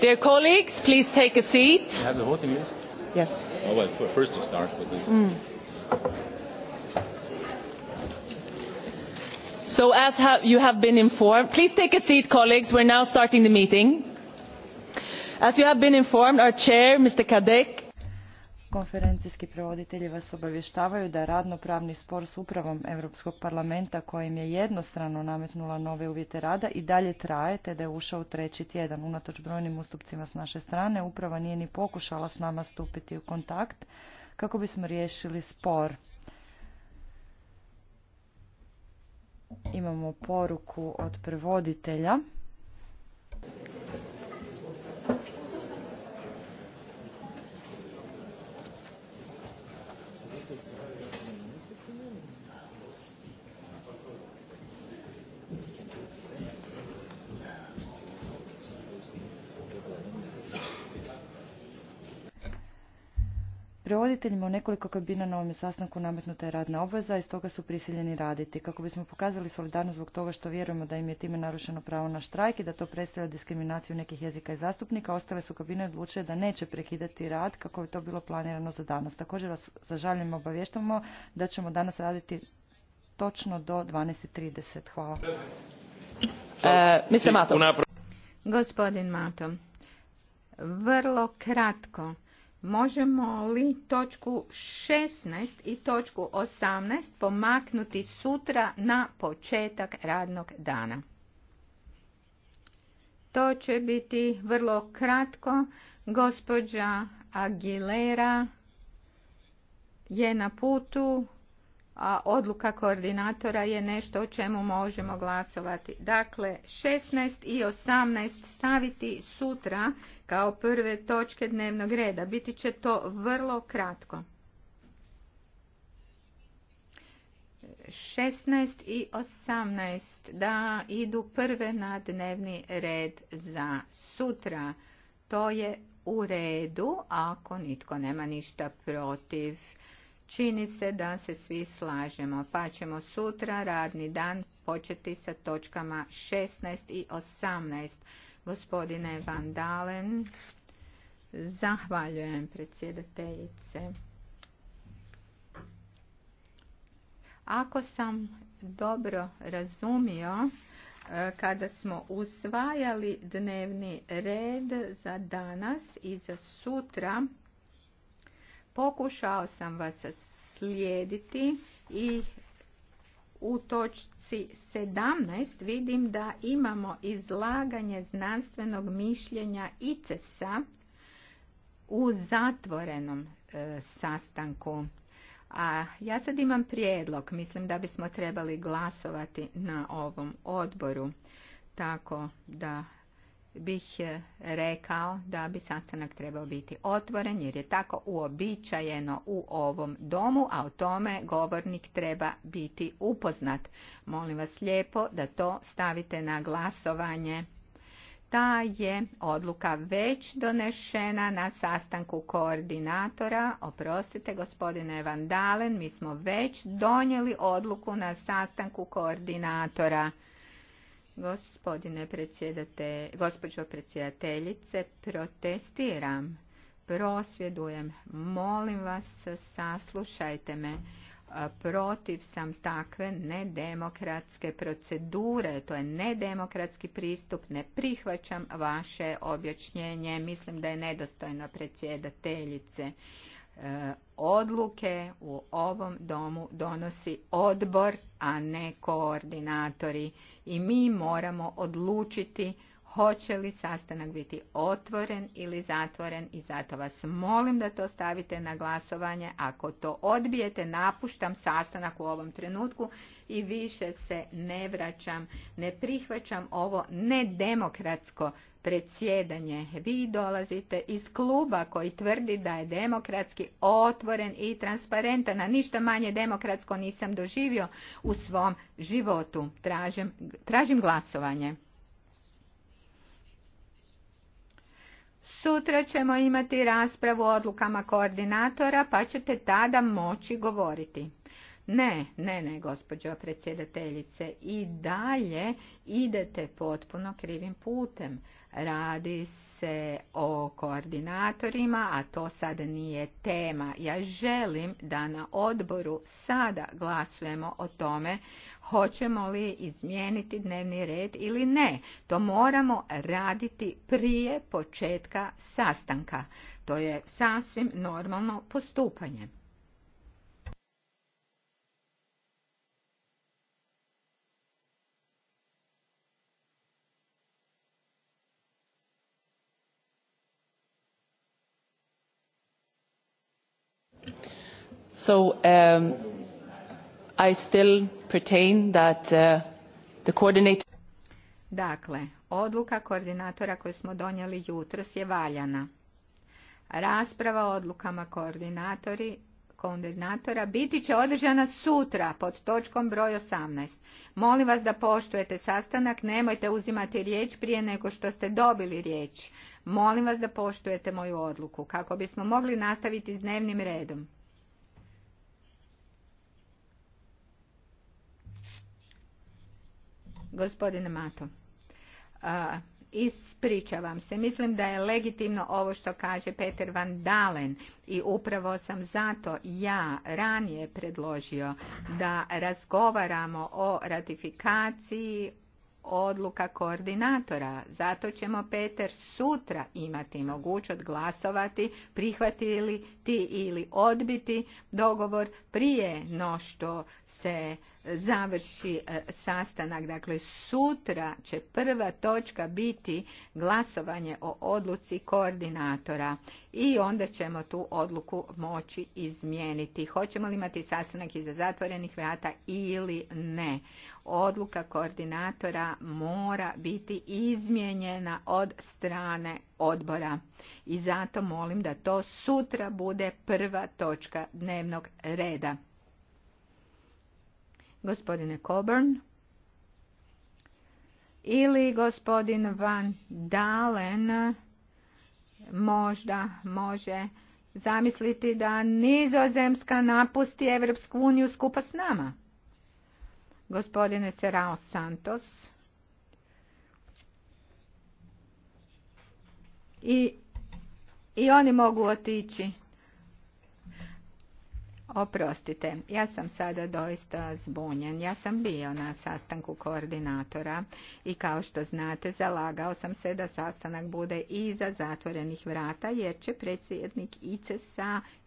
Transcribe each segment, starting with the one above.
Dear colleagues, please take a seat. I have the voting list? Yes. Oh, well, first to start with this. Mm. So as you have been informed, please take a seat, colleagues. We're now starting the meeting. As you have been informed, our chair, Mr. Kadek, Konferencijski prevoditelji vas obavještavaju da radnopravni spor s upravom Europskog parlamenta kojim je jednostrano nametnula nove uvjete rada i dalje traje te da je ušao u treći tjedan. Unatoč brojnim ustupcima s naše strane uprava nije ni pokušala s nama stupiti u kontakt kako bismo riješili spor. Imamo poruku od prevoditelja. Prevoditeljima u nekoliko kabina na ovome sastanku nametnuta je radna obveza i stoga su prisiljeni raditi. Kako bismo pokazali solidarnost zbog toga što vjerujemo da im je time narušeno pravo na štrajk i da to predstavlja diskriminaciju nekih jezika i zastupnika, ostale su kabine odlučile da neće prekidati rad kako bi to bilo planirano za danas. Također vas sa obavještavamo da ćemo danas raditi točno do 12.30. Hvala. E, e Mato. Gospodin Mato, vrlo kratko. Možemo li točku 16 i točku 18 pomaknuti sutra na početak radnog dana? To će biti vrlo kratko. Gospođa Aguilera je na putu, a odluka koordinatora je nešto o čemu možemo glasovati. Dakle, 16 i 18 staviti sutra kao prve točke dnevnog reda. Biti će to vrlo kratko. 16 i 18 da idu prve na dnevni red za sutra. To je u redu ako nitko nema ništa protiv. Čini se da se svi slažemo, pa ćemo sutra radni dan početi sa točkama 16 i 18 gospodine Van Dalen. Zahvaljujem predsjedateljice. Ako sam dobro razumio, e, kada smo usvajali dnevni red za danas i za sutra, pokušao sam vas slijediti i u točci 17 vidim da imamo izlaganje znanstvenog mišljenja ICES-a u zatvorenom e, sastanku. A ja sad imam prijedlog, mislim da bismo trebali glasovati na ovom odboru, tako da bih e, rekao da bi sastanak trebao biti otvoren jer je tako uobičajeno u ovom domu, a o tome govornik treba biti upoznat. Molim vas lijepo da to stavite na glasovanje. Ta je odluka već donešena na sastanku koordinatora. Oprostite, gospodine Vandalen, mi smo već donijeli odluku na sastanku koordinatora. Gospodine predsjedate, gospođo predsjedateljice, protestiram, prosvjedujem, molim vas, saslušajte me. Protiv sam takve nedemokratske procedure, to je nedemokratski pristup, ne prihvaćam vaše objašnjenje, mislim da je nedostojno predsjedateljice e, odluke u ovom domu donosi odbor, a ne koordinatori i mi moramo odlučiti hoće li sastanak biti otvoren ili zatvoren i zato vas molim da to stavite na glasovanje. Ako to odbijete, napuštam sastanak u ovom trenutku i više se ne vraćam, ne prihvaćam ovo nedemokratsko predsjedanje. Vi dolazite iz kluba koji tvrdi da je demokratski otvoren i transparentan, a ništa manje demokratsko nisam doživio u svom životu. Tražim, glasovanje. Sutra ćemo imati raspravu o odlukama koordinatora, pa ćete tada moći govoriti. Ne, ne, ne, gospođo predsjedateljice, i dalje idete potpuno krivim putem. Radi se o koordinatorima, a to sada nije tema. Ja želim da na odboru sada glasujemo o tome hoćemo li izmijeniti dnevni red ili ne. To moramo raditi prije početka sastanka. To je sasvim normalno postupanje. So, um... I still pertain that uh, the coordinator... Dakle, odluka koordinatora koju smo donijeli jutros je valjana. Rasprava o odlukama koordinatori koordinatora biti će održana sutra pod točkom broj 18. Molim vas da poštujete sastanak, nemojte uzimati riječ prije nego što ste dobili riječ. Molim vas da poštujete moju odluku kako bismo mogli nastaviti s dnevnim redom. Gospodine Mato, ispričavam se. Mislim da je legitimno ovo što kaže Peter Van Dalen i upravo sam zato ja ranije predložio da razgovaramo o ratifikaciji odluka koordinatora. Zato ćemo Peter sutra imati mogućnost glasovati, prihvatiti ti ili odbiti dogovor prije no što se završi e, sastanak. Dakle, sutra će prva točka biti glasovanje o odluci koordinatora i onda ćemo tu odluku moći izmijeniti. Hoćemo li imati sastanak iza zatvorenih vrata ili ne? Odluka koordinatora mora biti izmijenjena od strane odbora. I zato molim da to sutra bude prva točka dnevnog reda gospodine Coburn. Ili gospodin Van Dalen možda može zamisliti da nizozemska napusti Evropsku uniju skupa s nama. Gospodine Serao Santos. I, I oni mogu otići. Oprostite, ja sam sada doista zbunjen. Ja sam bio na sastanku koordinatora i kao što znate zalagao sam se da sastanak bude iza zatvorenih vrata jer će predsjednik ices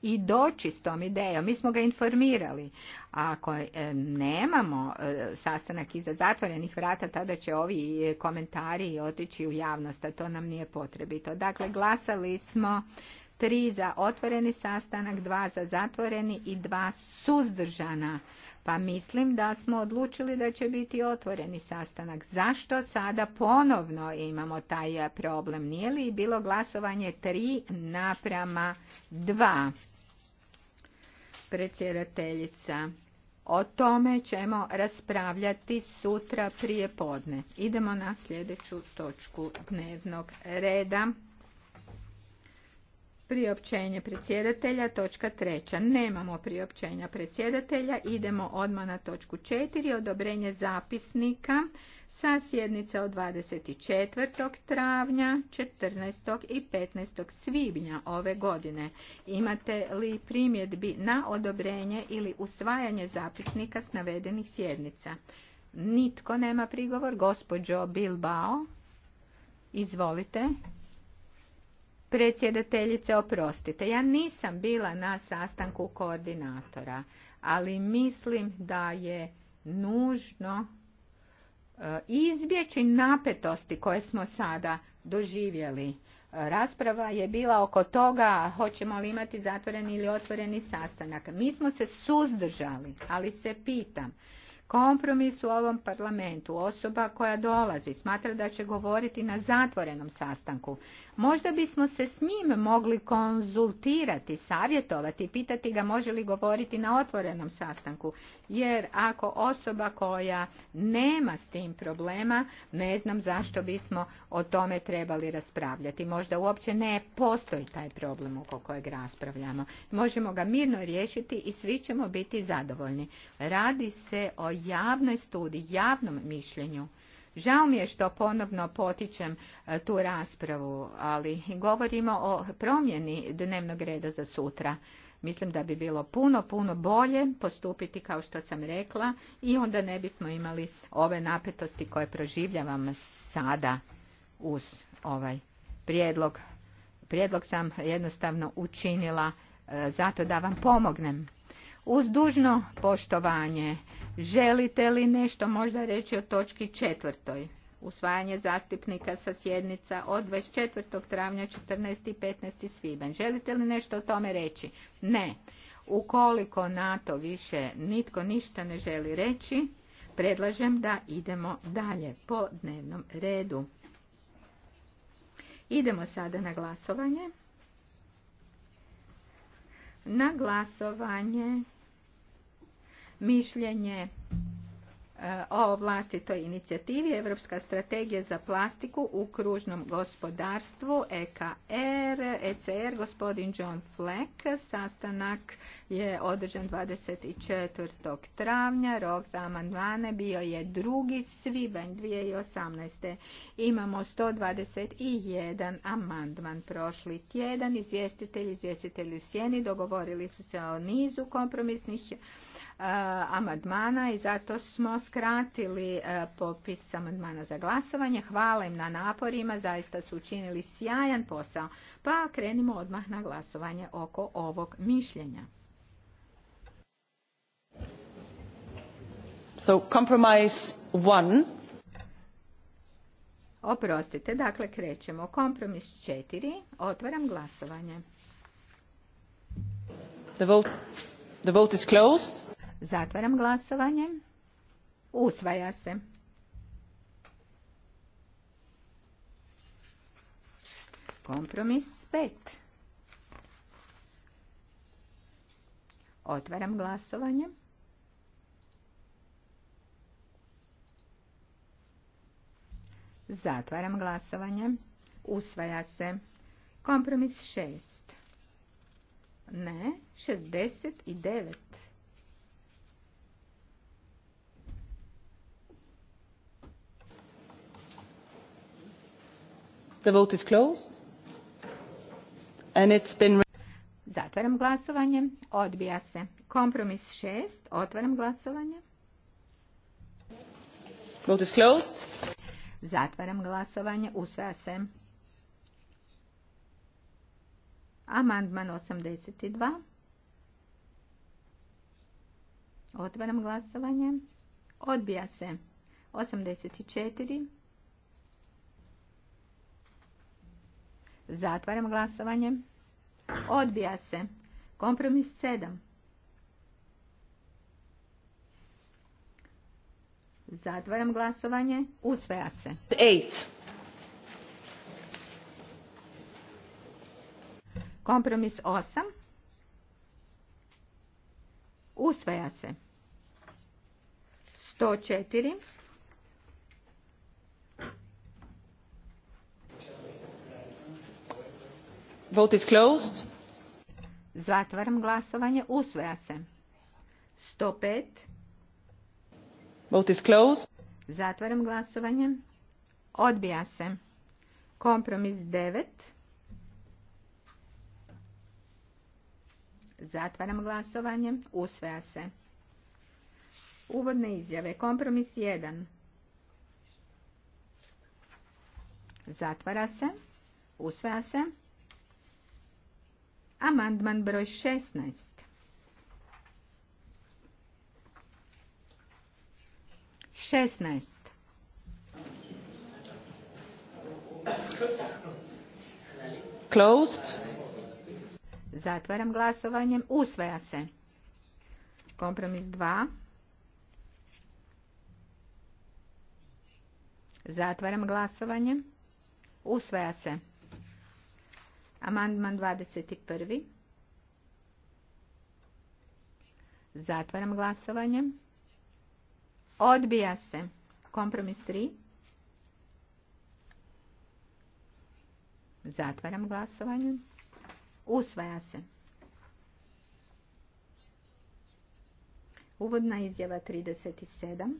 i doći s tom idejom. Mi smo ga informirali. A ako e, nemamo e, sastanak iza zatvorenih vrata, tada će ovi e, komentari otići u javnost, a to nam nije potrebito. Dakle, glasali smo Tri za otvoreni sastanak, dva za zatvoreni i dva suzdržana. Pa mislim da smo odlučili da će biti otvoreni sastanak. Zašto sada ponovno imamo taj problem? Nije li bilo glasovanje tri naprama dva Predsjedateljica. O tome ćemo raspravljati sutra prije podne. Idemo na sljedeću točku dnevnog reda. Priopćenje predsjedatelja, točka treća. Nemamo priopćenja predsjedatelja. Idemo odmah na točku četiri. Odobrenje zapisnika sa sjednice od 24. travnja, 14. i 15. svibnja ove godine. Imate li primjedbi na odobrenje ili usvajanje zapisnika s navedenih sjednica? Nitko nema prigovor. Gospođo Bilbao, izvolite. Predsjedateljice, oprostite, ja nisam bila na sastanku koordinatora, ali mislim da je nužno e, izbjeći napetosti koje smo sada doživjeli. E, rasprava je bila oko toga hoćemo li imati zatvoreni ili otvoreni sastanak. Mi smo se suzdržali, ali se pitam, kompromis u ovom parlamentu, osoba koja dolazi, smatra da će govoriti na zatvorenom sastanku, Možda bismo se s njim mogli konzultirati, savjetovati, pitati ga može li govoriti na otvorenom sastanku. Jer ako osoba koja nema s tim problema, ne znam zašto bismo o tome trebali raspravljati. Možda uopće ne postoji taj problem oko kojeg raspravljamo. Možemo ga mirno riješiti i svi ćemo biti zadovoljni. Radi se o javnoj studiji, javnom mišljenju. Žao mi je što ponovno potičem e, tu raspravu, ali govorimo o promjeni dnevnog reda za sutra. Mislim da bi bilo puno, puno bolje postupiti kao što sam rekla i onda ne bismo imali ove napetosti koje proživljavam sada uz ovaj prijedlog. Prijedlog sam jednostavno učinila e, zato da vam pomognem. Uz dužno poštovanje Želite li nešto možda reći o točki četvrtoj? Usvajanje zastupnika sa sjednica od 24. travnja 14. i 15. svibanj. Želite li nešto o tome reći? Ne. Ukoliko na to više nitko ništa ne želi reći, predlažem da idemo dalje po dnevnom redu. Idemo sada na glasovanje. Na glasovanje mišljenje e, o vlastitoj inicijativi Europska strategija za plastiku u kružnom gospodarstvu EKR, ECR, gospodin John Fleck. Sastanak je održan 24. travnja. Rok za amandmane bio je drugi svibanj 2018. Imamo 121 amandman prošli tjedan. Izvjestitelji, izvjestitelji sjeni dogovorili su se o nizu kompromisnih E, amadmana i zato smo skratili e, popis amadmana za glasovanje. Hvala im na naporima, zaista su učinili sjajan posao. Pa krenimo odmah na glasovanje oko ovog mišljenja. So, compromise one. Oprostite, dakle krećemo. Kompromis četiri. Otvaram glasovanje. The vote, the vote is closed. Zatvaram glasovanje. Usvaja se. Kompromis 5. Otvaram glasovanje. Zatvaram glasovanje. Usvaja se. Kompromis 6. Ne, 69. The vote is closed. And it's been... Zatvaram glasovanje. Odbija se. Kompromis šest. Otvaram glasovanje. Vote is closed. Zatvaram glasovanje. Usvaja se. Amandman 82. Otvaram glasovanje. Odbija se. 84. Zatvaram glasovanje. Odbija se. Kompromis sedam. Zatvaram glasovanje. Usvaja se. 8. Kompromis osam. Usvaja se. 104. Vote Zatvaram glasovanje. Usvaja se. 105. Vote is Zatvaram glasovanje. Odbija se. Kompromis 9. Zatvaram glasovanje. Usvaja se. Uvodne izjave. Kompromis 1. Zatvara se. Usvaja se. Amandman broj 16. Šesnaest. Closed. Zatvaram glasovanjem. Usvaja se. Kompromis dva. Zatvaram glasovanje. Usvaja se. Amandman 21. Zatvaram glasovanje. Odbija se. Kompromis 3. Zatvaram glasovanje. Usvaja se. Uvodna izjava 37.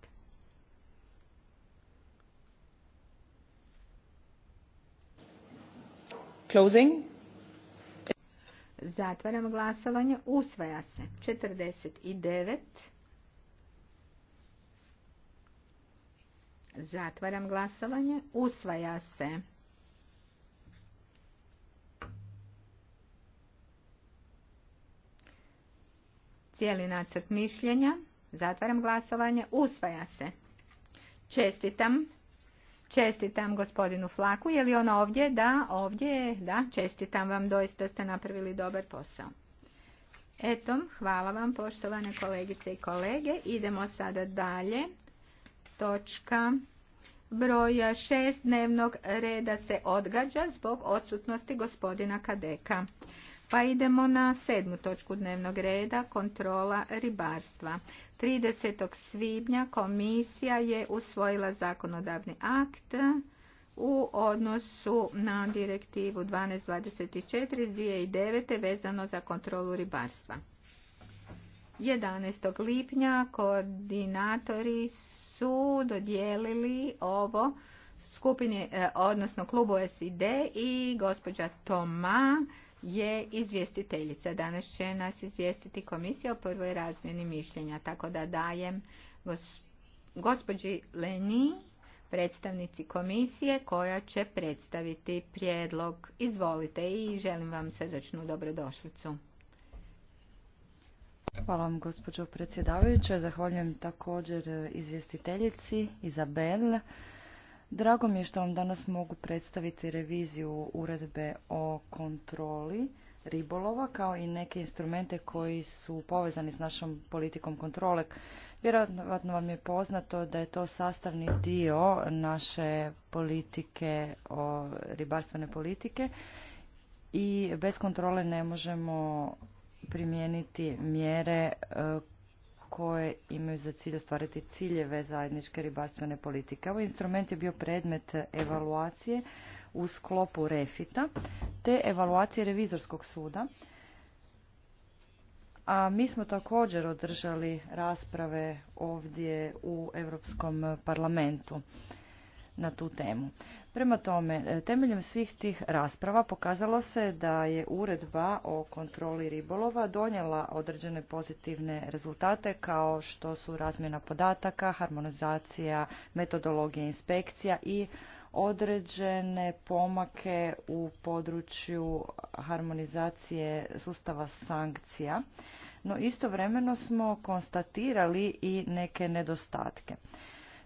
Closing. Zatvaram glasovanje. Usvaja se. 49. Zatvaram glasovanje. Usvaja se. Cijeli nacrt mišljenja. Zatvaram glasovanje. Usvaja se. Čestitam. Čestitam gospodinu Flaku. Je li on ovdje? Da, ovdje je. Da, čestitam vam. Doista ste napravili dobar posao. Eto, hvala vam poštovane kolegice i kolege. Idemo sada dalje. Točka broja šest dnevnog reda se odgađa zbog odsutnosti gospodina Kadeka. Pa idemo na sedmu točku dnevnog reda, kontrola ribarstva. 30. svibnja komisija je usvojila zakonodavni akt u odnosu na direktivu 1224 iz 2009. vezano za kontrolu ribarstva. 11. lipnja koordinatori su dodijelili ovo skupini, e, odnosno klubu SID i gospođa Toma je izvjestiteljica. Danas će nas izvjestiti komisija o prvoj razmjeni mišljenja, tako da dajem gospođi Leni predstavnici komisije koja će predstaviti prijedlog. Izvolite i želim vam srdečnu dobrodošlicu. Hvala vam gospođo predsjedavajuća. Zahvaljujem također e, izvjestiteljici Izabel Drago mi je što vam danas mogu predstaviti reviziju uredbe o kontroli ribolova kao i neke instrumente koji su povezani s našom politikom kontrole. Vjerojatno vam je poznato da je to sastavni dio naše politike, o, ribarstvene politike i bez kontrole ne možemo primijeniti mjere e, koje imaju za cilj ostvariti ciljeve zajedničke ribarstvene politike. Ovaj instrument je bio predmet evaluacije u sklopu refita te evaluacije revizorskog suda. A mi smo također održali rasprave ovdje u Europskom parlamentu na tu temu. Prema tome, e, temeljem svih tih rasprava pokazalo se da je uredba o kontroli ribolova donijela određene pozitivne rezultate kao što su razmjena podataka, harmonizacija, metodologija inspekcija i određene pomake u području harmonizacije sustava sankcija, no istovremeno smo konstatirali i neke nedostatke.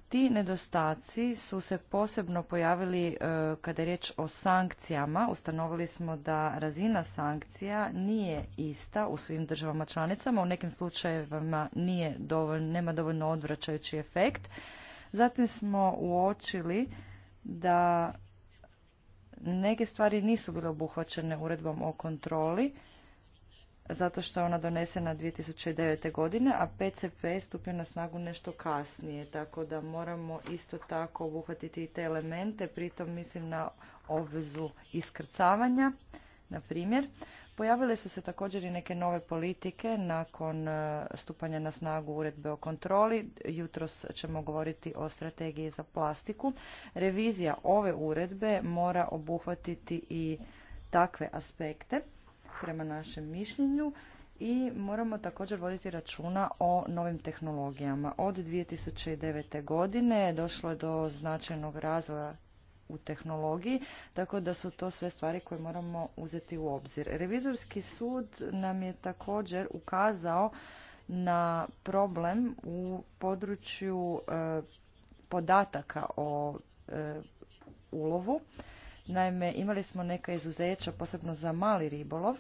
Ti nedostaci su se posebno pojavili e, kada je riječ o sankcijama. Ustanovili smo da razina sankcija nije ista u svim državama članicama. U nekim slučajevima nije nema dovoljno odvraćajući efekt. Zatim smo uočili da neke stvari nisu bile obuhvaćene uredbom o kontroli zato što je ona donesena 2009. godine, a PCP je stupio na snagu nešto kasnije, tako da moramo isto tako obuhvatiti i te elemente, pritom mislim na obvezu iskrcavanja, na primjer. Pojavile su se također i neke nove politike nakon e, stupanja na snagu uredbe o kontroli. Jutros ćemo govoriti o strategiji za plastiku. Revizija ove uredbe mora obuhvatiti i takve aspekte prema našem mišljenju i moramo također voditi računa o novim tehnologijama. Od 2009. godine došlo do značajnog razvoja u tehnologiji, tako da su to sve stvari koje moramo uzeti u obzir. Revizorski sud nam je također ukazao na problem u području e, podataka o e, ulovu Naime, imali smo neka izuzeća, posebno za mali ribolov,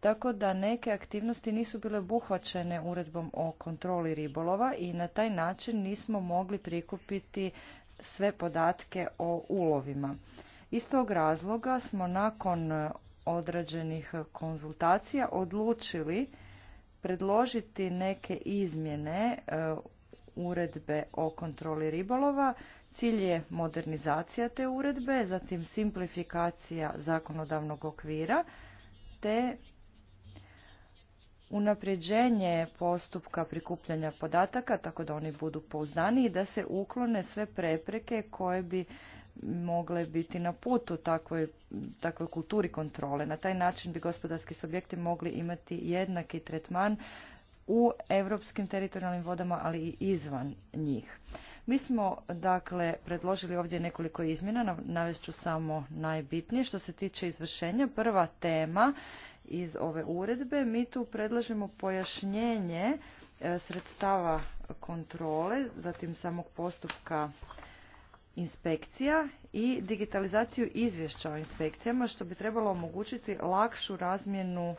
tako da neke aktivnosti nisu bile obuhvaćene uredbom o kontroli ribolova i na taj način nismo mogli prikupiti sve podatke o ulovima. Iz tog razloga smo nakon odrađenih konzultacija odlučili predložiti neke izmjene e, uredbe o kontroli ribolova. Cilj je modernizacija te uredbe, zatim simplifikacija zakonodavnog okvira te unapređenje postupka prikupljanja podataka tako da oni budu pouzdaniji i da se uklone sve prepreke koje bi mogle biti na putu takvoj, takvoj kulturi kontrole. Na taj način bi gospodarski subjekti mogli imati jednaki tretman u europskim teritorijalnim vodama, ali i izvan njih. Mi smo, dakle, predložili ovdje nekoliko izmjena, navest ću samo najbitnije. Što se tiče izvršenja, prva tema iz ove uredbe, mi tu predlažemo pojašnjenje e, sredstava kontrole, zatim samog postupka inspekcija i digitalizaciju izvješća o inspekcijama, što bi trebalo omogućiti lakšu razmjenu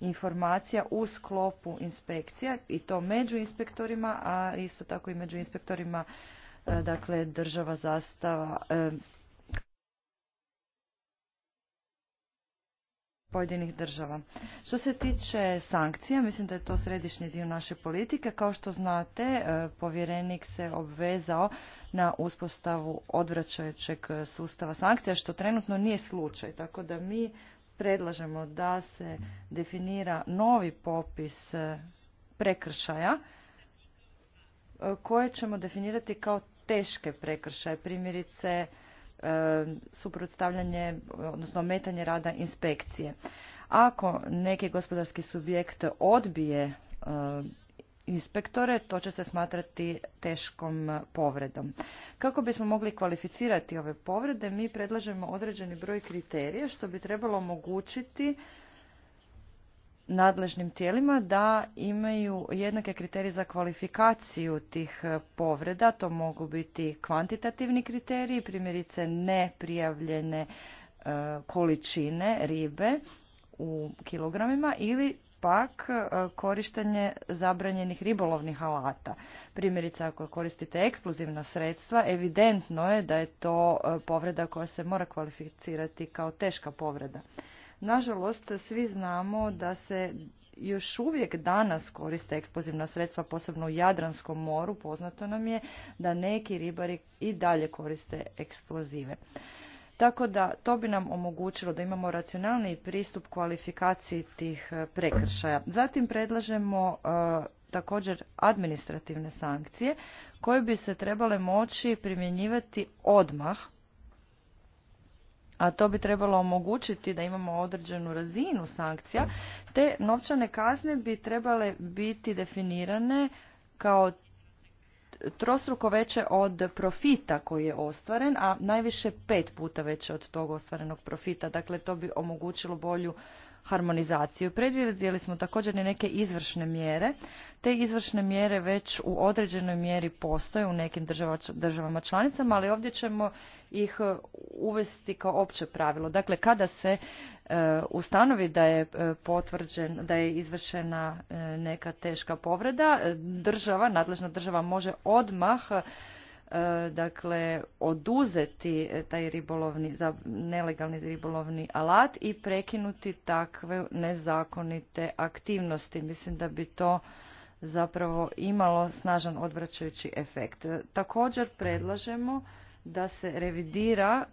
informacija u sklopu inspekcija i to među inspektorima, a isto tako i među inspektorima e, dakle država zastava e, pojedinih država. Što se tiče sankcija, mislim da je to središnji dio naše politike. Kao što znate, e, povjerenik se obvezao na uspostavu odvraćajućeg sustava sankcija, što trenutno nije slučaj. Tako da mi predlažemo da se definira novi popis e, prekršaja e, koje ćemo definirati kao teške prekršaje, primjerice e, suprotstavljanje, odnosno ometanje rada inspekcije. Ako neki gospodarski subjekt odbije inspektore, to će se smatrati teškom povredom. Kako bismo mogli kvalificirati ove povrede, mi predlažemo određeni broj kriterija što bi trebalo omogućiti nadležnim tijelima da imaju jednake kriterije za kvalifikaciju tih povreda. To mogu biti kvantitativni kriteriji, primjerice neprijavljene e, količine ribe u kilogramima ili pak e, korištenje zabranjenih ribolovnih alata. Primjerice, ako koristite eksplozivna sredstva, evidentno je da je to e, povreda koja se mora kvalificirati kao teška povreda. Nažalost, svi znamo da se još uvijek danas koriste eksplozivna sredstva, posebno u Jadranskom moru. Poznato nam je da neki ribari i dalje koriste eksplozive. Tako da to bi nam omogućilo da imamo racionalni pristup kvalifikaciji tih e, prekršaja. Zatim predlažemo e, također administrativne sankcije koje bi se trebale moći primjenjivati odmah a to bi trebalo omogućiti da imamo određenu razinu sankcija, te novčane kazne bi trebale biti definirane kao trostruko veće od profita koji je ostvaren, a najviše pet puta veće od tog ostvarenog profita. Dakle, to bi omogućilo bolju harmonizaciju. Predvidjeli smo također i neke izvršne mjere. Te izvršne mjere već u određenoj mjeri postoje u nekim državama članicama, ali ovdje ćemo ih uvesti kao opće pravilo. Dakle, kada se E, ustanovi da je e, potvrđen, da je izvršena e, neka teška povreda, država, nadležna država može odmah dakle oduzeti taj ribolovni za nelegalni ribolovni alat i prekinuti takve nezakonite aktivnosti mislim da bi to zapravo imalo snažan odvraćajući efekt također predlažemo da se revidira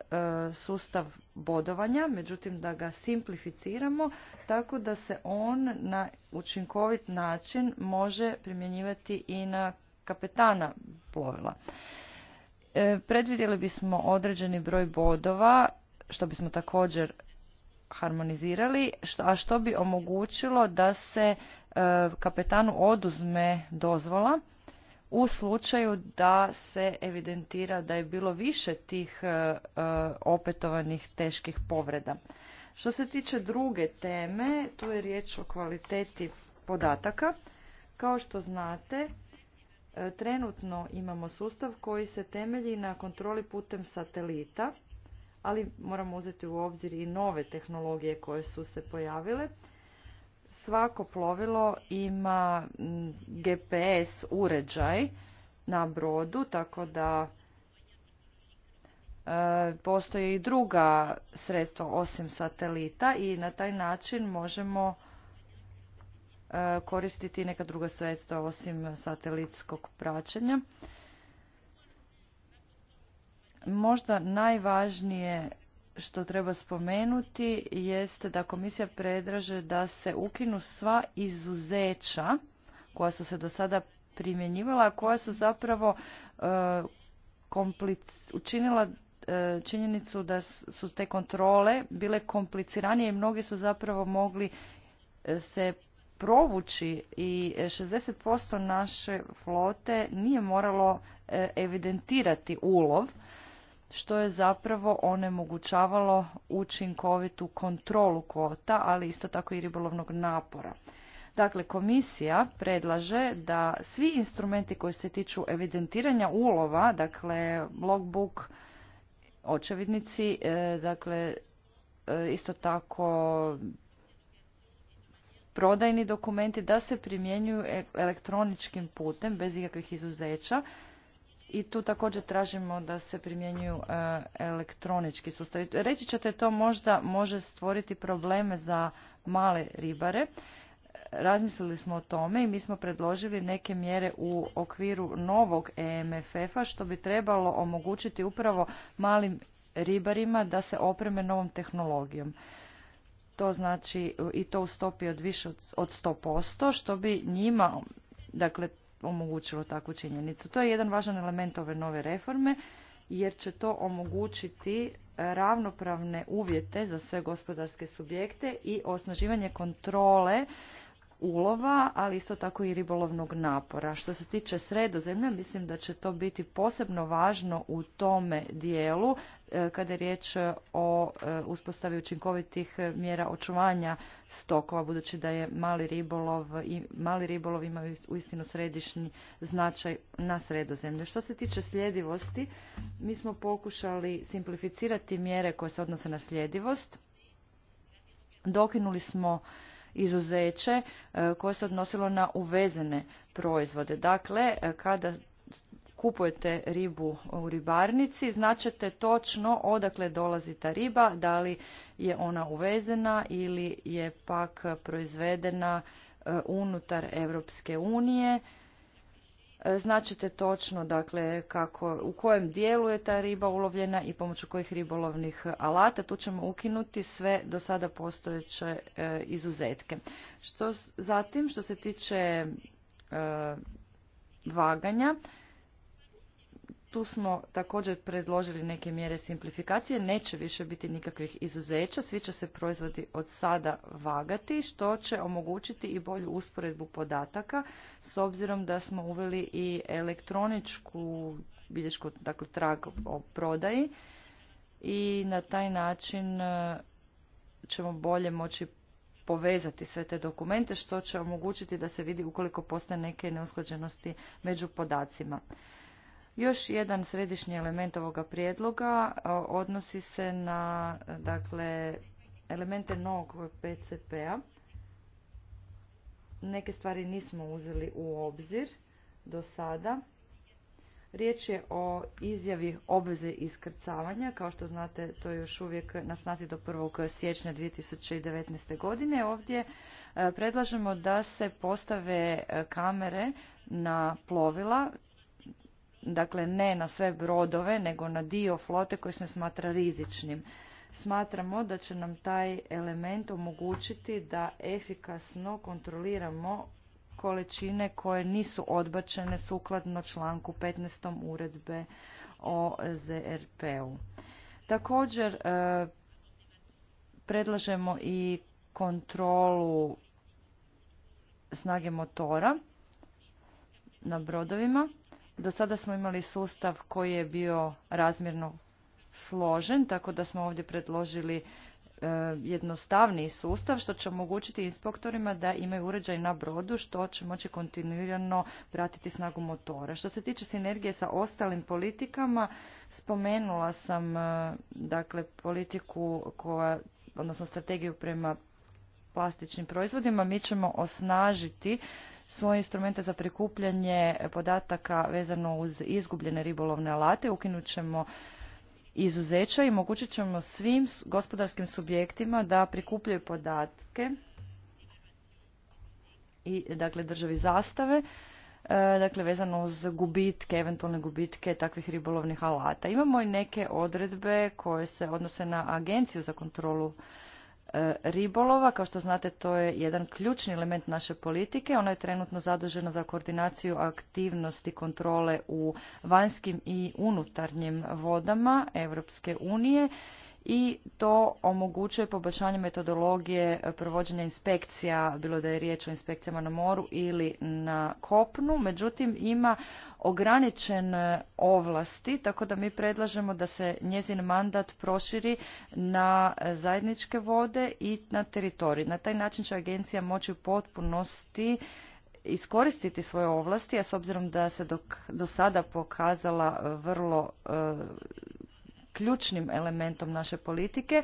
e, sustav bodovanja, međutim da ga simplificiramo tako da se on na učinkovit način može primjenjivati i na kapetana plovila. E, predvidjeli bismo određeni broj bodova, što bismo također harmonizirali, a što bi omogućilo da se e, kapetanu oduzme dozvola u slučaju da se evidentira da je bilo više tih e, e, opetovanih teških povreda. Što se tiče druge teme, tu je riječ o kvaliteti podataka. Kao što znate, e, trenutno imamo sustav koji se temelji na kontroli putem satelita, ali moramo uzeti u obzir i nove tehnologije koje su se pojavile svako plovilo ima mm, GPS uređaj na brodu, tako da e, postoje i druga sredstva osim satelita i na taj način možemo e, koristiti neka druga sredstva osim satelitskog praćenja. Možda najvažnije što treba spomenuti jeste da komisija predraže da se ukinu sva izuzeća koja su se do sada primjenjivala, a koja su zapravo e, učinila e, činjenicu da su te kontrole bile kompliciranije i mnogi su zapravo mogli e, se provući i 60% naše flote nije moralo evidentirati ulov što je zapravo onemogućavalo učinkovitu kontrolu kvota, ali isto tako i ribolovnog napora. Dakle, komisija predlaže da svi instrumenti koji se tiču evidentiranja ulova, dakle logbook, očevidnici, e, dakle e, isto tako prodajni dokumenti da se primjenjuju e, elektroničkim putem bez ikakvih izuzeća i tu također tražimo da se primjenjuju e, elektronički sustavi. Reći ćete to možda može stvoriti probleme za male ribare. Razmislili smo o tome i mi smo predložili neke mjere u okviru novog EMFF-a što bi trebalo omogućiti upravo malim ribarima da se opreme novom tehnologijom. To znači i to u stopi od više od 100%, što bi njima, dakle omogućilo takvu činjenicu. To je jedan važan element ove nove reforme jer će to omogućiti e, ravnopravne uvjete za sve gospodarske subjekte i osnaživanje kontrole ulova, ali isto tako i ribolovnog napora. Što se tiče sredozemlja, mislim da će to biti posebno važno u tome dijelu E, kada je riječ e, o e, uspostavi učinkovitih mjera očuvanja stokova, budući da je mali ribolov, i mali ribolov imaju uistinu središnji značaj na sredozemlju. Što se tiče sljedivosti, mi smo pokušali simplificirati mjere koje se odnose na sljedivost. Dokinuli smo izuzeće koje se odnosilo na uvezene proizvode. Dakle, kada kupujete ribu u ribarnici, značete točno odakle dolazi ta riba, da li je ona uvezena ili je pak proizvedena e, unutar Europske unije. E, Značite točno dakle kako, u kojem dijelu je ta riba ulovljena i pomoću kojih ribolovnih alata. Tu ćemo ukinuti sve do sada postojeće e, izuzetke. Što, zatim što se tiče vaganja, tu smo također predložili neke mjere simplifikacije. Neće više biti nikakvih izuzeća, svi će se proizvodi od sada vagati, što će omogućiti i bolju usporedbu podataka, s obzirom da smo uveli i elektroničku bilješku, dakle trag o prodaji i na taj način e, ćemo bolje moći povezati sve te dokumente, što će omogućiti da se vidi ukoliko postoje neke neusklađenosti među podacima. Još jedan središnji element ovoga prijedloga odnosi se na dakle, elemente novog PCP-a. Neke stvari nismo uzeli u obzir do sada. Riječ je o izjavi obveze iskrcavanja. Kao što znate, to je još uvijek na snazi do 1. siječnja 2019. godine. Ovdje e, predlažemo da se postave e, kamere na plovila dakle ne na sve brodove, nego na dio flote koji se smatra rizičnim. Smatramo da će nam taj element omogućiti da efikasno kontroliramo količine koje nisu odbačene sukladno članku 15. uredbe o ZRP-u. Također e, predlažemo i kontrolu snage motora na brodovima do sada smo imali sustav koji je bio razmjerno složen, tako da smo ovdje predložili e, jednostavniji sustav što će omogućiti inspektorima da imaju uređaj na brodu što će moći kontinuirano pratiti snagu motora. Što se tiče sinergije sa ostalim politikama, spomenula sam e, dakle politiku koja odnosno strategiju prema plastičnim proizvodima, mi ćemo osnažiti svoje instrumente za prikupljanje podataka vezano uz izgubljene ribolovne alate, ukinut ćemo izuzeća i mogućit ćemo svim gospodarskim subjektima da prikupljaju podatke i dakle državi zastave e, dakle vezano uz gubitke, eventualne gubitke takvih ribolovnih alata. Imamo i neke odredbe koje se odnose na Agenciju za kontrolu E, ribolova. Kao što znate, to je jedan ključni element naše politike. Ona je trenutno zadužena za koordinaciju aktivnosti kontrole u vanjskim i unutarnjim vodama Europske unije i to omogućuje poboljšanje metodologije provođenja inspekcija, bilo da je riječ o inspekcijama na moru ili na kopnu. Međutim, ima ograničene ovlasti, tako da mi predlažemo da se njezin mandat proširi na zajedničke vode i na teritorij. Na taj način će agencija moći u potpunosti iskoristiti svoje ovlasti, a s obzirom da se do, sada pokazala vrlo e, ključnim elementom naše politike.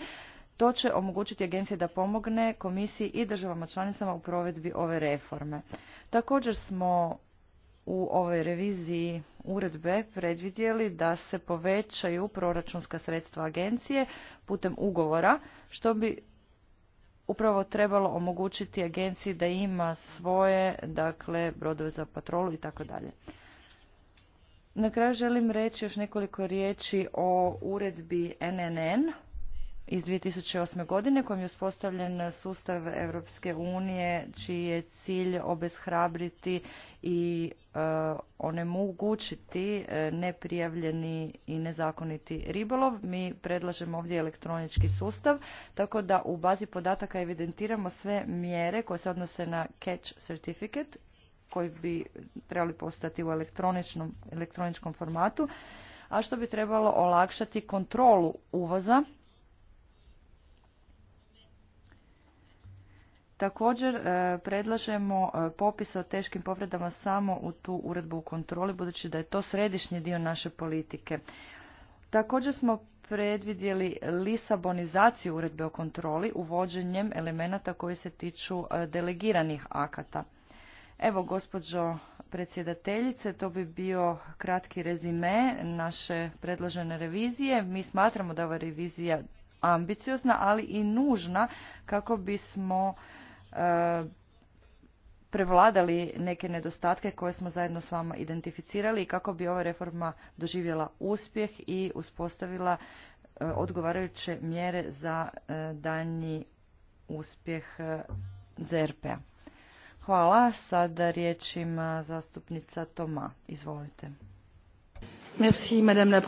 To će omogućiti agenciji da pomogne komisiji i državama članicama u provedbi ove reforme. Također smo u ovoj reviziji uredbe predvidjeli da se povećaju proračunska sredstva agencije putem ugovora, što bi upravo trebalo omogućiti agenciji da ima svoje, dakle, brodove za patrolu i tako dalje. Na kraju želim reći još nekoliko riječi o uredbi NNN iz 2008. godine kojom je uspostavljen sustav Europske unije čiji je cilj obeshrabriti i e, onemogućiti e, neprijavljeni i nezakoniti ribolov. Mi predlažemo ovdje elektronički sustav tako da u bazi podataka evidentiramo sve mjere koje se odnose na catch certificate koji bi trebali postati u elektroničnom, elektroničkom formatu, a što bi trebalo olakšati kontrolu uvoza. Također e, predlažemo e, popis o teškim povredama samo u tu uredbu u kontroli, budući da je to središnji dio naše politike. Također smo predvidjeli lisabonizaciju uredbe o kontroli uvođenjem elemenata koji se tiču e, delegiranih akata. Evo, gospođo predsjedateljice, to bi bio kratki rezime naše predložene revizije. Mi smatramo da je ova revizija ambiciozna, ali i nužna kako bismo e, prevladali neke nedostatke koje smo zajedno s vama identificirali i kako bi ova reforma doživjela uspjeh i uspostavila e, odgovarajuće mjere za e, daljnji uspjeh e, ZRP-a. Hvala. Sada riječ ima zastupnica Toma. Izvolite. Merci, madame la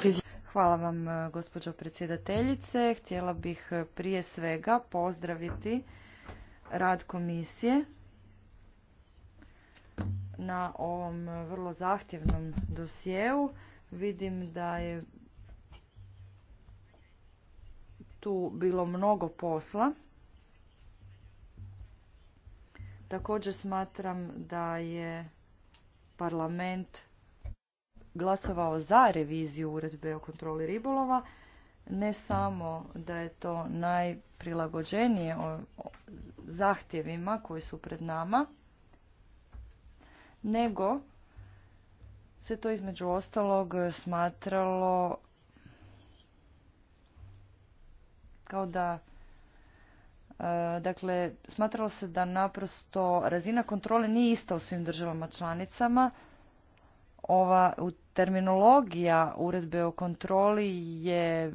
Hvala vam, eh, gospođo predsjedateljice. Htjela bih eh, prije svega pozdraviti rad komisije na ovom eh, vrlo zahtjevnom dosjeu. Vidim da je tu bilo mnogo posla. Također smatram da je parlament glasovao za reviziju uredbe o kontroli ribolova, ne samo da je to najprilagođenije zahtjevima koji su pred nama, nego se to između ostalog smatralo kao da E, dakle, smatralo se da naprosto razina kontrole nije ista u svim državama članicama. Ova terminologija uredbe o kontroli je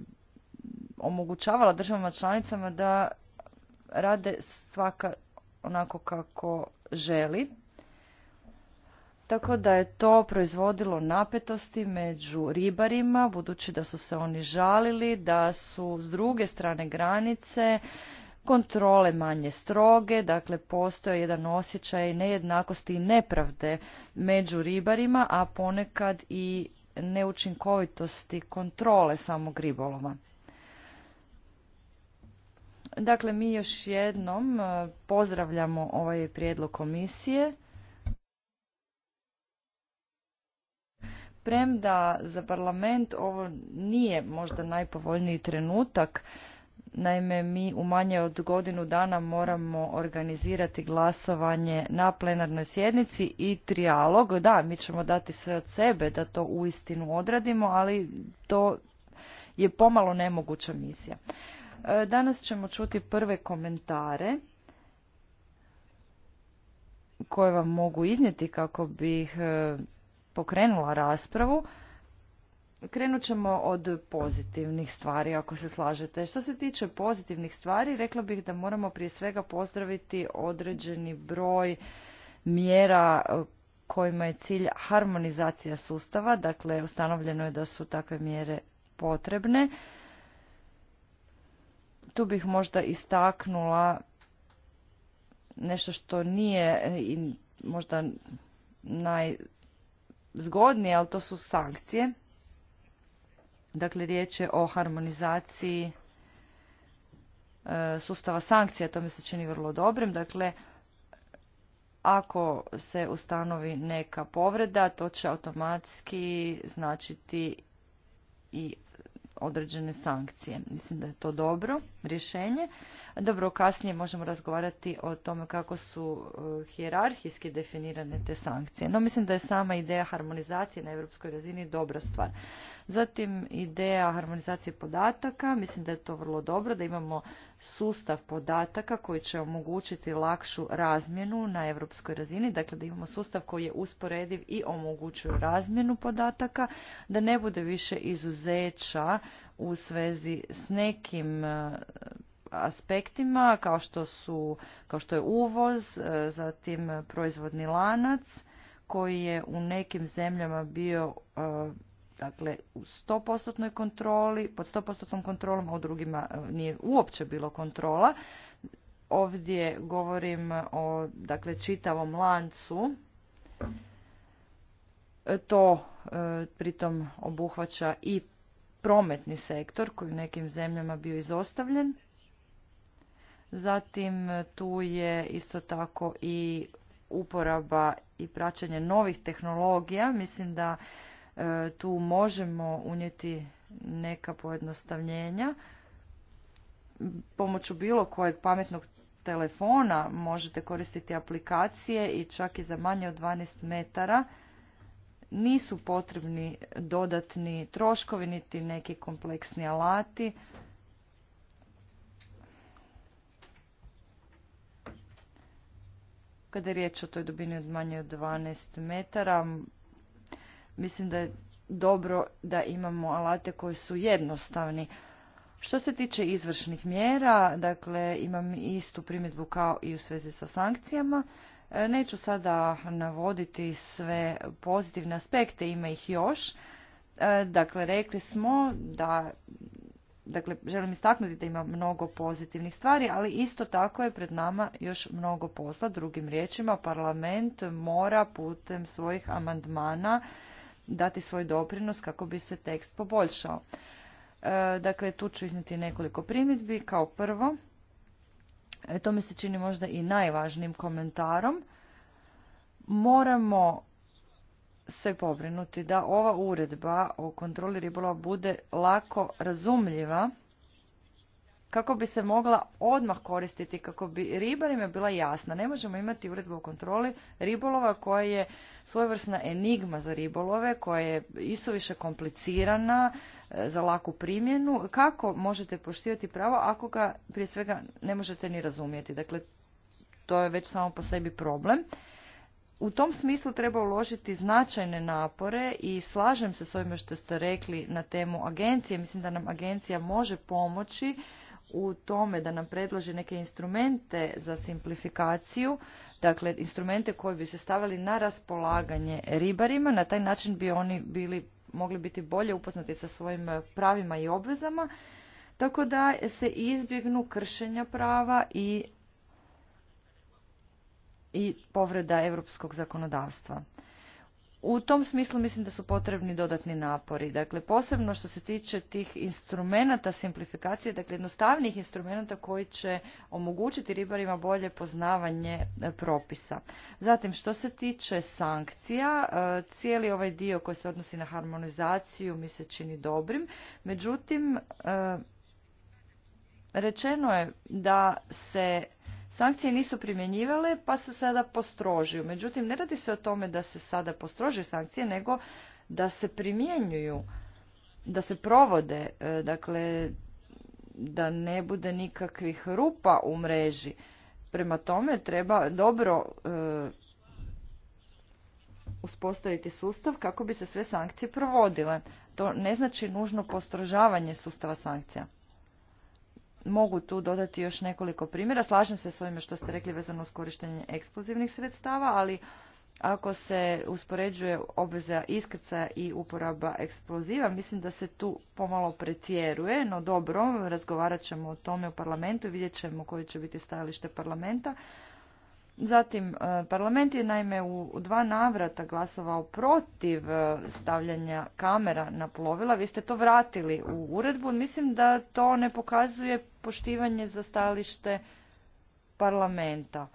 omogućavala državama članicama da rade svaka onako kako želi. Tako da je to proizvodilo napetosti među ribarima, budući da su se oni žalili, da su s druge strane granice kontrole manje stroge, dakle postoje jedan osjećaj nejednakosti i nepravde među ribarima, a ponekad i neučinkovitosti kontrole samog ribolova. Dakle, mi još jednom e, pozdravljamo ovaj prijedlog komisije. Premda za parlament ovo nije možda najpovoljniji trenutak Naime, mi u manje od godinu dana moramo organizirati glasovanje na plenarnoj sjednici i trijalog. Da, mi ćemo dati sve od sebe da to uistinu odradimo, ali to je pomalo nemoguća misija. E, danas ćemo čuti prve komentare koje vam mogu iznijeti kako bih e, pokrenula raspravu. Krenut ćemo od pozitivnih stvari, ako se slažete. Što se tiče pozitivnih stvari, rekla bih da moramo prije svega pozdraviti određeni broj mjera eh, kojima je cilj harmonizacija sustava. Dakle, ustanovljeno je da su takve mjere potrebne. Tu bih možda istaknula nešto što nije eh, i možda najzgodnije, ali to su sankcije Dakle, riječ je o harmonizaciji e, sustava sankcija, to mi se čini vrlo dobrim. Dakle, ako se ustanovi neka povreda, to će automatski značiti i određene sankcije. Mislim da je to dobro rješenje. Dobro, kasnije možemo razgovarati o tome kako su e, hijerarhijski definirane te sankcije. No, mislim da je sama ideja harmonizacije na europskoj razini dobra stvar. Zatim, ideja harmonizacije podataka. Mislim da je to vrlo dobro, da imamo sustav podataka koji će omogućiti lakšu razmjenu na europskoj razini. Dakle, da imamo sustav koji je usporediv i omogućuje razmjenu podataka, da ne bude više izuzeća u svezi s nekim e, aspektima kao što su kao što je uvoz, e, zatim proizvodni lanac koji je u nekim zemljama bio e, dakle u 100% kontroli, pod 100% kontrolom, a u drugima nije uopće bilo kontrola. Ovdje govorim o dakle čitavom lancu. To pritom obuhvaća i prometni sektor koji u nekim zemljama bio izostavljen. Zatim tu je isto tako i uporaba i praćenje novih tehnologija. Mislim da e, tu možemo unijeti neka pojednostavljenja. Pomoću bilo kojeg pametnog telefona možete koristiti aplikacije i čak i za manje od 12 metara nisu potrebni dodatni troškovi niti neki kompleksni alati. Kada je riječ o toj dubini od manje od 12 metara, mislim da je dobro da imamo alate koji su jednostavni. Što se tiče izvršnih mjera, dakle imam istu primjedbu kao i u svezi sa sankcijama. Neću sada navoditi sve pozitivne aspekte, ima ih još. E, dakle, rekli smo da, dakle, želim istaknuti da ima mnogo pozitivnih stvari, ali isto tako je pred nama još mnogo posla. Drugim riječima, parlament mora putem svojih amandmana dati svoj doprinos kako bi se tekst poboljšao. E, dakle, tu ću iznijeti nekoliko primjedbi. Kao prvo, to mi se čini možda i najvažnijim komentarom, moramo se pobrinuti da ova uredba o kontroli ribolova bude lako razumljiva kako bi se mogla odmah koristiti, kako bi ribarima bila jasna. Ne možemo imati uredbu o kontroli ribolova koja je svojevrsna enigma za ribolove, koja je isuviše komplicirana e, za laku primjenu. Kako možete poštivati pravo ako ga prije svega ne možete ni razumjeti? Dakle, to je već samo po sebi problem. U tom smislu treba uložiti značajne napore i slažem se s ovime što ste rekli na temu agencije. Mislim da nam agencija može pomoći u tome da nam predlože neke instrumente za simplifikaciju, dakle instrumente koji bi se stavili na raspolaganje ribarima, na taj način bi oni bili, mogli biti bolje upoznati sa svojim pravima i obvezama, tako da se izbjegnu kršenja prava i i povreda europskog zakonodavstva. U tom smislu mislim da su potrebni dodatni napori. Dakle, posebno što se tiče tih instrumenata simplifikacije, dakle jednostavnijih instrumenata koji će omogućiti ribarima bolje poznavanje e, propisa. Zatim, što se tiče sankcija, e, cijeli ovaj dio koji se odnosi na harmonizaciju mi se čini dobrim. Međutim, e, rečeno je da se sankcije nisu primjenjivale pa su sada postrožuju. Međutim, ne radi se o tome da se sada postrožuju sankcije, nego da se primjenjuju, da se provode, e, dakle, da ne bude nikakvih rupa u mreži. Prema tome treba dobro e, uspostaviti sustav kako bi se sve sankcije provodile. To ne znači nužno postrožavanje sustava sankcija mogu tu dodati još nekoliko primjera. Slažem se s ovime što ste rekli vezano s korištenje eksplozivnih sredstava, ali ako se uspoređuje obveza iskrca i uporaba eksploziva, mislim da se tu pomalo precijeruje, no dobro, razgovarat ćemo o tome u parlamentu i vidjet ćemo koje će biti stajalište parlamenta. Zatim, e, parlament je naime u dva navrata glasovao protiv e, stavljanja kamera na plovila. Vi ste to vratili u uredbu. Mislim da to ne pokazuje poštivanje za stajalište parlamenta.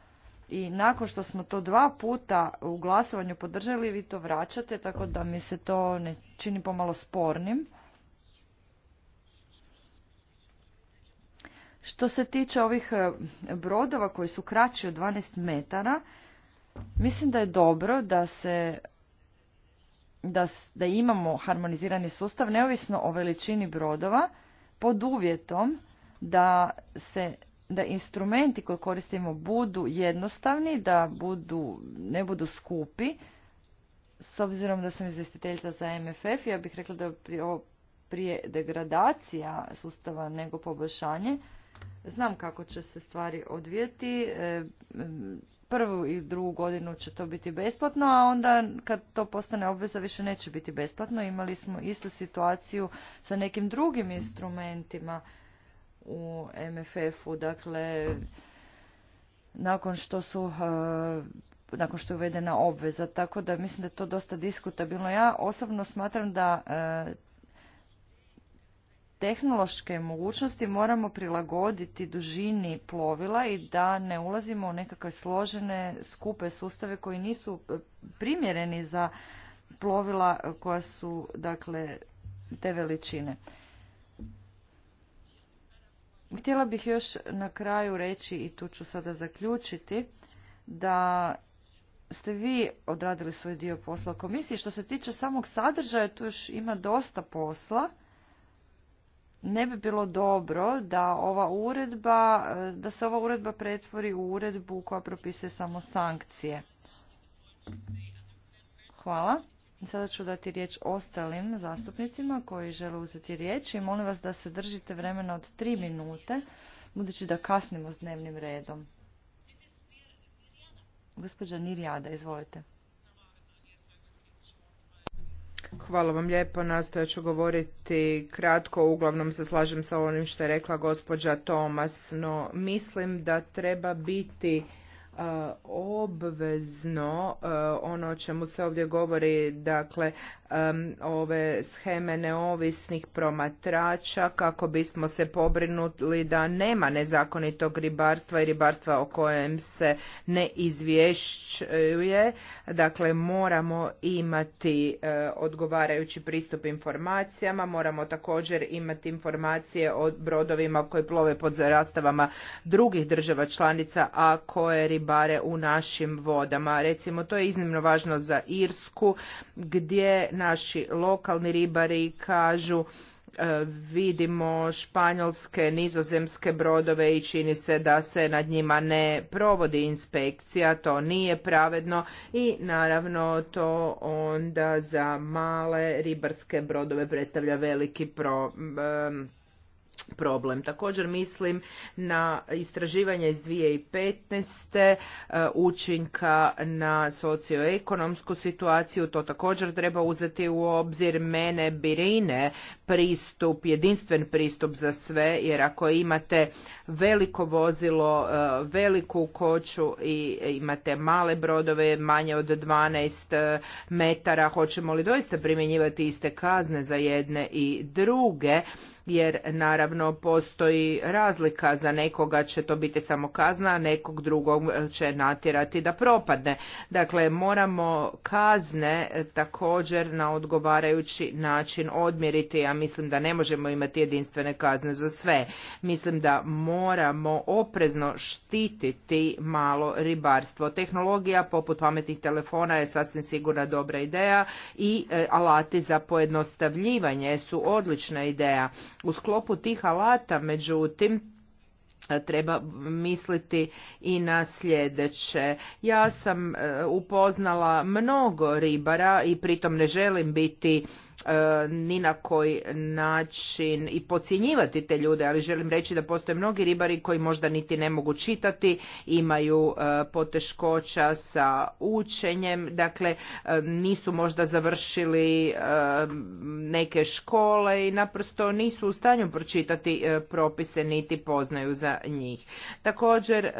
I nakon što smo to dva puta u glasovanju podržali, vi to vraćate, tako da mi se to ne čini pomalo spornim. Što se tiče ovih e, brodova koji su kraći od 12 metara, mislim da je dobro da se da, imamo harmonizirani sustav neovisno o veličini brodova pod uvjetom da se da instrumenti koje koristimo budu jednostavni, da budu, ne budu skupi. S obzirom da sam izvjestiteljica za MFF, ja bih rekla da je ovo prije degradacija sustava nego poboljšanje. Znam kako će se stvari odvijeti. E, prvu i drugu godinu će to biti besplatno, a onda kad to postane obveza više neće biti besplatno. Imali smo istu situaciju sa nekim drugim instrumentima u MFF-u. Dakle, nakon što su e, nakon što je uvedena obveza. Tako da mislim da je to dosta diskutabilno. Ja osobno smatram da e, tehnološke mogućnosti moramo prilagoditi dužini plovila i da ne ulazimo u nekakve složene skupe sustave koji nisu e, primjereni za plovila koja su dakle te veličine. Htjela bih još na kraju reći i tu ću sada zaključiti da ste vi odradili svoj dio posla komisiji. Što se tiče samog sadržaja, tu još ima dosta posla ne bi bilo dobro da ova uredba, e, da se ova uredba pretvori u uredbu koja propisuje samo sankcije. Hvala. Sada ću dati riječ ostalim zastupnicima koji žele uzeti riječ i molim vas da se držite vremena od tri minute, budući da kasnimo s dnevnim redom. Gospođa Nirjada, izvolite. Hvala vam lijepo, nastojat ću govoriti kratko, uglavnom se slažem sa onim što je rekla gospođa Tomas, no mislim da treba biti e, obvezno e, ono o čemu se ovdje govori, dakle ove sheme neovisnih promatrača kako bismo se pobrinuli da nema nezakonitog ribarstva i ribarstva o kojem se ne izvješćuje. Dakle, moramo imati e, odgovarajući pristup informacijama, moramo također imati informacije o brodovima koji plove pod zarastavama drugih država članica, a koje ribare u našim vodama. Recimo, to je iznimno važno za Irsku, gdje naši lokalni ribari kažu e, vidimo španjolske, nizozemske brodove i čini se da se nad njima ne provodi inspekcija, to nije pravedno i naravno to onda za male ribarske brodove predstavlja veliki problem problem. Također mislim na istraživanje iz 2015. E, učinka na socioekonomsku situaciju. To također treba uzeti u obzir. Mene birine pristup, jedinstven pristup za sve, jer ako imate veliko vozilo, e, veliku koću i imate male brodove, manje od 12 e, metara, hoćemo li doista primjenjivati iste kazne za jedne i druge? jer naravno postoji razlika za nekoga će to biti samo kazna, a nekog drugog će natjerati da propadne. Dakle, moramo kazne također na odgovarajući način odmjeriti. Ja mislim da ne možemo imati jedinstvene kazne za sve. Mislim da moramo oprezno štititi malo ribarstvo. Tehnologija poput pametnih telefona je sasvim sigurna dobra ideja i e, alati za pojednostavljivanje su odlična ideja u sklopu tih alata, međutim, treba misliti i na sljedeće. Ja sam e, upoznala mnogo ribara i pritom ne želim biti E, ni na koji način i podcjenjivati te ljude, ali želim reći da postoje mnogi ribari koji možda niti ne mogu čitati, imaju e, poteškoća sa učenjem, dakle e, nisu možda završili neke škole i naprosto nisu u stanju pročitati propise niti poznaju za njih. Također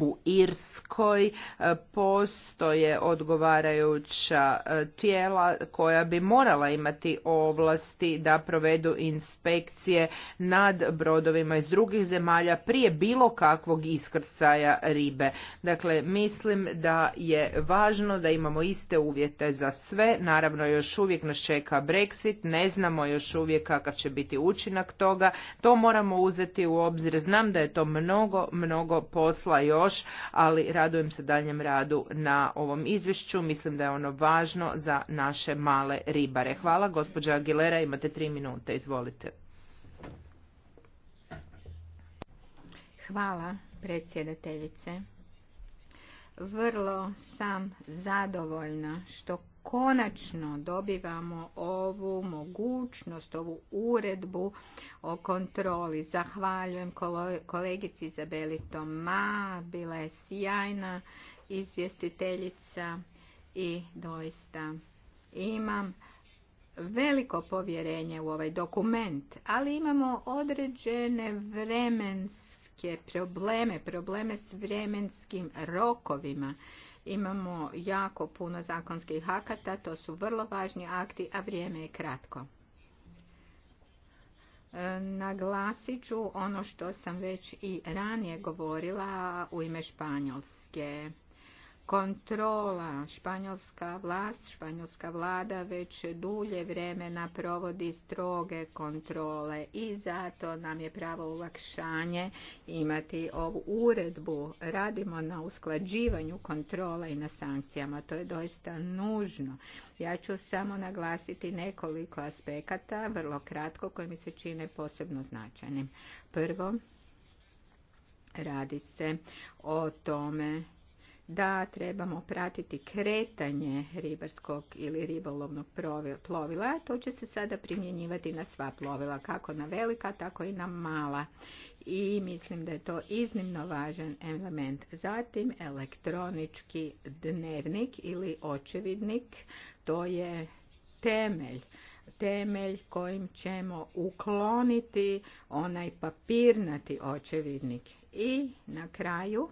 u Irskoj e, postoje odgovarajuća e, tijela koja bi morala imati ovlasti da provedu inspekcije nad brodovima iz drugih zemalja prije bilo kakvog iskrcaja ribe. Dakle, mislim da je važno da imamo iste uvjete za sve. Naravno, još uvijek nas čeka Brexit, ne znamo još uvijek kakav će biti učinak toga. To moramo uzeti u obzir. Znam da je to mnogo, mnogo posla još ali radujem se daljem radu na ovom izvješću. Mislim da je ono važno za naše male ribare. Hvala. Gospođa Aguilera, imate tri minute. Izvolite. Hvala, predsjedateljice. Vrlo sam zadovoljna što konačno dobivamo ovu mogućnost, ovu uredbu o kontroli. Zahvaljujem kolegici Izabeli Toma, bila je sjajna izvjestiteljica i doista imam veliko povjerenje u ovaj dokument, ali imamo određene vremenske probleme, probleme s vremenskim rokovima. Imamo jako puno zakonskih akata, to su vrlo važni akti, a vrijeme je kratko. E, naglasit ću ono što sam već i ranije govorila u ime Španjolske kontrola. Španjolska vlast, španjolska vlada već dulje vremena provodi stroge kontrole i zato nam je pravo ulakšanje imati ovu uredbu. Radimo na usklađivanju kontrola i na sankcijama. To je doista nužno. Ja ću samo naglasiti nekoliko aspekata, vrlo kratko, koje mi se čine posebno značajnim. Prvo, radi se o tome da trebamo pratiti kretanje ribarskog ili ribolovnog plovila. To će se sada primjenjivati na sva plovila, kako na velika, tako i na mala. I mislim da je to iznimno važan element. Zatim elektronički dnevnik ili očevidnik, to je temelj temelj kojim ćemo ukloniti onaj papirnati očevidnik. I na kraju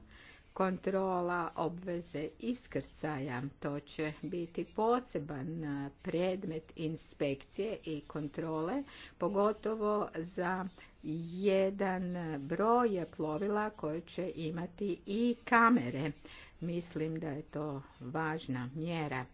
kontrola obveze iskrcaja. To će biti poseban eh, predmet inspekcije i kontrole, pogotovo za jedan eh, broj plovila koje će imati i kamere. Mislim da je to važna mjera.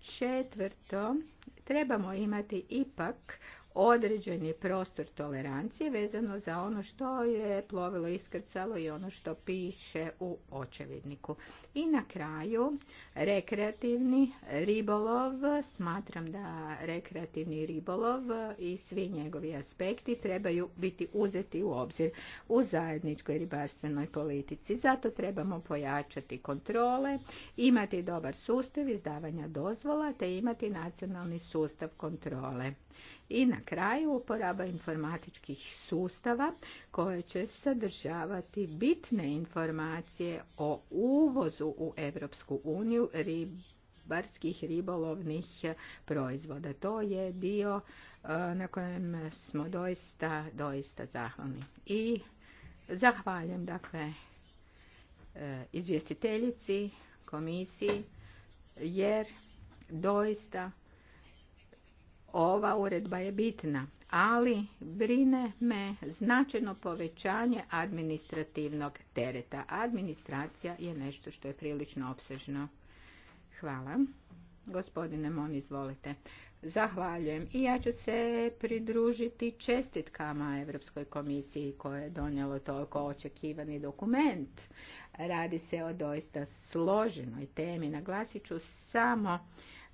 Četvrto, trebamo imati ipak određeni prostor tolerancije vezano za ono što je plovilo iskrcalo i ono što piše u očevidniku. I na kraju rekreativni ribolov. Smatram da rekreativni ribolov i svi njegovi aspekti trebaju biti uzeti u obzir u zajedničkoj ribarstvenoj politici. Zato trebamo pojačati kontrole, imati dobar sustav izdavanja dozvola te imati nacionalni sustav kontrole. I na kraju uporaba informatičkih sustava koje će sadržavati bitne informacije o uvozu u Europsku uniju ribarskih ribolovnih proizvoda. To je dio e, na kojem smo doista, doista zahvalni. I zahvaljujem dakle e, izvjestiteljici, komisiji, jer doista ova uredba je bitna, ali brine me značajno povećanje administrativnog tereta. Administracija je nešto što je prilično opsežno. Hvala. Gospodine Mon, izvolite. Zahvaljujem. I ja ću se pridružiti čestitkama Europskoj komisiji koja je donijela toliko očekivani dokument. Radi se o doista složenoj temi. Naglasit ću samo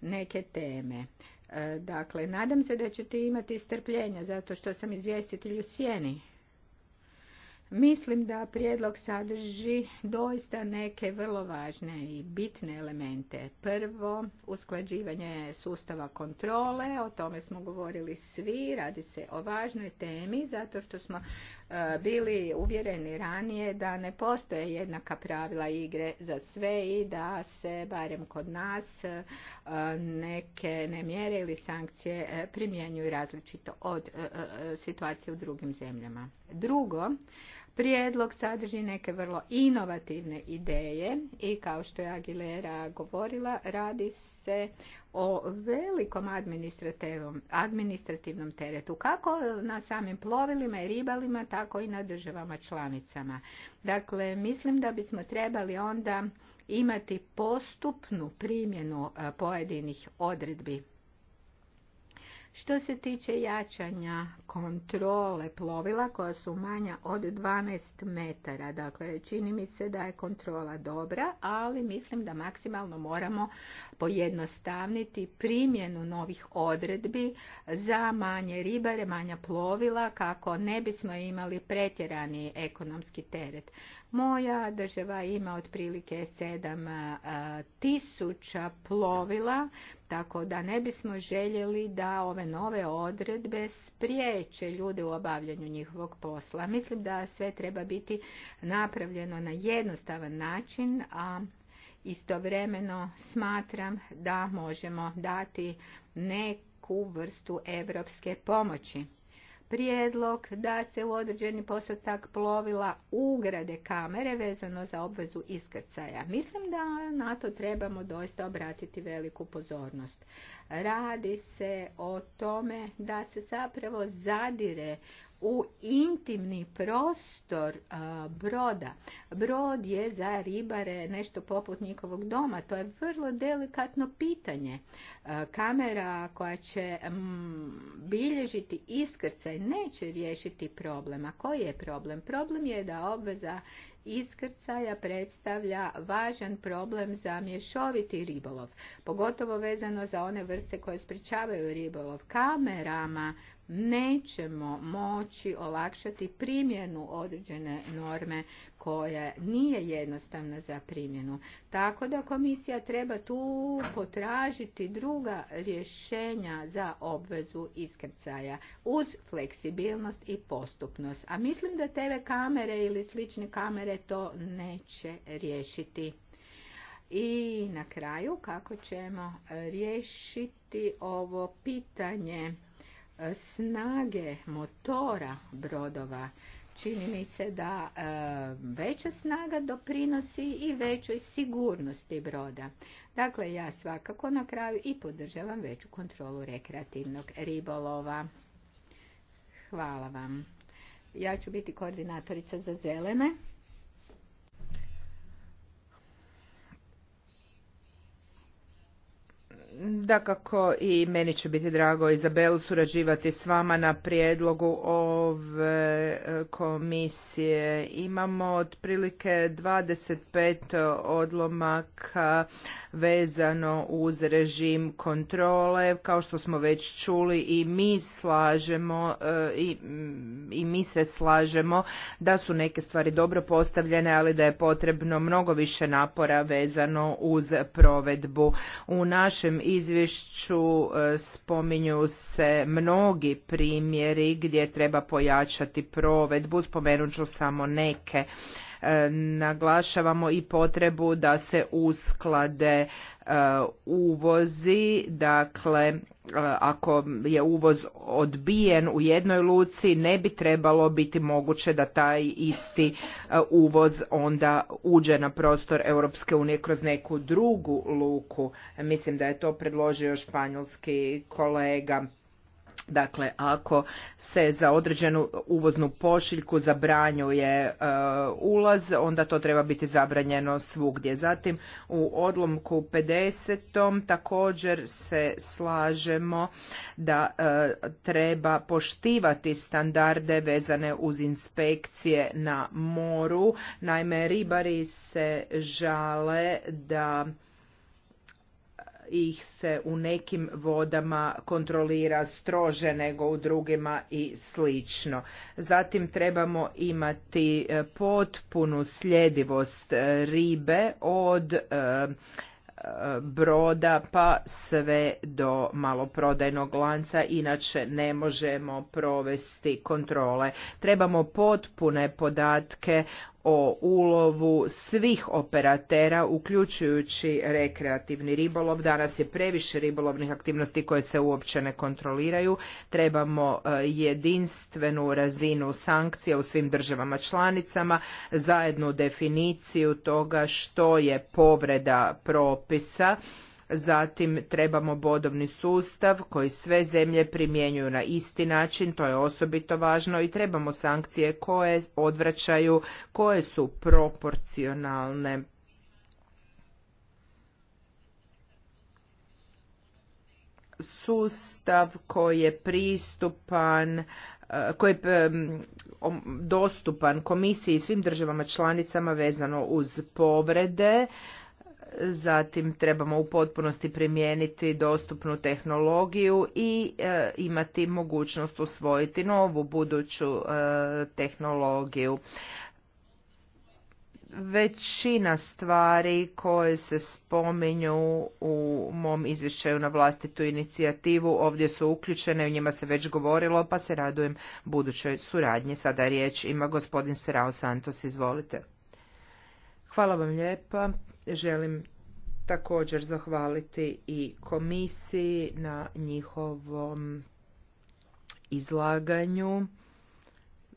neke teme. E, dakle, nadam se da ćete imati strpljenja zato što sam izvjestitelj u sjeni. Mislim da prijedlog sadrži doista neke vrlo važne i bitne elemente. Prvo, usklađivanje sustava kontrole, o tome smo govorili svi, radi se o važnoj temi zato što smo E, bili uvjereni ranije da ne postoje jednaka pravila igre za sve i da se barem kod nas e, neke nemjere ili sankcije e, primjenjuju različito od situacije u drugim zemljama. Drugo, Prijedlog sadrži neke vrlo inovativne ideje i kao što je Aguilera govorila, radi se o velikom administrativnom teretu, kako na samim plovilima i ribalima, tako i na državama članicama. Dakle, mislim da bismo trebali onda imati postupnu primjenu e, pojedinih odredbi što se tiče jačanja kontrole plovila koja su manja od 12 metara, dakle čini mi se da je kontrola dobra, ali mislim da maksimalno moramo pojednostavniti primjenu novih odredbi za manje ribare, manja plovila kako ne bismo imali pretjerani ekonomski teret. Moja država ima otprilike 7000 eh, tisuća plovila tako da ne bismo željeli da ove nove odredbe spriječe ljude u obavljanju njihovog posla. Mislim da sve treba biti napravljeno na jednostavan način, a istovremeno smatram da možemo dati neku vrstu evropske pomoći prijedlog da se u određeni postotak plovila ugrade kamere vezano za obvezu iskrcaja. Mislim da na to trebamo doista obratiti veliku pozornost. Radi se o tome da se zapravo zadire u intimni prostor broda. Brod je za ribare nešto poput njihovog doma. To je vrlo delikatno pitanje. Kamera koja će bilježiti iskrcaj neće riješiti problem. A koji je problem? Problem je da obveza iskrcaja predstavlja važan problem za mješoviti ribolov, pogotovo vezano za one vrste koje spričavaju ribolov. Kamerama nećemo moći olakšati primjenu određene norme koja nije jednostavna za primjenu. Tako da komisija treba tu potražiti druga rješenja za obvezu iskrcaja uz fleksibilnost i postupnost. A mislim da TV kamere ili slične kamere to neće riješiti. I na kraju kako ćemo riješiti ovo pitanje e, snage motora brodova čini mi se da e, veća snaga doprinosi i većoj sigurnosti broda. Dakle, ja svakako na kraju i podržavam veću kontrolu rekreativnog ribolova. Hvala vam. Ja ću biti koordinatorica za zelene. kako i meni će biti drago Izabel surađivati s vama na prijedlogu ove e, komisije. Imamo otprilike 25 odlomaka vezano uz režim kontrole. Kao što smo već čuli i mi slažemo e, i, i mi se slažemo da su neke stvari dobro postavljene, ali da je potrebno mnogo više napora vezano uz provedbu. U našem izvješću e, spominju se mnogi primjeri gdje treba pojačati provedbu, spomenut ću samo neke E, naglašavamo i potrebu da se usklade e, uvozi, dakle e, ako je uvoz odbijen u jednoj luci ne bi trebalo biti moguće da taj isti uvoz onda uđe na prostor Europske unije kroz neku drugu luku. Mislim da je to predložio španjolski kolega. Dakle, ako se za određenu uvoznu pošiljku zabranjuje e, ulaz, onda to treba biti zabranjeno svugdje. Zatim u odlomku 50. također se slažemo da e, treba poštivati standarde vezane uz inspekcije na moru. Naime, ribari se žale da ih se u nekim vodama kontrolira strože nego u drugima i slično. Zatim trebamo imati e, potpunu sljedivost e, ribe od e, broda pa sve do maloprodajnog lanca, inače ne možemo provesti kontrole. Trebamo potpune podatke o ulovu svih operatera, uključujući rekreativni ribolov. Danas je previše ribolovnih aktivnosti koje se uopće ne kontroliraju. Trebamo e, jedinstvenu razinu sankcija u svim državama članicama, zajednu definiciju toga što je povreda propisa Zatim trebamo bodovni sustav koji sve zemlje primjenjuju na isti način, to je osobito važno i trebamo sankcije koje odvraćaju, koje su proporcionalne. Sustav koji je pristupan eh, koji je dostupan komisiji i svim državama članicama vezano uz povrede zatim trebamo u potpunosti primijeniti dostupnu tehnologiju i e, imati mogućnost usvojiti novu buduću e, tehnologiju većina stvari koje se spominju u mom izvješćaju na vlastitu inicijativu ovdje su uključene, u njima se već govorilo, pa se radujem budućoj suradnji. Sada riječ ima gospodin Serao Santos, izvolite. Hvala vam lijepa. Želim također zahvaliti i komisiji na njihovom izlaganju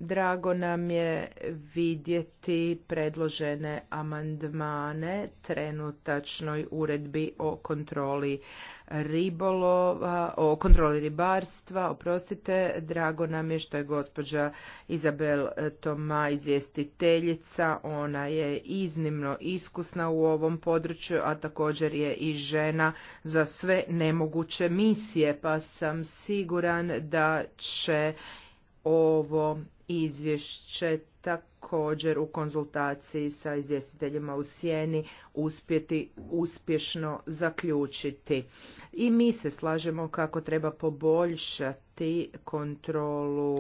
Drago nam je vidjeti predložene amandmane trenutačnoj uredbi o kontroli ribolova, o kontroli ribarstva, oprostite, drago nam je što je gospođa Izabel Toma izvjestiteljica, ona je iznimno iskusna u ovom području, a također je i žena za sve nemoguće misije, pa sam siguran da će ovo izvješće također u konzultaciji sa izvjestiteljima u sjeni uspjeti uspješno zaključiti. I mi se slažemo kako treba poboljšati kontrolu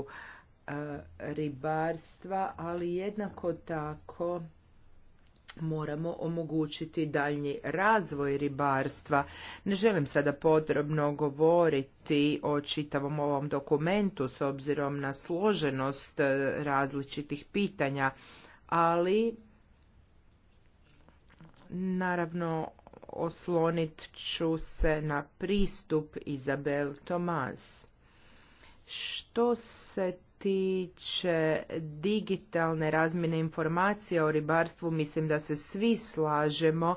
e, ribarstva, ali jednako tako moramo omogućiti daljnji razvoj ribarstva. Ne želim sada podrobno govoriti o čitavom ovom dokumentu s obzirom na složenost e, različitih pitanja, ali naravno oslonit ću se na pristup Izabel Tomas. Što se tiče digitalne razmjene informacija o ribarstvu, mislim da se svi slažemo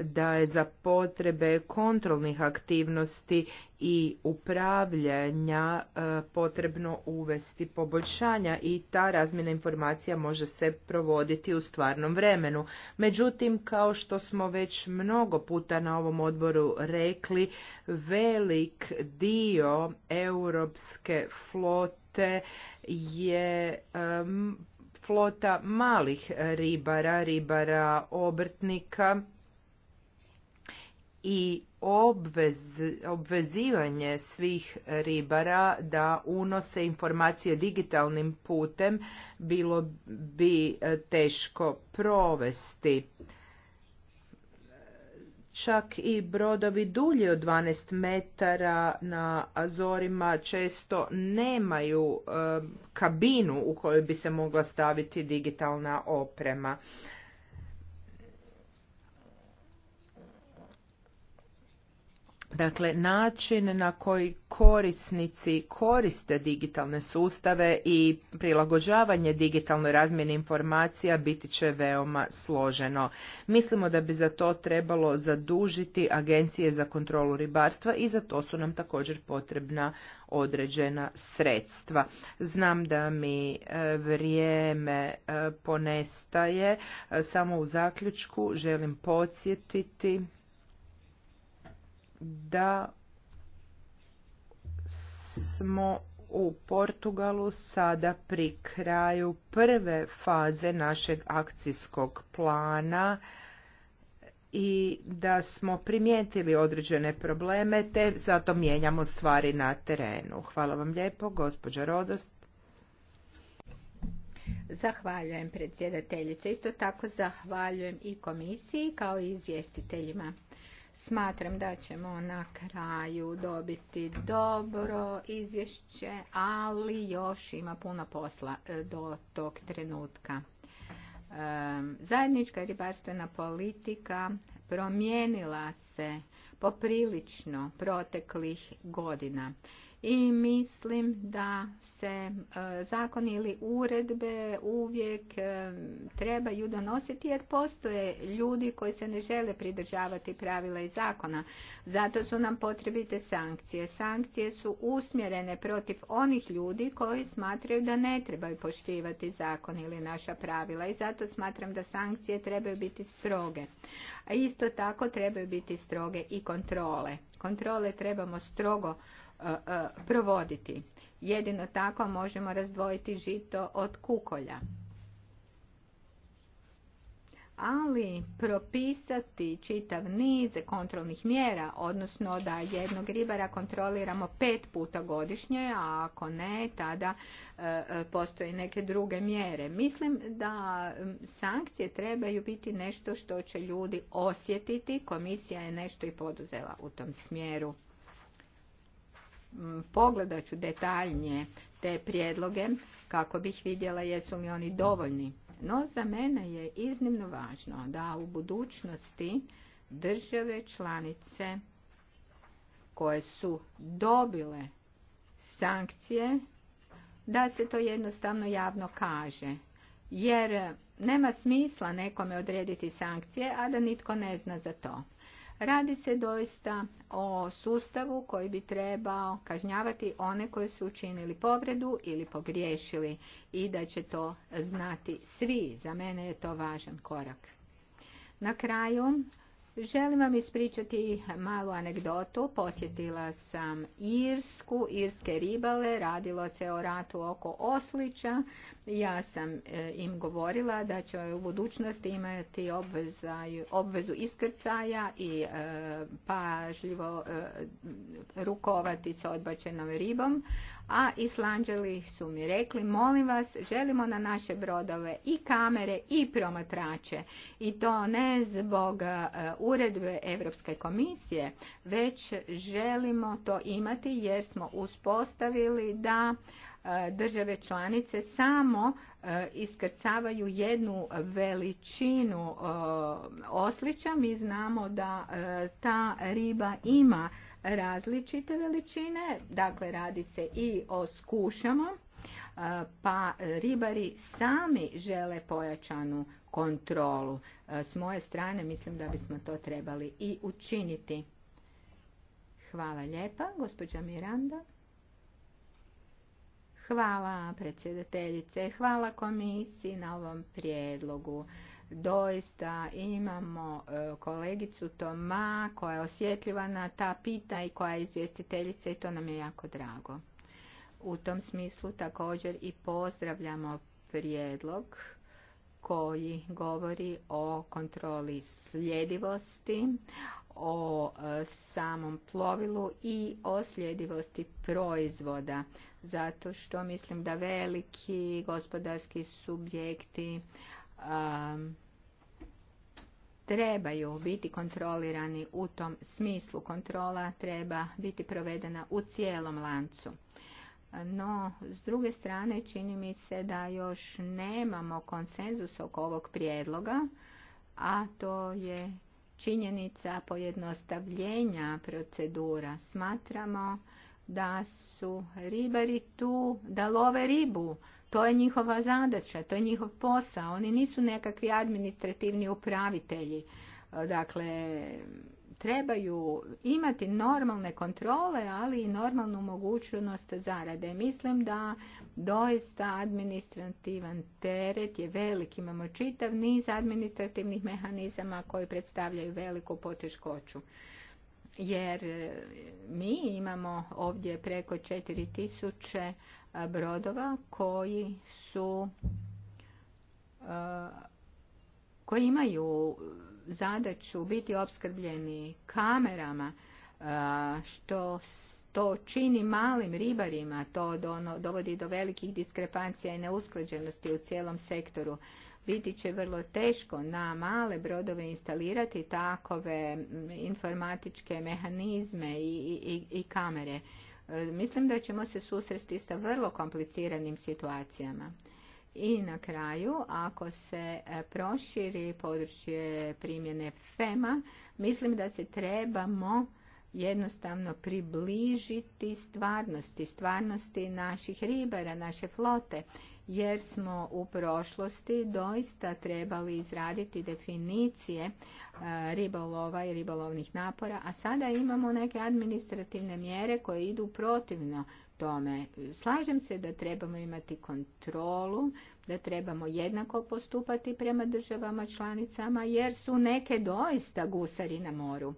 da je za potrebe kontrolnih aktivnosti i upravljanja e, potrebno uvesti poboljšanja i ta razmjena informacija može se provoditi u stvarnom vremenu. Međutim, kao što smo već mnogo puta na ovom odboru rekli, velik dio europske flote je flota malih ribara, ribara obrtnika i obvezivanje svih ribara da unose informacije digitalnim putem bilo bi eh, teško provesti. Čak i brodovi dulji od 12 metara na Azorima često nemaju eh, kabinu u kojoj bi se mogla staviti digitalna oprema. Dakle, način na koji korisnici koriste digitalne sustave i prilagođavanje digitalnoj razmjeni informacija biti će veoma složeno. Mislimo da bi za to trebalo zadužiti agencije za kontrolu ribarstva i za to su nam također potrebna određena sredstva. Znam da mi e, vrijeme e, ponestaje, e, samo u zaključku želim podsjetiti da smo u Portugalu sada pri kraju prve faze našeg akcijskog plana i da smo primijetili određene probleme te zato mijenjamo stvari na terenu. Hvala vam lijepo, gospođa Rodost. Zahvaljujem predsjedateljice. Isto tako zahvaljujem i komisiji kao i izvjestiteljima. Smatram da ćemo na kraju dobiti dobro izvješće, ali još ima puno posla e, do tog trenutka. E, zajednička ribarstvena politika promijenila se poprilično proteklih godina i mislim da se e, zakoni ili uredbe uvijek e, trebaju donositi jer postoje ljudi koji se ne žele pridržavati pravila i zakona. Zato su nam potrebite sankcije. Sankcije su usmjerene protiv onih ljudi koji smatraju da ne trebaju poštivati zakon ili naša pravila i zato smatram da sankcije trebaju biti stroge. A isto tako trebaju biti stroge i kontrole. Kontrole trebamo strogo provoditi. Jedino tako možemo razdvojiti žito od kukolja. Ali propisati čitav niz kontrolnih mjera, odnosno da jednog ribara kontroliramo pet puta godišnje, a ako ne, tada e, e, postoje neke druge mjere. Mislim da sankcije trebaju biti nešto što će ljudi osjetiti. Komisija je nešto i poduzela u tom smjeru. Mm, pogledat ću detaljnije te prijedloge kako bih vidjela jesu li oni dovoljni. No za mene je iznimno važno da u budućnosti države članice koje su dobile sankcije, da se to jednostavno javno kaže. Jer nema smisla nekome odrediti sankcije, a da nitko ne zna za to. Radi se doista o sustavu koji bi trebao kažnjavati one koji su učinili povredu ili pogriješili i da će to znati svi. Za mene je to važan korak. Na kraju, Želim vam ispričati malu anegdotu. Posjetila sam Irsku, Irske ribale, radilo se o ratu oko Oslića. Ja sam e, im govorila da će u budućnosti imati obvezu iskrcaja i e, pažljivo e, rukovati sa odbačenom ribom. A Islanđeli su mi rekli, molim vas, želimo na naše brodove i kamere i promatrače. I to ne zbog uredbe Europske komisije, već želimo to imati jer smo uspostavili da e, države članice samo e, iskrcavaju jednu veličinu e, oslića. Mi znamo da ta riba ima različite veličine, dakle radi se i o skušama, pa ribari sami žele pojačanu kontrolu. E, s moje strane mislim da bismo to trebali i učiniti. Hvala lijepa, gospođa Miranda. Hvala predsjedateljice, hvala komisiji na ovom prijedlogu. Doista imamo e, kolegicu Toma koja je osjetljiva na ta pita i koja je izvjestiteljica i to nam je jako drago. U tom smislu također i pozdravljamo prijedlog koji govori o kontroli sljedivosti, o e, samom plovilu i o sljedivosti proizvoda. Zato što mislim da veliki gospodarski subjekti trebaju biti kontrolirani u tom smislu. Kontrola treba biti provedena u cijelom lancu. No, s druge strane, čini mi se da još nemamo konsenzus oko ovog prijedloga, a to je činjenica pojednostavljenja procedura. Smatramo da su ribari tu da love ribu. To je njihova zadaća, to je njihov posao. Oni nisu nekakvi administrativni upravitelji. Dakle, trebaju imati normalne kontrole, ali i normalnu mogućnost zarade. Mislim da doista administrativan teret je velik. Imamo čitav niz administrativnih mehanizama koji predstavljaju veliku poteškoću. Jer e, mi imamo ovdje preko 4000 e, brodova koji su e, koji imaju zadaću biti opskrbljeni kamerama, što to čini malim ribarima, to ono, dovodi do velikih diskrepancija i neusklađenosti u cijelom sektoru. Biti će vrlo teško na male brodove instalirati takove informatičke mehanizme i, i, i kamere. E, mislim da ćemo se susresti sa vrlo kompliciranim situacijama. I na kraju, ako se e, proširi područje primjene FEMA, mislim da se trebamo jednostavno približiti stvarnosti, stvarnosti naših ribara, naše flote, jer smo u prošlosti doista trebali izraditi definicije e, ribolova i ribolovnih napora, a sada imamo neke administrativne mjere koje idu protivno tome. Slažem se da trebamo imati kontrolu, da trebamo jednako postupati prema državama članicama jer su neke doista gusari na moru.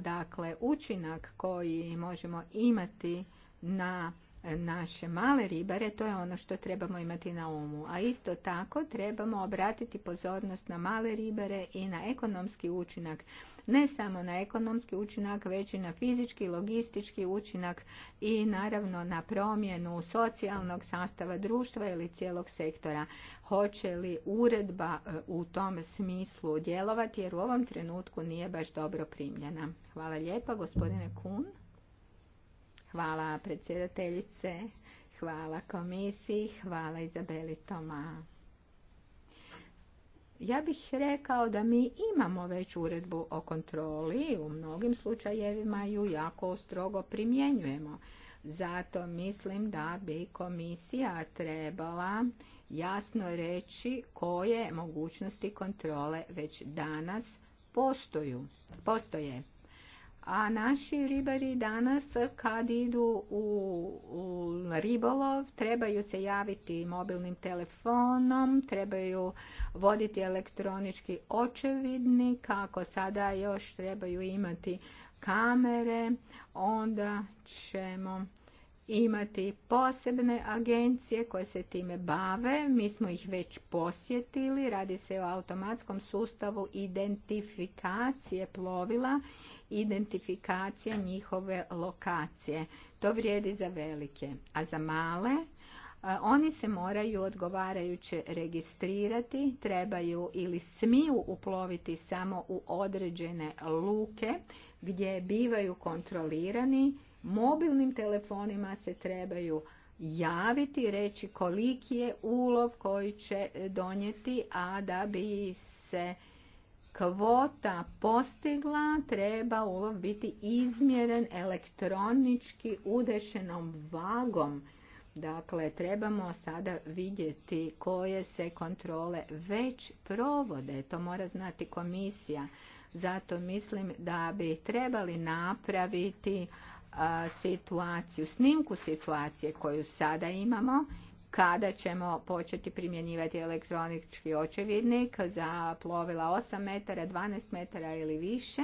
Dakle, učinak koji možemo imati na naše male ribare, to je ono što trebamo imati na umu. A isto tako trebamo obratiti pozornost na male ribare i na ekonomski učinak. Ne samo na ekonomski učinak, već i na fizički, logistički učinak i naravno na promjenu socijalnog sastava društva ili cijelog sektora. Hoće li uredba e, u tom smislu djelovati jer u ovom trenutku nije baš dobro primljena. Hvala lijepa gospodine Kun. Hvala predsjedateljice, hvala komisiji, hvala Izabeli Toma. Ja bih rekao da mi imamo već uredbu o kontroli, u mnogim slučajevima ju jako strogo primjenjujemo. Zato mislim da bi komisija trebala jasno reći koje mogućnosti kontrole već danas postoje. A naši ribari danas kad idu u, ribolov trebaju se javiti mobilnim telefonom, trebaju voditi elektronički očevidnik, kako sada još trebaju imati kamere, onda ćemo imati posebne agencije koje se time bave. Mi smo ih već posjetili. Radi se o automatskom sustavu identifikacije plovila identifikacija njihove lokacije. To vrijedi za velike, a za male oni se moraju odgovarajuće registrirati, trebaju ili smiju uploviti samo u određene luke gdje bivaju kontrolirani. Mobilnim telefonima se trebaju javiti, reći koliki je ulov koji će donijeti, a da bi se kvota postigla, treba ulov biti izmjeren elektronički udešenom vagom. Dakle, trebamo sada vidjeti koje se kontrole već provode. To mora znati komisija. Zato mislim da bi trebali napraviti situaciju, snimku situacije koju sada imamo kada ćemo početi primjenjivati elektronički očevidnik za plovila 8 metara, 12 metara ili više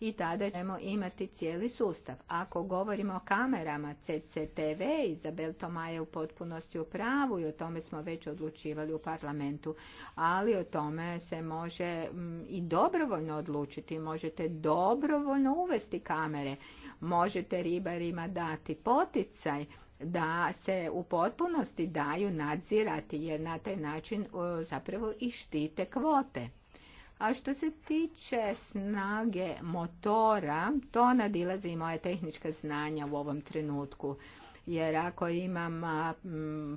i tada ćemo imati cijeli sustav. Ako govorimo o kamerama CCTV, Izabel Toma je u potpunosti u pravu i o tome smo već odlučivali u parlamentu, ali o tome se može mm, i dobrovoljno odlučiti, možete dobrovoljno uvesti kamere, možete ribarima dati poticaj, da se u potpunosti daju nadzirati jer na taj način e, zapravo i štite kvote. A što se tiče snage motora, to nadilazi i moje tehnička znanja u ovom trenutku. Jer ako imam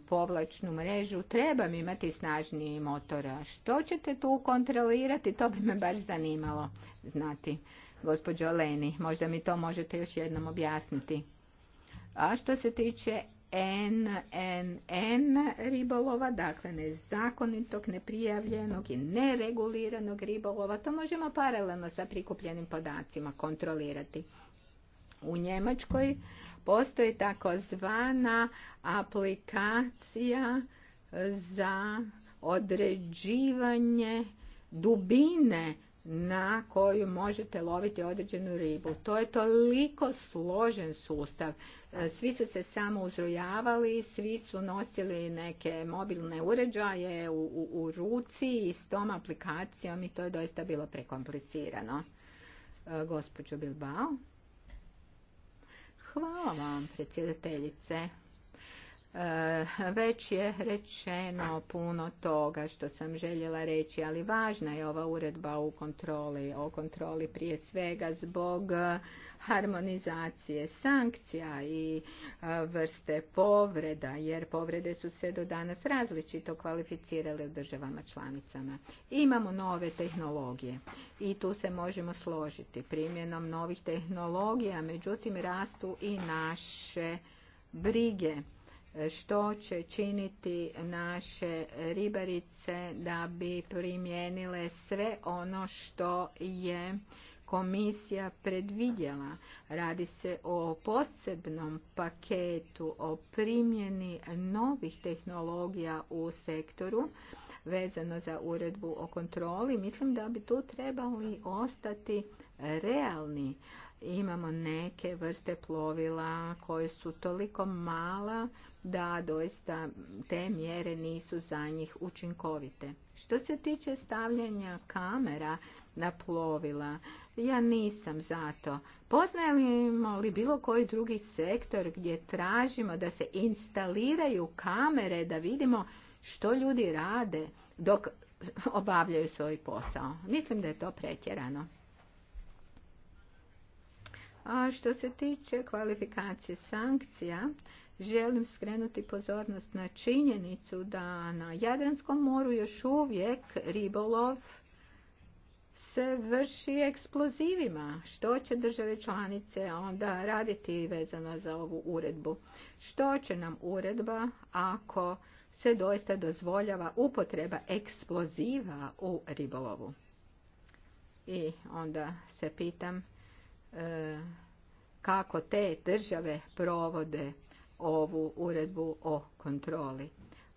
povlačnu mrežu, trebam imati snažniji motor. što ćete tu kontrolirati, to bi me baš zanimalo znati. Gospođo Leni, možda mi to možete još jednom objasniti. A što se tiče NNN ribolova, dakle nezakonitog, neprijavljenog i nereguliranog ribolova, to možemo paralelno sa prikupljenim podacima kontrolirati. U Njemačkoj postoji takozvana aplikacija za određivanje dubine na koju možete loviti određenu ribu. To je toliko složen sustav E, svi su se samo uzrujavali, svi su nosili neke mobilne uređaje u, u, u ruci i s tom aplikacijom i to je doista bilo prekomplicirano. E, gospođo Bilbao. Hvala vam, predsjedateljice. E, već je rečeno puno toga što sam željela reći, ali važna je ova uredba u kontroli, o kontroli prije svega zbog e, harmonizacije sankcija i e, vrste povreda, jer povrede su se do danas različito kvalificirale u državama članicama. Imamo nove tehnologije i tu se možemo složiti primjenom novih tehnologija, međutim rastu i naše brige što će činiti naše ribarice da bi primijenile sve ono što je komisija predvidjela. Radi se o posebnom paketu o primjeni novih tehnologija u sektoru vezano za uredbu o kontroli. Mislim da bi tu trebali ostati realni imamo neke vrste plovila koje su toliko mala da doista te mjere nisu za njih učinkovite. Što se tiče stavljanja kamera na plovila, ja nisam za to. Poznajemo li bilo koji drugi sektor gdje tražimo da se instaliraju kamere da vidimo što ljudi rade dok obavljaju svoj posao? Mislim da je to pretjerano. A što se tiče kvalifikacije sankcija, želim skrenuti pozornost na činjenicu da na Jadranskom moru još uvijek ribolov se vrši eksplozivima. Što će države članice onda raditi vezano za ovu uredbu? Što će nam uredba ako se doista dozvoljava upotreba eksploziva u ribolovu? I onda se pitam E, kako te države provode ovu uredbu o kontroli,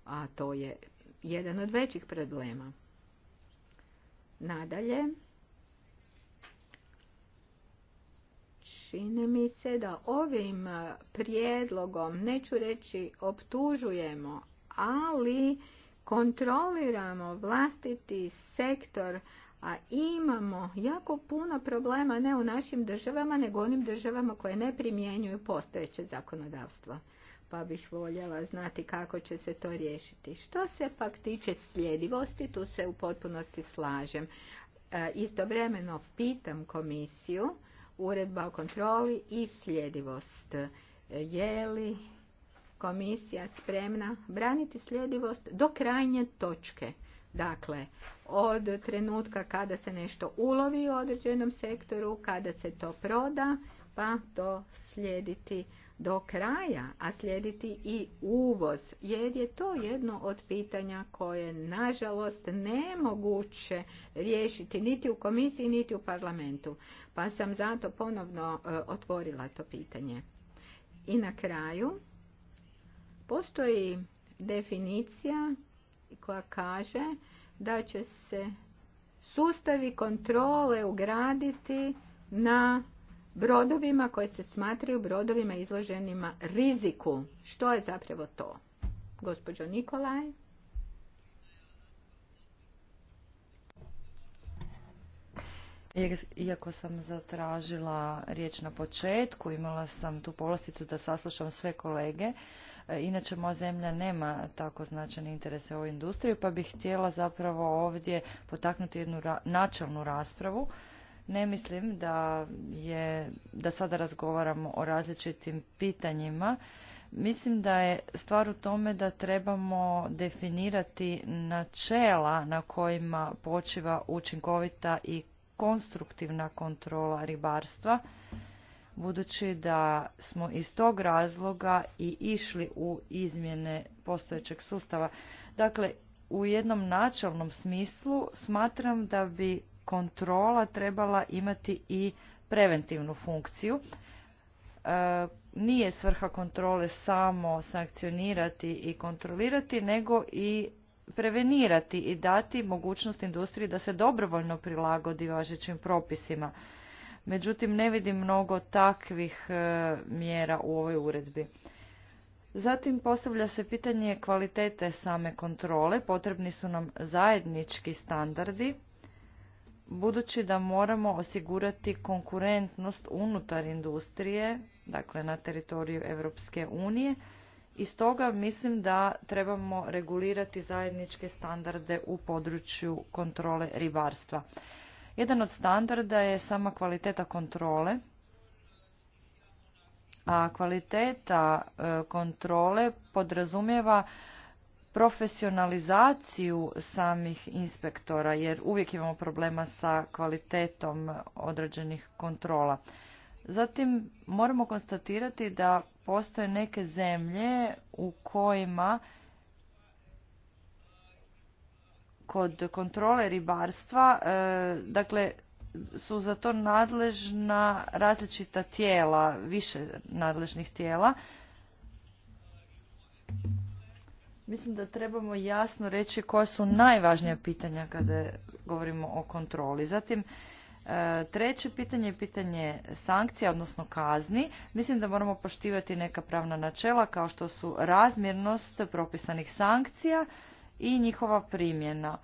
a to je jedan od većih problema. Nadalje, čini mi se da ovim prijedlogom, neću reći optužujemo, ali kontroliramo vlastiti sektor a imamo jako puno problema ne u našim državama nego u onim državama koje ne primjenjuju postojeće zakonodavstvo pa bih voljela znati kako će se to riješiti što se pak tiče sljedivosti tu se u potpunosti slažem e, istovremeno pitam komisiju uredba o kontroli i sljedivost e, je li komisija spremna braniti sljedivost do krajnje točke Dakle, od trenutka kada se nešto ulovi u određenom sektoru, kada se to proda, pa to slijediti do kraja, a slijediti i uvoz, jer je to jedno od pitanja koje nažalost nemoguće riješiti niti u komisiji, niti u parlamentu. Pa sam zato ponovno e, otvorila to pitanje. I na kraju postoji definicija koja kaže da će se sustavi kontrole ugraditi na brodovima koje se smatraju brodovima izloženima riziku. Što je zapravo to? Gospođo Nikolaj. Iako sam zatražila riječ na početku, imala sam tu povlasticu da saslušam sve kolege, E, inače, moja zemlja nema tako značajne interese u ovoj industriji, pa bih htjela zapravo ovdje potaknuti jednu ra načelnu raspravu. Ne mislim da, je, da sada razgovaramo o različitim pitanjima. Mislim da je stvar u tome da trebamo definirati načela na kojima počiva učinkovita i konstruktivna kontrola ribarstva budući da smo iz tog razloga i išli u izmjene postojećeg sustava. Dakle, u jednom načelnom smislu smatram da bi kontrola trebala imati i preventivnu funkciju. E, nije svrha kontrole samo sankcionirati i kontrolirati, nego i prevenirati i dati mogućnost industriji da se dobrovoljno prilagodi važećim propisima. Međutim, ne vidim mnogo takvih e, mjera u ovoj uredbi. Zatim postavlja se pitanje kvalitete same kontrole. Potrebni su nam zajednički standardi, budući da moramo osigurati konkurentnost unutar industrije, dakle na teritoriju Europske unije. I stoga mislim da trebamo regulirati zajedničke standarde u području kontrole ribarstva. Jedan od standarda je sama kvaliteta kontrole, a kvaliteta e, kontrole podrazumijeva profesionalizaciju samih inspektora, jer uvijek imamo problema sa kvalitetom određenih kontrola. Zatim moramo konstatirati da postoje neke zemlje u kojima kod kontrole ribarstva, e, dakle, su za to nadležna različita tijela, više nadležnih tijela. Mislim da trebamo jasno reći koja su najvažnija pitanja kada govorimo o kontroli. Zatim, e, treće pitanje je pitanje sankcija, odnosno kazni. Mislim da moramo poštivati neka pravna načela kao što su razmjernost propisanih sankcija, i njihova primjena.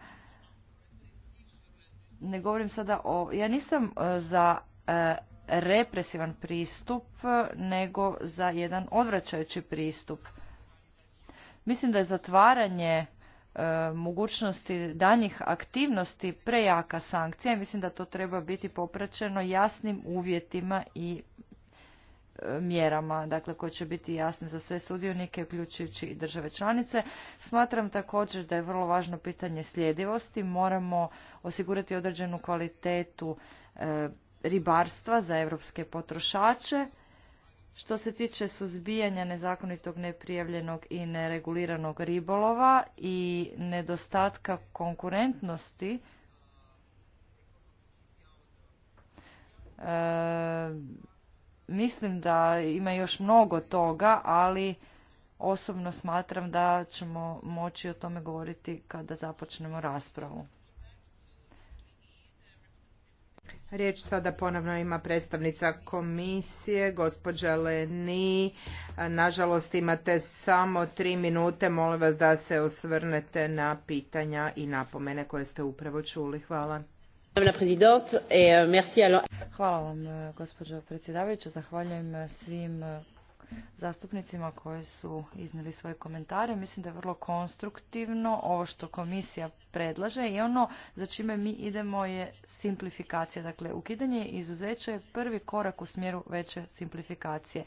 Ne govorim sada o... Ja nisam e, za e, represivan pristup, e, nego za jedan odvraćajući pristup. Mislim da je zatvaranje mogućnosti danjih aktivnosti prejaka sankcija i mislim da to treba biti popraćeno jasnim uvjetima i mjerama, dakle koje će biti jasne za sve sudionike, uključujući i države članice. Smatram također da je vrlo važno pitanje sljedivosti. Moramo osigurati određenu kvalitetu e, ribarstva za europske potrošače. Što se tiče suzbijanja nezakonitog, neprijavljenog i nereguliranog ribolova i nedostatka konkurentnosti, e, mislim da ima još mnogo toga, ali osobno smatram da ćemo moći o tome govoriti kada započnemo raspravu. Riječ sada ponovno ima predstavnica komisije, gospođa Leni. Nažalost imate samo tri minute, molim vas da se osvrnete na pitanja i napomene koje ste upravo čuli. Hvala. Euh, Hvala vam, e, gospođo predsjedavajuća. Zahvaljujem e, svim e, zastupnicima koji su iznijeli svoje komentare. Mislim da je vrlo konstruktivno ovo što komisija predlaže i ono za čime mi idemo je simplifikacija. Dakle, ukidanje izuzeća je prvi korak u smjeru veće simplifikacije.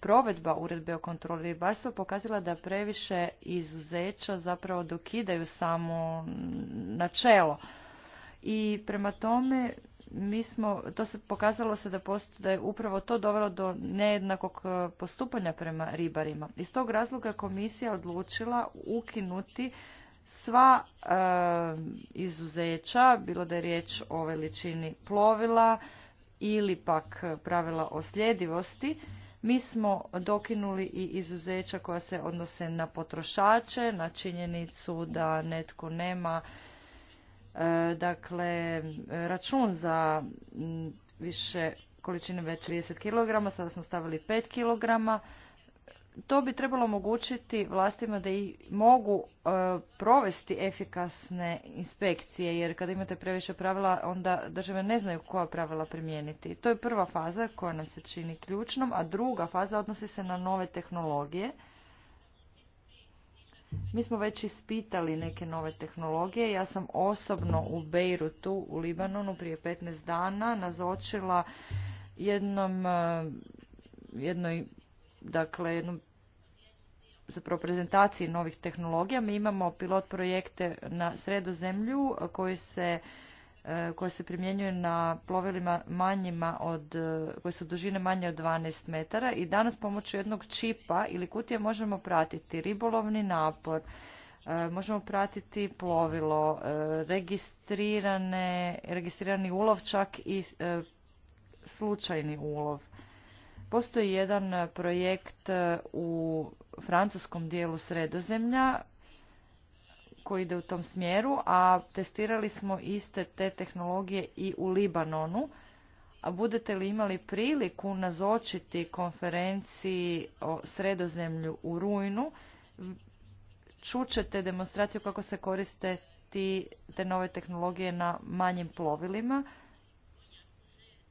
Provedba uredbe o kontroli ribarstva pokazala da previše izuzeća zapravo dokidaju samo načelo i prema tome mi smo, to se pokazalo se da, post, da je upravo to dovelo do nejednakog e, postupanja prema ribarima. Iz tog razloga komisija odlučila ukinuti sva e, izuzeća, bilo da je riječ o veličini plovila ili pak pravila o sljedivosti. Mi smo dokinuli i izuzeća koja se odnose na potrošače, na činjenicu da netko nema E, dakle račun za više količine već 30 kg, sada smo stavili 5 kg. To bi trebalo omogućiti vlastima da i mogu e, provesti efikasne inspekcije, jer kada imate previše pravila, onda države ne znaju koja pravila primijeniti. To je prva faza koja nam se čini ključnom, a druga faza odnosi se na nove tehnologije mi smo već ispitali neke nove tehnologije. Ja sam osobno u Beirutu, u Libanonu, prije 15 dana nazočila jednom, e, jednoj, dakle, jednom zapravo prezentaciji novih tehnologija. Mi imamo pilot projekte na sredozemlju koji se E, koje se primjenjuje na plovilima manjima od, e, koje su dužine manje od 12 metara i danas pomoću jednog čipa ili kutije možemo pratiti ribolovni napor, e, možemo pratiti plovilo, registrirane, registrirani ulov čak i slučajni ulov. Postoji jedan projekt u francuskom dijelu sredozemlja koji ide u tom smjeru, a testirali smo iste te tehnologije i u Libanonu. A budete li imali priliku nazočiti konferenciji o sredozemlju u rujnu, čućete demonstraciju kako se koriste ti, te nove tehnologije na manjim plovilima.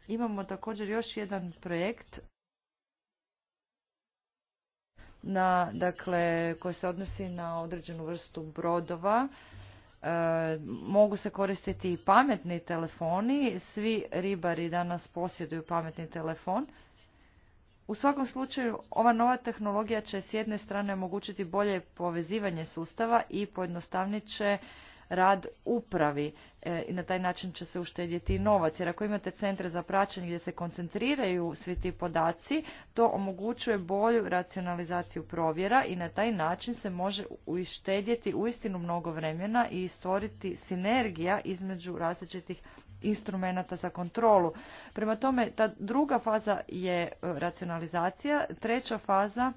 Imamo također još jedan projekt na, dakle, koje se odnosi na određenu vrstu brodova. E, mogu se koristiti i pametni telefoni. Svi ribari danas posjeduju pametni telefon. U svakom slučaju, ova nova tehnologija će s jedne strane omogućiti bolje povezivanje sustava i pojednostavnit će rad upravi e, i na taj način će se uštedjeti novac. Jer ako imate centre za praćenje gdje se koncentriraju svi ti podaci, to omogućuje bolju racionalizaciju provjera i na taj način se može uštedjeti uistinu mnogo vremena i stvoriti sinergija između različitih instrumenata za kontrolu. Prema tome, ta druga faza je e, racionalizacija, treća faza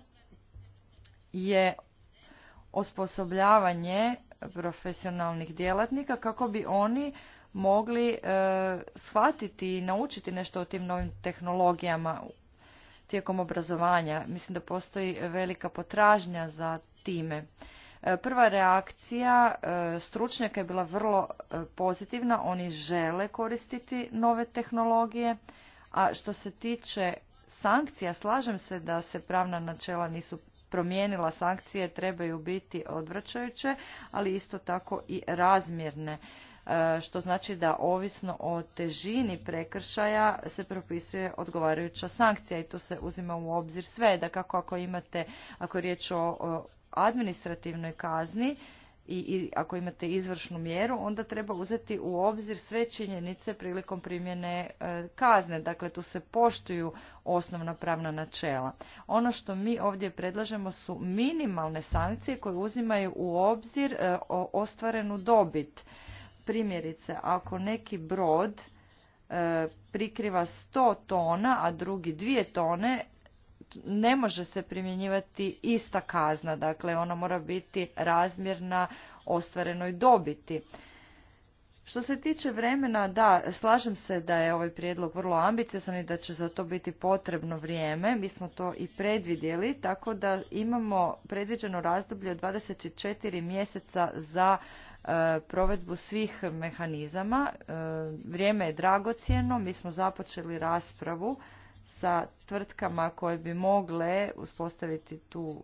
je osposobljavanje profesionalnih djelatnika kako bi oni mogli e, shvatiti i naučiti nešto o tim novim tehnologijama tijekom obrazovanja. Mislim da postoji velika potražnja za time. E, prva reakcija e, stručnjaka je bila vrlo pozitivna, oni žele koristiti nove tehnologije, a što se tiče sankcija, slažem se da se pravna načela nisu promijenila sankcije trebaju biti odvraćajuće, ali isto tako i razmjerne e, što znači da ovisno o težini prekršaja se propisuje odgovarajuća sankcija i to se uzima u obzir sve. Da kako ako imate, ako je riječ o administrativnoj kazni, i, ako imate izvršnu mjeru, onda treba uzeti u obzir sve činjenice prilikom primjene e, kazne. Dakle, tu se poštuju osnovna pravna načela. Ono što mi ovdje predlažemo su minimalne sankcije koje uzimaju u obzir e, ostvarenu dobit. Primjerice, ako neki brod e, prikriva 100 tona, a drugi 2 tone, ne može se primjenjivati ista kazna, dakle ona mora biti razmjerna ostvarenoj dobiti. Što se tiče vremena, da, slažem se da je ovaj prijedlog vrlo ambiciozan i da će za to biti potrebno vrijeme. Mi smo to i predvidjeli, tako da imamo predviđeno razdoblje od 24 mjeseca za e, provedbu svih mehanizama. E, vrijeme je dragocjeno, mi smo započeli raspravu sa tvrtkama koje bi mogle uspostaviti tu,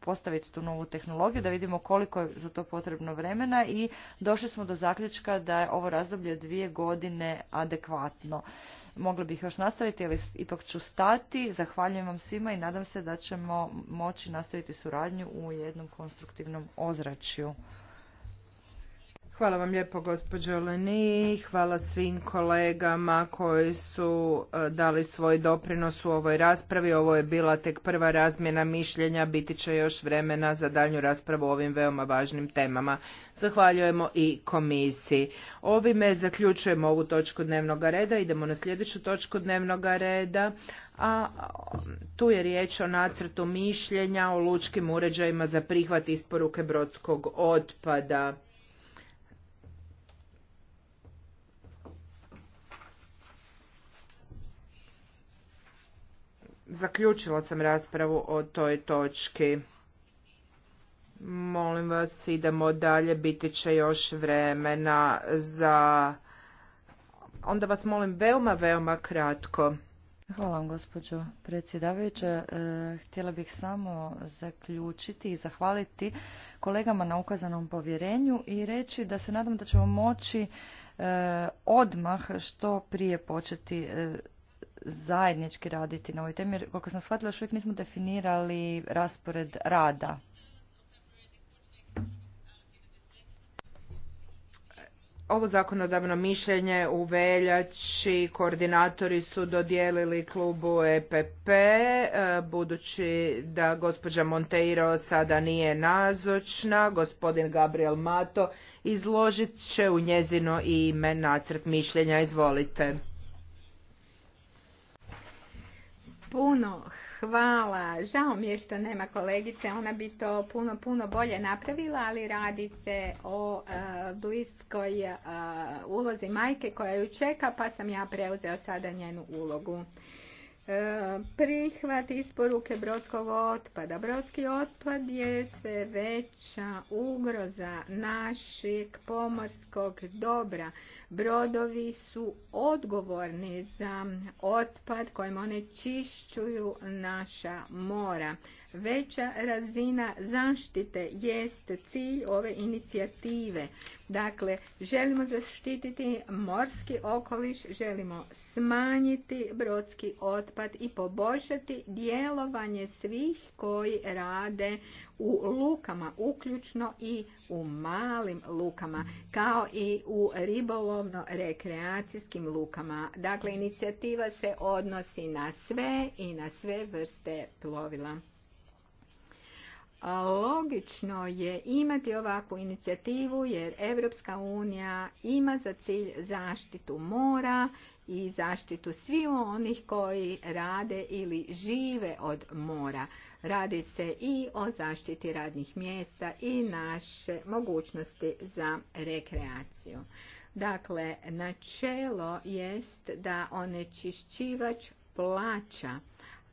postaviti tu novu tehnologiju, da vidimo koliko je za to potrebno vremena i došli smo do zaključka da je ovo razdoblje dvije godine adekvatno. Mogla bih još nastaviti, ali ipak ću stati. Zahvaljujem vam svima i nadam se da ćemo moći nastaviti suradnju u jednom konstruktivnom ozračju. Hvala vam lijepo gospođo Leni, hvala svim kolegama koji su e, dali svoj doprinos u ovoj raspravi. Ovo je bila tek prva razmjena mišljenja, biti će još vremena za daljnju raspravu o ovim veoma važnim temama. Zahvaljujemo i komisiji. Ovime zaključujemo ovu točku dnevnog reda, idemo na sljedeću točku dnevnog reda a tu je riječ o nacrtu mišljenja o lučkim uređajima za prihvat isporuke brodskog otpada. Zaključila sam raspravu o toj točki. Molim vas, idemo dalje, biti će još vremena za... Onda vas molim veoma, veoma kratko. Hvala vam, gospođo predsjedavajuća. E, htjela bih samo zaključiti i zahvaliti kolegama na ukazanom povjerenju i reći da se nadam da ćemo moći e, odmah što prije početi e, zajednički raditi na ovoj temi, jer koliko sam shvatila, još uvijek nismo definirali raspored rada. Ovo zakonodavno mišljenje u veljači koordinatori su dodijelili klubu EPP, e, budući da gospođa Monteiro sada nije nazočna, gospodin Gabriel Mato izložit će u njezino ime nacrt mišljenja. Izvolite. Puno hvala. Žao mi je što nema kolegice, ona bi to puno, puno bolje napravila, ali radi se o e, bliskoj e, ulozi majke koja ju čeka, pa sam ja preuzeo sada njenu ulogu. E, prihvat isporuke brodskog otpada. Brodski otpad je sve veća ugroza našeg pomorskog dobra. Brodovi su odgovorni za otpad kojim one čišćuju naša mora. Veća razina zaštite jest cilj ove inicijative. Dakle, želimo zaštititi morski okoliš, želimo smanjiti brodski otpad i poboljšati djelovanje svih koji rade u lukama, uključno i u malim lukama, kao i u ribolovno-rekreacijskim lukama. Dakle, inicijativa se odnosi na sve i na sve vrste plovila. Logično je imati ovakvu inicijativu jer Europska unija ima za cilj zaštitu mora i zaštitu svih onih koji rade ili žive od mora. Radi se i o zaštiti radnih mjesta i naše mogućnosti za rekreaciju. Dakle, načelo jest da onečišćivač plaća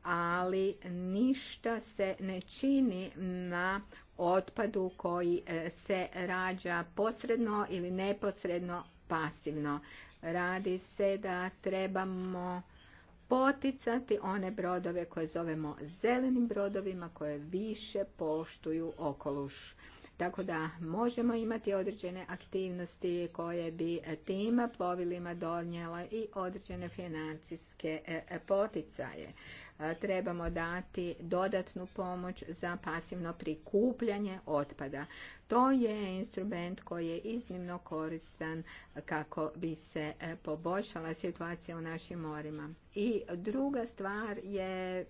ali ništa se ne čini na otpadu koji e, se rađa posredno ili neposredno pasivno. Radi se da trebamo poticati one brodove koje zovemo zelenim brodovima koje više poštuju okoluš. Tako da možemo imati određene aktivnosti koje bi tim plovilima donijela i određene financijske e, e, poticaje. E, trebamo dati dodatnu pomoć za pasivno prikupljanje otpada. To je instrument koji je iznimno koristan kako bi se e, poboljšala situacija u našim morima. I druga stvar je e,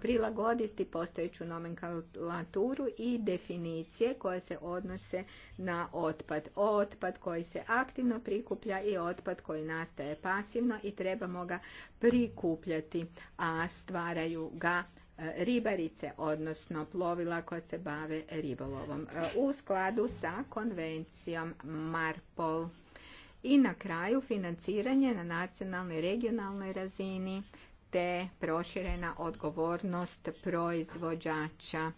prilagoditi postojeću nomenklaturu i definicije koje se odnose na otpad. Otpad koji se aktivno prikuplja i otpad koji nastaje pasivno i trebamo ga prikupljati, a stvaraju ga ribarice, odnosno plovila koja se bave ribolovom e, u skladu sa konvencijom MARPOL. I na kraju financiranje na nacionalnoj i regionalnoj razini te proširena odgovornost proizvođača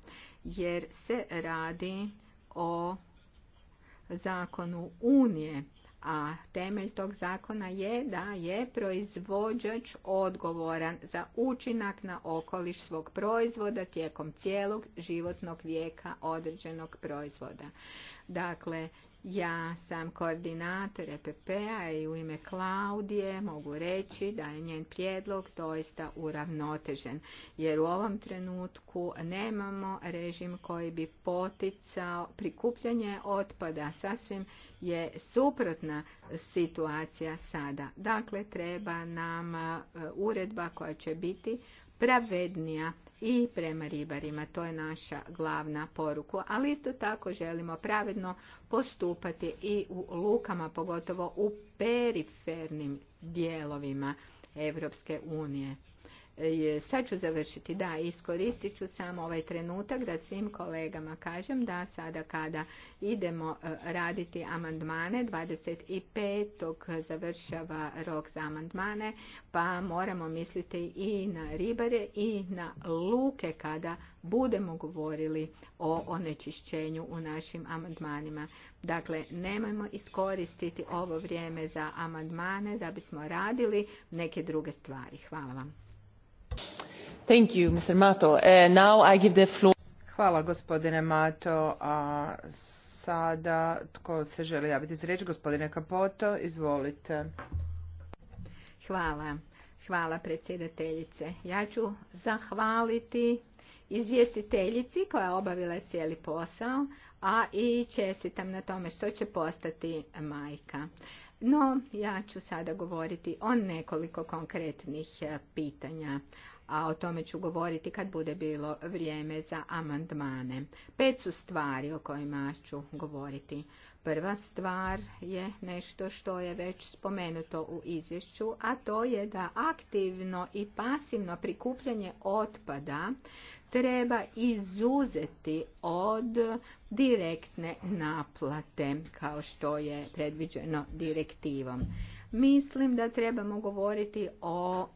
jer se radi o zakonu Unije a temelj tog zakona je da je proizvođač odgovoran za učinak na okoliš svog proizvoda tijekom cijelog životnog vijeka određenog proizvoda. Dakle, ja sam koordinator EPP-a i u ime Klaudije mogu reći da je njen prijedlog doista uravnotežen, jer u ovom trenutku nemamo režim koji bi poticao prikupljanje otpada. Sasvim je suprotna situacija sada. Dakle, treba nam e, uredba koja će biti pravednija i prema ribarima. To je naša glavna poruka, Ali isto tako želimo pravedno postupati i u lukama, pogotovo u perifernim dijelovima Europske unije. Sad ću završiti, da, iskoristit ću samo ovaj trenutak da svim kolegama kažem da sada kada idemo e, raditi amandmane, 25. završava rok za amandmane, pa moramo misliti i na ribare i na luke kada budemo govorili o onečišćenju u našim amandmanima. Dakle, nemojmo iskoristiti ovo vrijeme za amandmane da bismo radili neke druge stvari. Hvala vam. Uh, Hvala gospodine Mato. A sada tko se želi javiti za riječ? Gospodine Kapoto, izvolite. Hvala. Hvala predsjedateljice. Ja ću zahvaliti izvjestiteljici koja je obavila cijeli posao, a i čestitam na tome što će postati majka. No, ja ću sada govoriti o nekoliko konkretnih pitanja, a o tome ću govoriti kad bude bilo vrijeme za amandmane. Pet su stvari o kojima ću govoriti. Prva stvar je nešto što je već spomenuto u izvješću, a to je da aktivno i pasivno prikupljanje otpada treba izuzeti od direktne naplate kao što je predviđeno direktivom. Mislim da trebamo govoriti o e,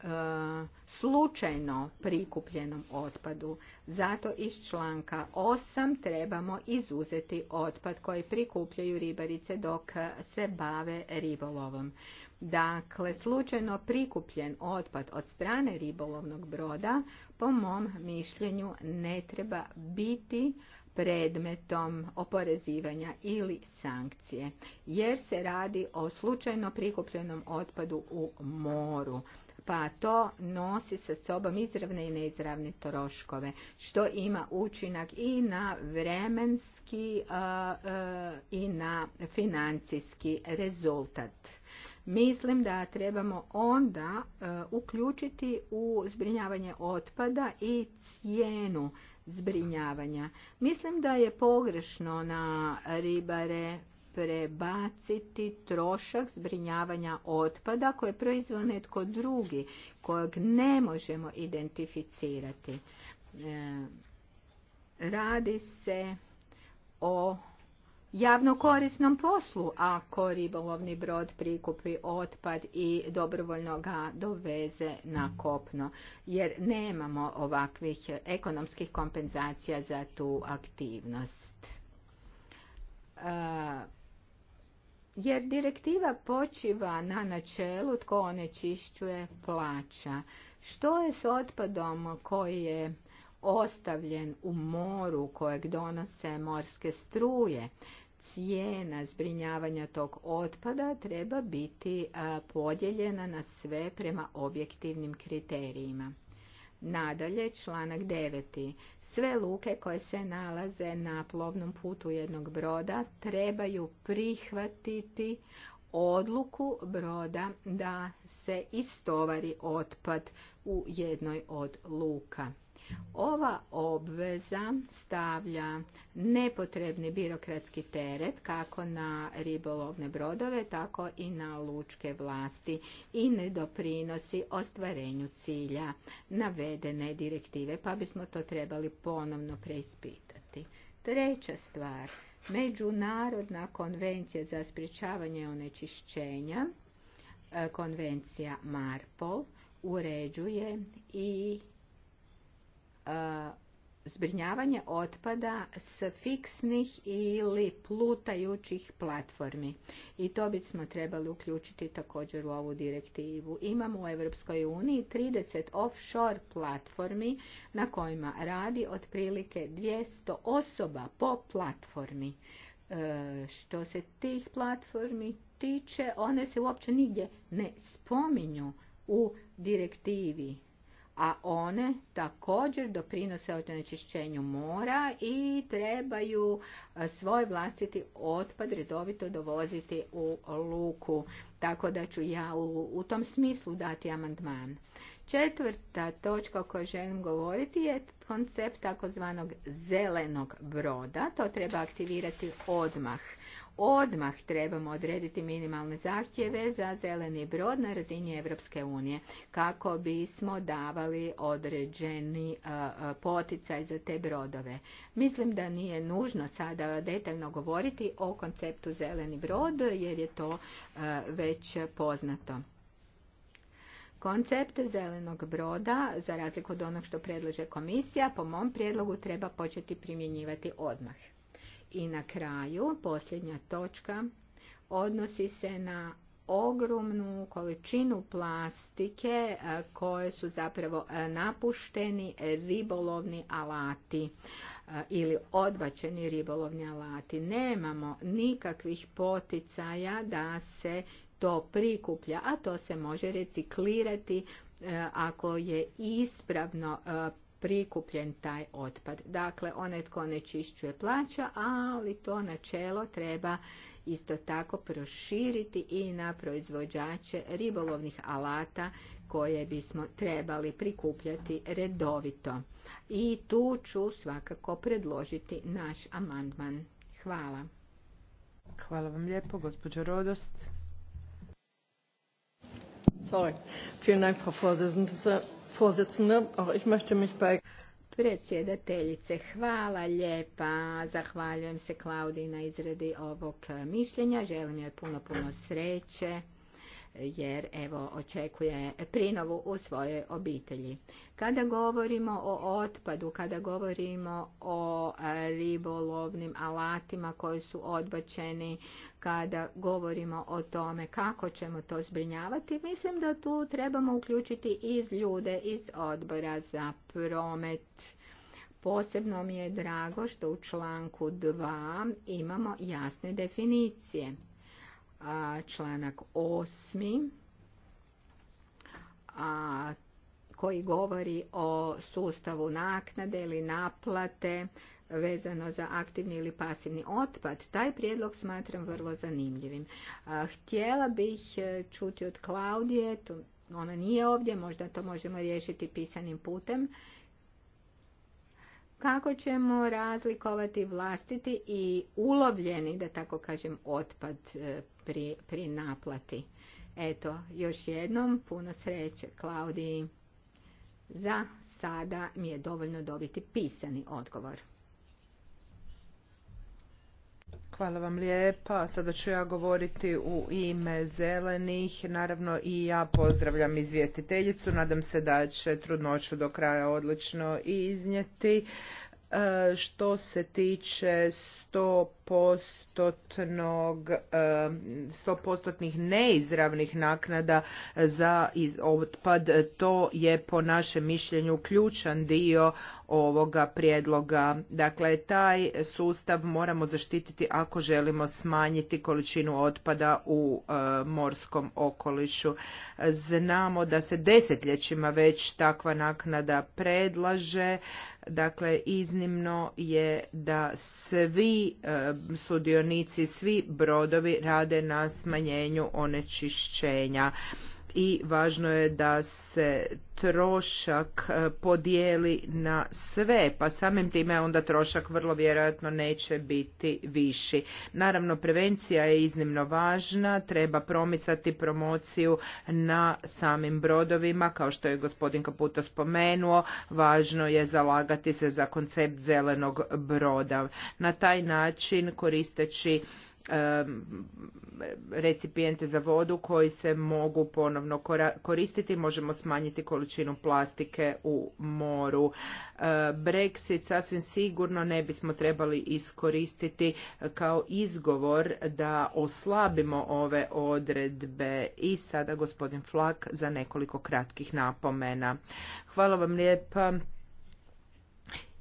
slučajno prikupljenom otpadu. Zato iz članka 8 trebamo izuzeti otpad koji prikupljaju ribarice dok se bave ribolovom. Dakle, slučajno prikupljen otpad od strane ribolovnog broda, po mom mišljenju, ne treba biti predmetom oporezivanja ili sankcije jer se radi o slučajno prikupljenom otpadu u moru pa to nosi sa sobom izravne i neizravne troškove što ima učinak i na vremenski i na financijski rezultat mislim da trebamo onda uključiti u zbrinjavanje otpada i cijenu zbrinjavanja. Mislim da je pogrešno na ribare prebaciti trošak zbrinjavanja otpada koje je netko drugi kojeg ne možemo identificirati. E, radi se o javno korisnom poslu ako ribolovni brod prikupi otpad i dobrovoljno ga doveze na kopno jer nemamo ovakvih ekonomskih kompenzacija za tu aktivnost. E, jer direktiva počiva na načelu tko onečišćuje plaća. Što je s otpadom koji je ostavljen u moru kojeg donose morske struje? cijena zbrinjavanja tog otpada treba biti podijeljena na sve prema objektivnim kriterijima. Nadalje, članak 9. Sve luke koje se nalaze na plovnom putu jednog broda trebaju prihvatiti odluku broda da se istovari otpad u jednoj od luka. Ova obveza stavlja nepotrebni birokratski teret kako na ribolovne brodove, tako i na lučke vlasti i ne doprinosi ostvarenju cilja navedene direktive, pa bismo to trebali ponovno preispitati. Treća stvar, Međunarodna konvencija za sprječavanje onečišćenja, e, konvencija MARPOL, uređuje i zbrinjavanje otpada s fiksnih ili plutajućih platformi. I to bismo trebali uključiti također u ovu direktivu. Imamo u Europskoj uniji 30 offshore platformi na kojima radi otprilike 200 osoba po platformi. E, što se tih platformi tiče, one se uopće nigdje ne spominju u direktivi a one također doprinose onečišćenju mora i trebaju svoj vlastiti otpad redovito dovoziti u luku. Tako da ću ja u, u tom smislu dati amandman. Četvrta točka o kojoj želim govoriti je koncept takozvanog zelenog broda. To treba aktivirati odmah odmah trebamo odrediti minimalne zahtjeve za zeleni brod na razini Europske unije kako bismo davali određeni poticaj za te brodove. Mislim da nije nužno sada detaljno govoriti o konceptu zeleni brod jer je to već poznato. Koncept zelenog broda, za razliku od onog što predlaže komisija, po mom prijedlogu treba početi primjenjivati odmah. I na kraju, posljednja točka odnosi se na ogromnu količinu plastike e, koje su zapravo e, napušteni ribolovni alati e, ili odbačeni ribolovni alati. Nemamo nikakvih poticaja da se to prikuplja, a to se može reciklirati ako je ispravno prikupljen taj otpad. Dakle, onaj tko ne čišćuje plaća, ali to načelo treba isto tako proširiti i na proizvođače ribolovnih alata koje bismo trebali prikupljati redovito. I tu ću svakako predložiti naš amandman. Hvala. Hvala vam lijepo, gospođo Rodost. Sorry, Predsjedateljice, hvala lijepa. Zahvaljujem se Klaudi na izradi ovog mišljenja. Želim joj puno, puno sreće jer evo očekuje prinovu u svojoj obitelji. Kada govorimo o otpadu, kada govorimo o e, ribolovnim alatima koji su odbačeni, kada govorimo o tome kako ćemo to zbrinjavati, mislim da tu trebamo uključiti iz ljude iz odbora za promet. Posebno mi je drago što u članku 2 imamo jasne definicije a, članak osmi a, koji govori o sustavu naknade ili naplate vezano za aktivni ili pasivni otpad. Taj prijedlog smatram vrlo zanimljivim. htjela bih e, čuti od Klaudije, to, ona nije ovdje, možda to možemo riješiti pisanim putem, kako ćemo razlikovati vlastiti i ulovljeni, da tako kažem, otpad e, pri, pri naplati. Eto, još jednom puno sreće Klaudiji. Za sada mi je dovoljno dobiti pisani odgovor. Hvala vam lijepa. Sada ću ja govoriti u ime zelenih. Naravno i ja pozdravljam izvjestiteljicu. Nadam se da će trudnoću do kraja odlično iznijeti što se tiče 100 postotnih neizravnih naknada za otpad, to je po našem mišljenju ključan dio ovoga prijedloga. Dakle, taj sustav moramo zaštititi ako želimo smanjiti količinu otpada u e, morskom okolišu. Znamo da se desetljećima već takva naknada predlaže Dakle, iznimno je da svi e, sudionici, svi brodovi rade na smanjenju onečišćenja i važno je da se trošak e, podijeli na sve, pa samim time onda trošak vrlo vjerojatno neće biti viši. Naravno, prevencija je iznimno važna, treba promicati promociju na samim brodovima, kao što je gospodin Kaputo spomenuo, važno je zalagati se za koncept zelenog broda. Na taj način koristeći recipijente za vodu koji se mogu ponovno koristiti. Možemo smanjiti količinu plastike u moru. E, Brexit sasvim sigurno ne bismo trebali iskoristiti kao izgovor da oslabimo ove odredbe. I sada gospodin Flak za nekoliko kratkih napomena. Hvala vam lijepa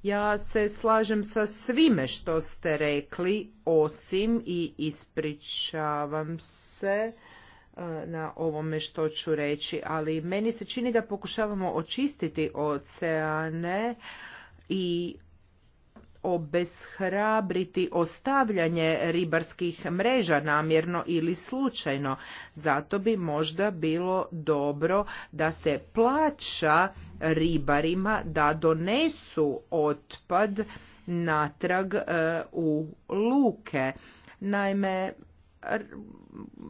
ja se slažem sa svime što ste rekli, osim i ispričavam se e, na ovome što ću reći, ali meni se čini da pokušavamo očistiti oceane i obeshrabriti ostavljanje ribarskih mreža namjerno ili slučajno. Zato bi možda bilo dobro da se plaća ribarima da donesu otpad natrag e, u luke. Naime,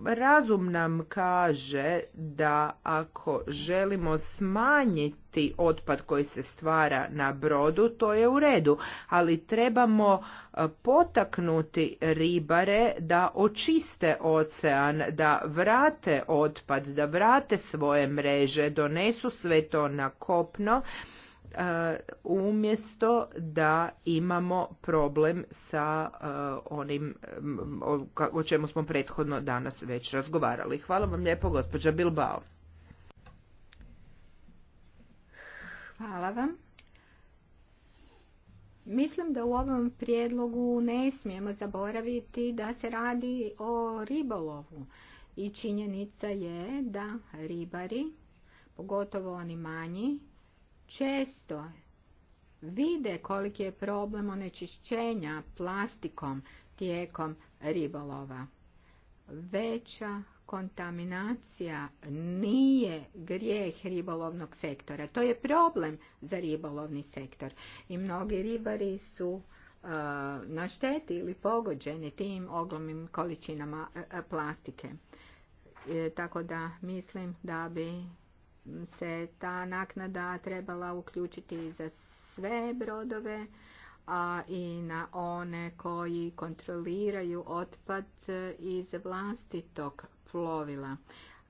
razum nam kaže da ako želimo smanjiti otpad koji se stvara na brodu, to je u redu, ali trebamo e, potaknuti ribare da očiste ocean, da vrate otpad, da vrate svoje mreže, donesu sve to na kopno E, umjesto da imamo problem sa e, onim o čemu smo prethodno danas već razgovarali. Hvala vam lijepo, gospođa Bilbao. Hvala vam. Mislim da u ovom prijedlogu ne smijemo zaboraviti da se radi o ribolovu i činjenica je da ribari, pogotovo oni manji, često vide koliki je problem onečišćenja plastikom tijekom ribolova. Veća kontaminacija nije grijeh ribolovnog sektora. To je problem za ribolovni sektor. I mnogi ribari su e, na šteti ili pogođeni tim ogromnim količinama e, plastike. E, tako da mislim da bi se ta naknada trebala uključiti za sve brodove, a i na one koji kontroliraju otpad iz vlastitog plovila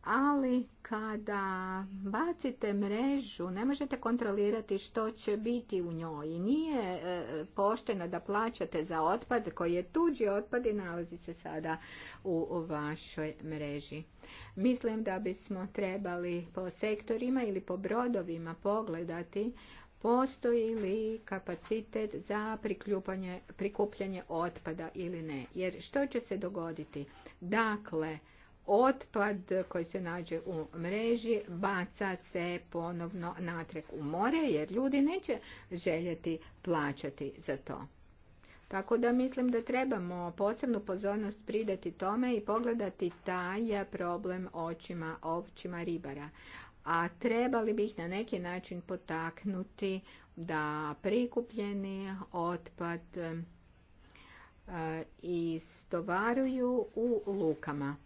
ali kada bacite mrežu ne možete kontrolirati što će biti u njoj nije e, pošteno da plaćate za otpad koji je tuđi otpad i nalazi se sada u vašoj mreži. Mislim da bismo trebali po sektorima ili po brodovima pogledati postoji li kapacitet za prikupljanje otpada ili ne. Jer što će se dogoditi? Dakle, otpad koji se nađe u mreži baca se ponovno natrag u more jer ljudi neće željeti plaćati za to. Tako da mislim da trebamo posebnu pozornost pridati tome i pogledati taj problem očima, očima ribara. A trebali bi ih na neki način potaknuti da prikupljeni otpad e, istovaruju u lukama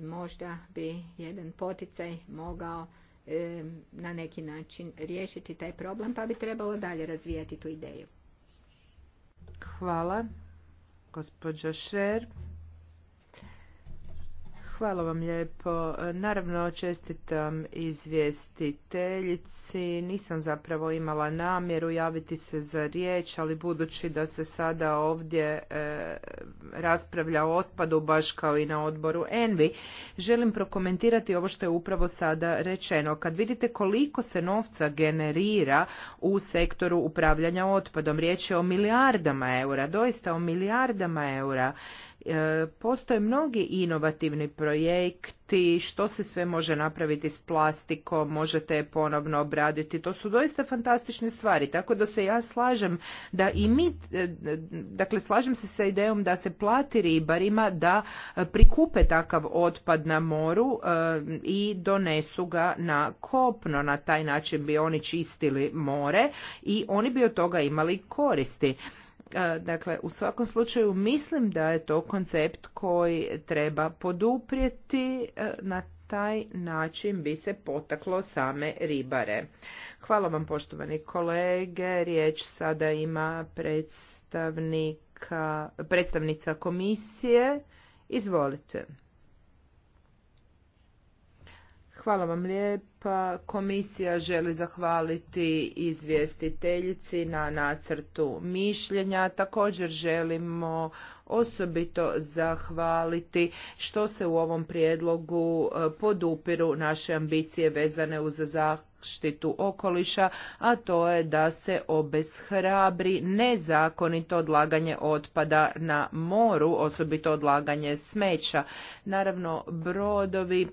možda bi jedan poticaj mogao na neki način riješiti taj problem, pa bi trebalo dalje razvijati tu ideju. Hvala. Gospođa Šer. Hvala vam lijepo. Naravno, čestitam izvjestiteljici. Nisam zapravo imala namjeru javiti se za riječ, ali budući da se sada ovdje e, raspravlja o otpadu, baš kao i na odboru Envi, želim prokomentirati ovo što je upravo sada rečeno. Kad vidite koliko se novca generira u sektoru upravljanja otpadom, riječ je o milijardama eura, doista o milijardama eura. E, postoje mnogi inovativni projekti, što se sve može napraviti s plastikom, možete je ponovno obraditi. To su doista fantastične stvari, tako da se ja slažem da i mi, e, dakle slažem se sa idejom da se plati ribarima da e, prikupe takav otpad na moru i donesu ga na kopno. Na taj način bi oni čistili more i oni bi od toga imali koristi. Dakle, u svakom slučaju mislim da je to koncept koji treba poduprijeti e, na taj način bi se potaklo same ribare. Hvala vam poštovani kolege. Riječ sada ima predstavnika, predstavnica komisije. Izvolite. Hvala vam lijepa. Komisija želi zahvaliti izvjestiteljici na nacrtu mišljenja. Također želimo osobito zahvaliti što se u ovom prijedlogu e, podupiru naše ambicije vezane uz zaštitu okoliša, a to je da se obeshrabri nezakonito odlaganje otpada na moru, osobito odlaganje smeća. Naravno, brodovi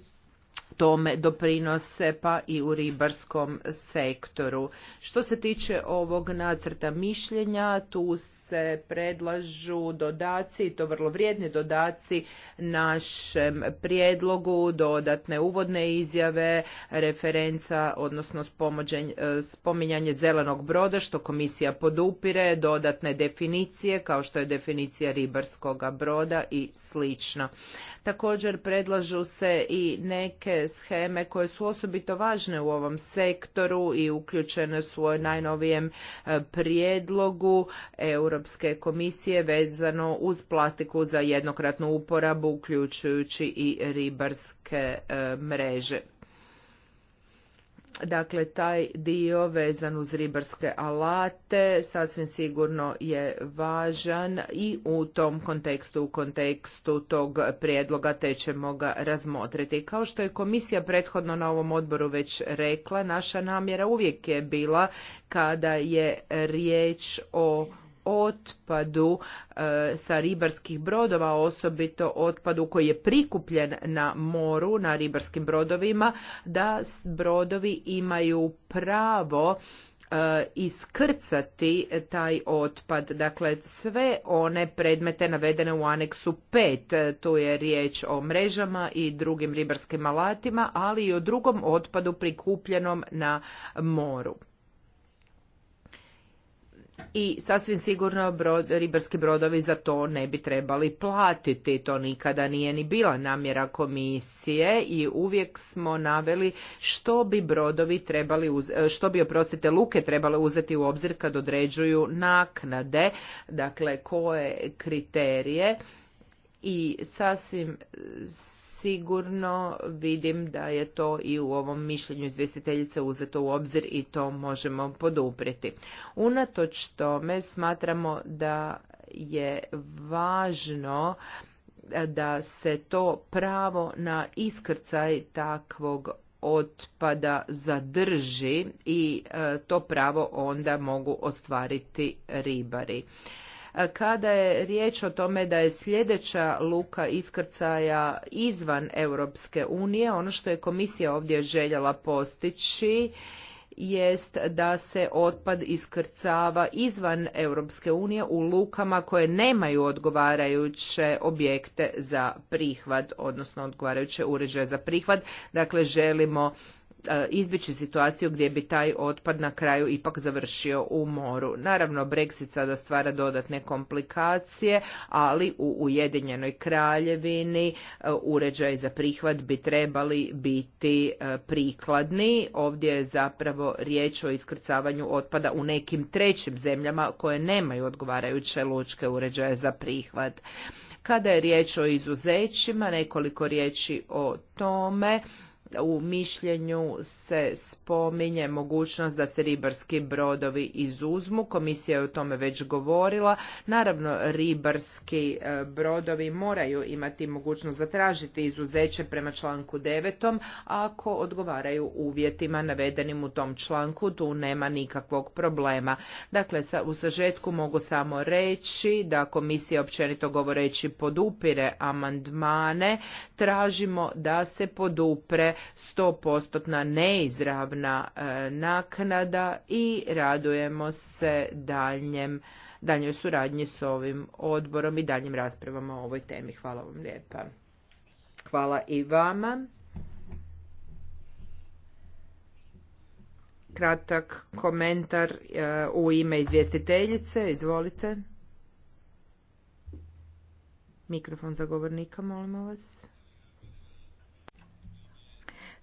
tome doprinose pa i u ribarskom sektoru. Što se tiče ovog nacrta mišljenja, tu se predlažu dodaci, to vrlo vrijedni dodaci našem prijedlogu, dodatne uvodne izjave, referenca, odnosno spominjanje zelenog broda, što komisija podupire, dodatne definicije, kao što je definicija ribarskog broda i slično. Također predlažu se i neke sheme koje su osobito važne u ovom sektoru i uključene su u najnovijem e, prijedlogu Europske komisije vezano uz plastiku za jednokratnu uporabu uključujući i ribarske e, mreže. Dakle, taj dio vezan uz ribarske alate sasvim sigurno je važan i u tom kontekstu, u kontekstu tog prijedloga te ćemo ga razmotriti. Kao što je komisija prethodno na ovom odboru već rekla, naša namjera uvijek je bila kada je riječ o otpadu e, sa ribarskih brodova, osobito otpadu koji je prikupljen na moru, na ribarskim brodovima, da brodovi imaju pravo e, iskrcati taj otpad. Dakle, sve one predmete navedene u aneksu 5, e, to je riječ o mrežama i drugim ribarskim alatima, ali i o drugom otpadu prikupljenom na moru i sasvim sigurno brod, ribarski brodovi za to ne bi trebali platiti. To nikada nije ni bila namjera komisije i uvijek smo naveli što bi brodovi trebali, uz, što bi oprostite luke trebale uzeti u obzir kad određuju naknade, dakle koje kriterije i sasvim sigurno vidim da je to i u ovom mišljenju izvjestiteljice uzeto u obzir i to možemo poduprijeti. Unatoč tome smatramo da je važno eh, da se to pravo na iskrcaj takvog otpada zadrži i eh, to pravo onda mogu ostvariti ribari. Kada je riječ o tome da je sljedeća luka iskrcaja izvan Europske unije, ono što je komisija ovdje željela postići jest da se otpad iskrcava izvan Europske unije u lukama koje nemaju odgovarajuće objekte za prihvat, odnosno odgovarajuće uređaje za prihvat. Dakle, želimo E, izbjeći situaciju gdje bi taj otpad na kraju ipak završio u moru. Naravno, Brexit sada stvara dodatne komplikacije, ali u Ujedinjenoj kraljevini e, uređaj za prihvat bi trebali biti e, prikladni. Ovdje je zapravo riječ o iskrcavanju otpada u nekim trećim zemljama koje nemaju odgovarajuće lučke uređaje za prihvat. Kada je riječ o izuzećima, nekoliko riječi o tome u mišljenju se spominje mogućnost da se ribarski brodovi izuzmu. Komisija je o tome već govorila. Naravno, ribarski e, brodovi moraju imati mogućnost zatražiti izuzeće prema članku 9. ako odgovaraju uvjetima navedenim u tom članku. Tu nema nikakvog problema. Dakle, u sažetku mogu samo reći da komisija općenito govoreći podupire amandmane. Tražimo da se podupre 100% neizravna e, naknada i radujemo se daljnjoj suradnji s ovim odborom i daljnjim raspravama o ovoj temi. Hvala vam lijepa. Hvala i vama. Kratak komentar e, u ime izvjestiteljice. Izvolite. Mikrofon za govornika, molimo vas.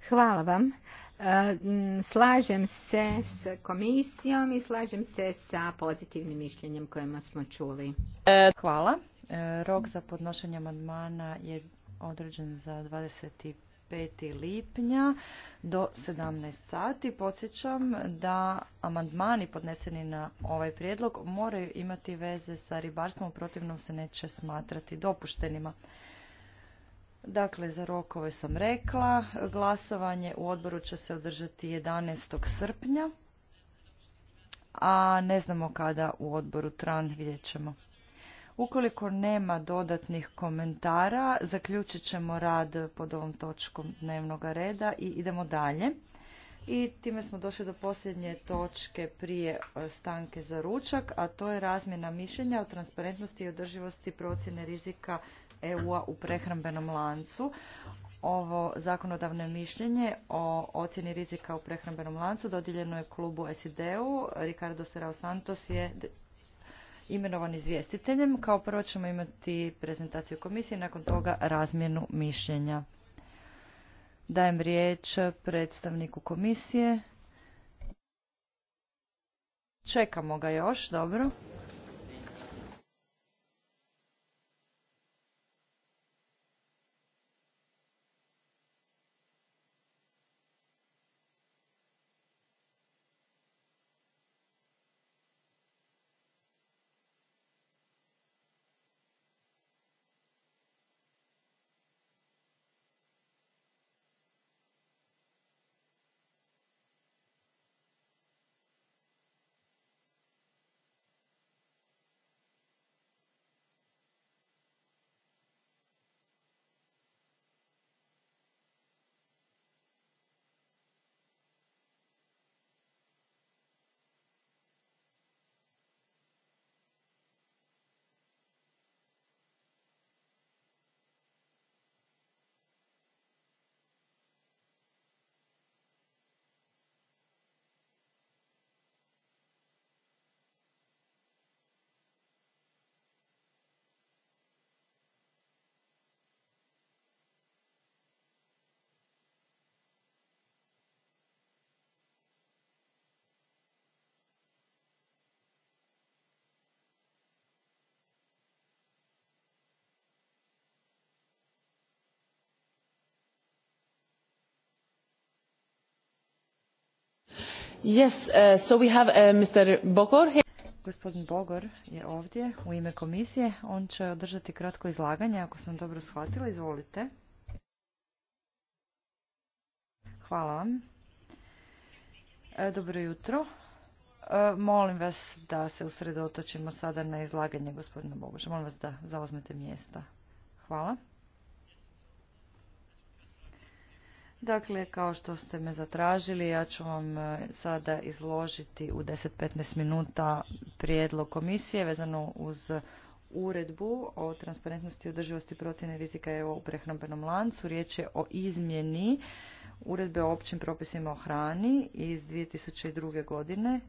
Hvala vam. E, slažem se s komisijom i slažem se sa pozitivnim mišljenjem kojima smo čuli. E, Hvala. E, rok za podnošenje amandmana je određen za 25. lipnja do 17 sati. Podsjećam da amandmani podneseni na ovaj prijedlog moraju imati veze sa ribarstvom, protivnom se neće smatrati dopuštenima. Dakle, za rokove sam rekla. Glasovanje u odboru će se održati 11. srpnja, a ne znamo kada u odboru TRAN vidjet ćemo. Ukoliko nema dodatnih komentara, zaključit ćemo rad pod ovom točkom dnevnog reda i idemo dalje. I time smo došli do posljednje točke prije e, stanke za ručak, a to je razmjena mišljenja o transparentnosti i održivosti procjene rizika EU-a u prehrambenom lancu. Ovo zakonodavno mišljenje o ocjeni rizika u prehrambenom lancu dodijeljeno je klubu SID-u. Ricardo Serao Santos je imenovan izvjestiteljem. Kao prvo ćemo imati prezentaciju komisije, nakon toga razmjenu mišljenja. Dajem riječ predstavniku komisije. Čekamo ga još, dobro. Uh, uh, Gospodin Bogor je ovdje u ime komisije. On će održati kratko izlaganje, ako sam dobro shvatila. Izvolite. Hvala vam. E, dobro jutro. E, molim vas da se usredotočimo sada na izlaganje gospodina Bogoša. Molim vas da zauzmete mjesta. Hvala. Dakle, kao što ste me zatražili, ja ću vam e, sada izložiti u 10-15 minuta prijedlog komisije vezano uz uredbu o transparentnosti i održivosti procjene rizika e u prehrambenom lancu. Riječ je o izmjeni uredbe o općim propisima o hrani iz 2002. godine.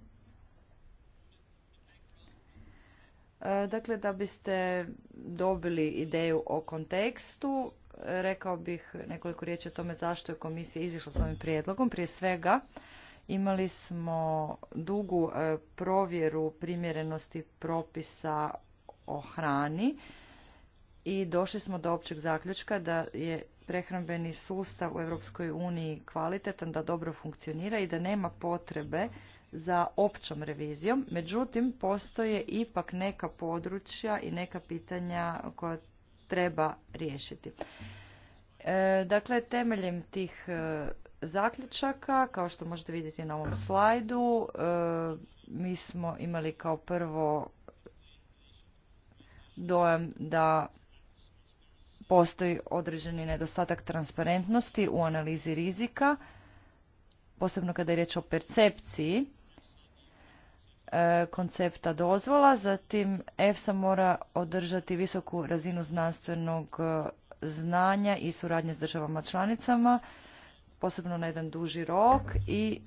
E, dakle, da biste dobili ideju o kontekstu, rekao bih nekoliko riječi o tome zašto je komisija izišla s ovim prijedlogom. Prije svega imali smo dugu e, provjeru primjerenosti propisa o hrani i došli smo do općeg zaključka da je prehrambeni sustav u Europskoj uniji kvalitetan, da dobro funkcionira i da nema potrebe za općom revizijom. Međutim, postoje ipak neka područja i neka pitanja koja treba riješiti. E, dakle, temeljem tih e, zaključaka, kao što možete vidjeti na ovom slajdu, e, mi smo imali kao prvo dojam da postoji određeni nedostatak transparentnosti u analizi rizika, posebno kada je riječ o percepciji E, koncepta dozvola, zatim EFSA mora održati visoku razinu znanstvenog e, znanja i suradnje s državama članicama, posebno na jedan duži rok i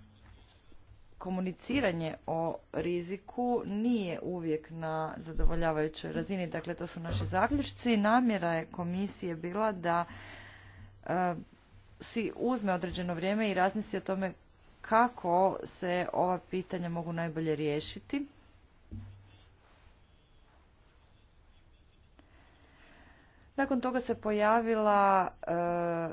komuniciranje o riziku nije uvijek na zadovoljavajućoj razini. Dakle, to su naši zaključci. Namjera je komisije bila da e, si uzme određeno vrijeme i razmisli o tome kako se ova pitanja mogu najbolje riješiti. Nakon toga se pojavila e,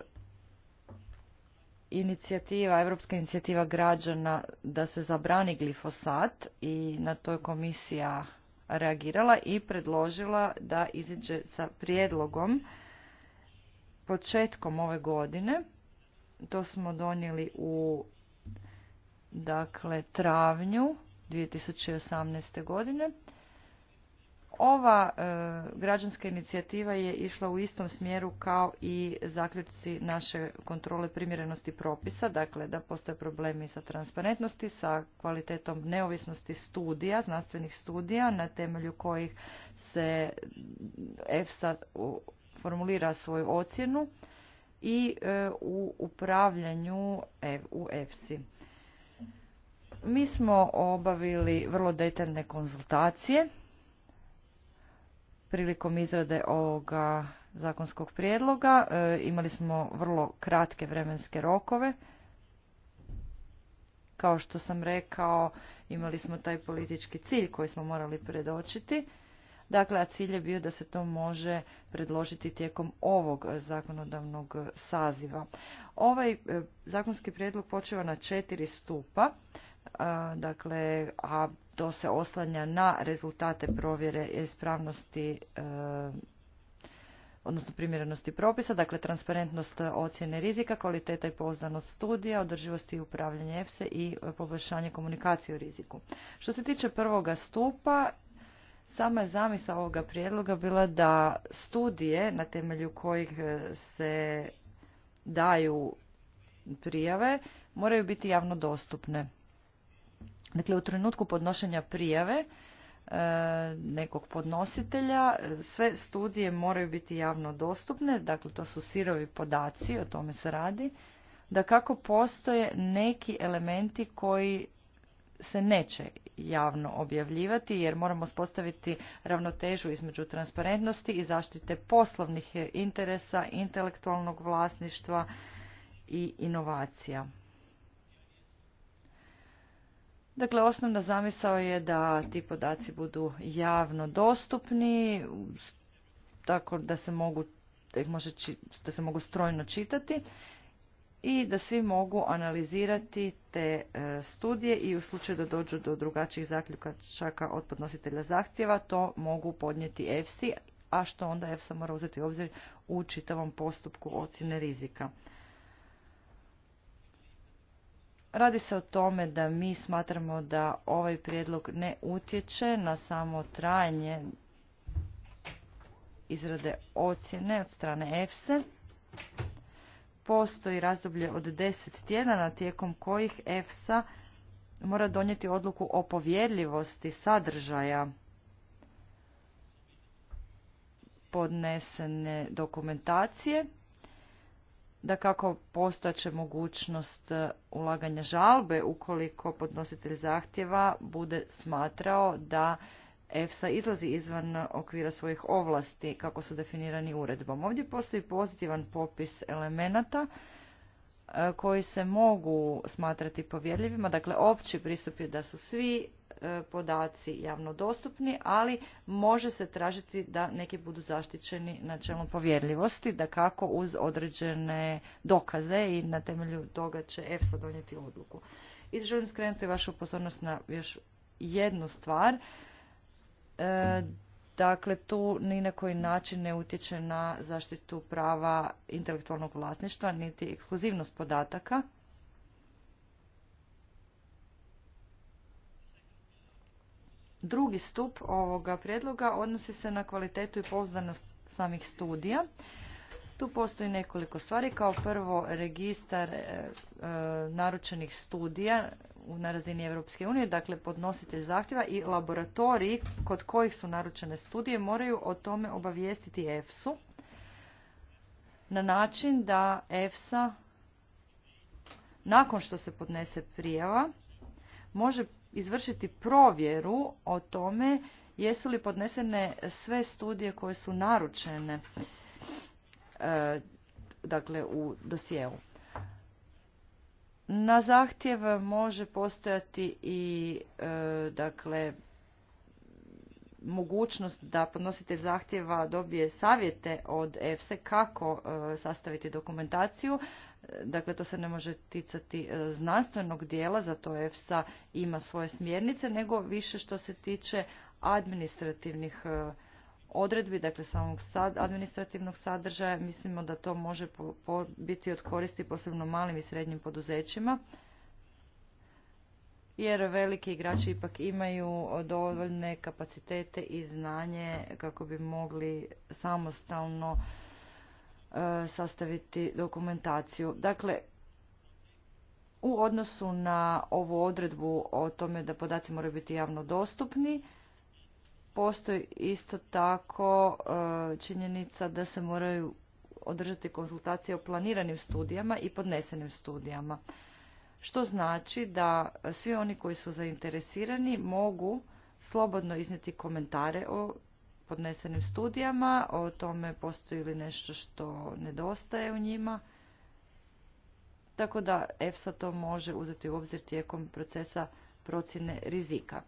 inicijativa, Europska inicijativa građana da se zabrani glifosat i na to je komisija reagirala i predložila da iziđe sa prijedlogom početkom ove godine. To smo donijeli u dakle travnju 2018. godine. Ova e, građanska inicijativa je išla u istom smjeru kao i zaključci naše kontrole primjerenosti propisa, dakle da postoje problemi sa transparentnosti, sa kvalitetom neovisnosti studija, znanstvenih studija na temelju kojih se EFSA formulira svoju ocjenu i e, u upravljanju e, u EFSI. Mi smo obavili vrlo detaljne konzultacije prilikom izrade ovoga zakonskog prijedloga. E, imali smo vrlo kratke vremenske rokove. Kao što sam rekao, imali smo taj politički cilj koji smo morali predočiti. Dakle, a cilj je bio da se to može predložiti tijekom ovog zakonodavnog saziva. Ovaj e, zakonski prijedlog počeva na četiri stupa dakle, a to se oslanja na rezultate provjere ispravnosti e, odnosno primjerenosti propisa, dakle transparentnost ocjene rizika, kvaliteta i pouzdanost studija, održivosti i upravljanje EFSE i poboljšanje komunikacije o riziku. Što se tiče prvoga stupa, sama je zamisa ovoga prijedloga bila da studije na temelju kojih se daju prijave moraju biti javno dostupne. Dakle, u trenutku podnošenja prijave e, nekog podnositelja. Sve studije moraju biti javno dostupne, dakle to su sirovi podaci, o tome se radi. Da kako postoje neki elementi koji se neće javno objavljivati jer moramo spostaviti ravnotežu između transparentnosti i zaštite poslovnih interesa, intelektualnog vlasništva i inovacija. Dakle, osnovna zamisao je da ti podaci budu javno dostupni, tako da se mogu, da ih da se mogu strojno čitati i da svi mogu analizirati te e, studije i u slučaju da dođu do drugačijih zaključaka od podnositelja zahtjeva, to mogu podnijeti EFSI, a što onda EFSA mora uzeti u obzir u čitavom postupku ocjene rizika. Radi se o tome da mi smatramo da ovaj prijedlog ne utječe na samo trajanje izrade ocjene od strane EFSE. Postoji razdoblje od 10 tjedana tijekom kojih EFSA mora donijeti odluku o povjerljivosti sadržaja podnesene dokumentacije da kako postaće mogućnost e, ulaganja žalbe ukoliko podnositelj zahtjeva bude smatrao da EFSA izlazi izvan okvira svojih ovlasti kako su definirani uredbom. Ovdje postoji pozitivan popis elemenata e, koji se mogu smatrati povjerljivima. Dakle, opći pristup je da su svi E, podaci javno dostupni, ali može se tražiti da neki budu zaštićeni načelom povjerljivosti, da kako uz određene dokaze i na temelju toga će EFSA donijeti odluku. I želim skrenuti vašu pozornost na još jednu stvar. E, dakle, tu ni na koji način ne utječe na zaštitu prava intelektualnog vlasništva, niti ekskluzivnost podataka drugi stup ovoga prijedloga odnosi se na kvalitetu i pouzdanost samih studija. Tu postoji nekoliko stvari. Kao prvo, registar e, e, naručenih studija na razini Europske unije, dakle podnositelj zahtjeva i laboratoriji kod kojih su naručene studije moraju o tome obavijestiti EFSU na način da EFSA nakon što se podnese prijava može izvršiti provjeru o tome jesu li podnesene sve studije koje su naručene e, dakle u dosjeu. Na zahtjev može postojati i e, dakle mogućnost da podnositelj zahtjeva dobije savjete od EFSE e kako sastaviti dokumentaciju. Dakle, to se ne može ticati e, znanstvenog dijela, zato EFSA ima svoje smjernice, nego više što se tiče administrativnih e, odredbi, dakle samog sad, administrativnog sadržaja. Mislimo da to može biti od koristi posebno malim i srednjim poduzećima, jer veliki igrači ipak imaju dovoljne kapacitete i znanje kako bi mogli samostalno E, sastaviti dokumentaciju. Dakle, u odnosu na ovu odredbu o tome da podaci moraju biti javno dostupni, postoji isto tako e, činjenica da se moraju održati konzultacije o planiranim studijama i podnesenim studijama. Što znači da svi oni koji su zainteresirani mogu slobodno iznijeti komentare o podnesenim studijama, o tome postoji li nešto što nedostaje u njima. Tako da EFSA to može uzeti u obzir tijekom procesa procjene rizika.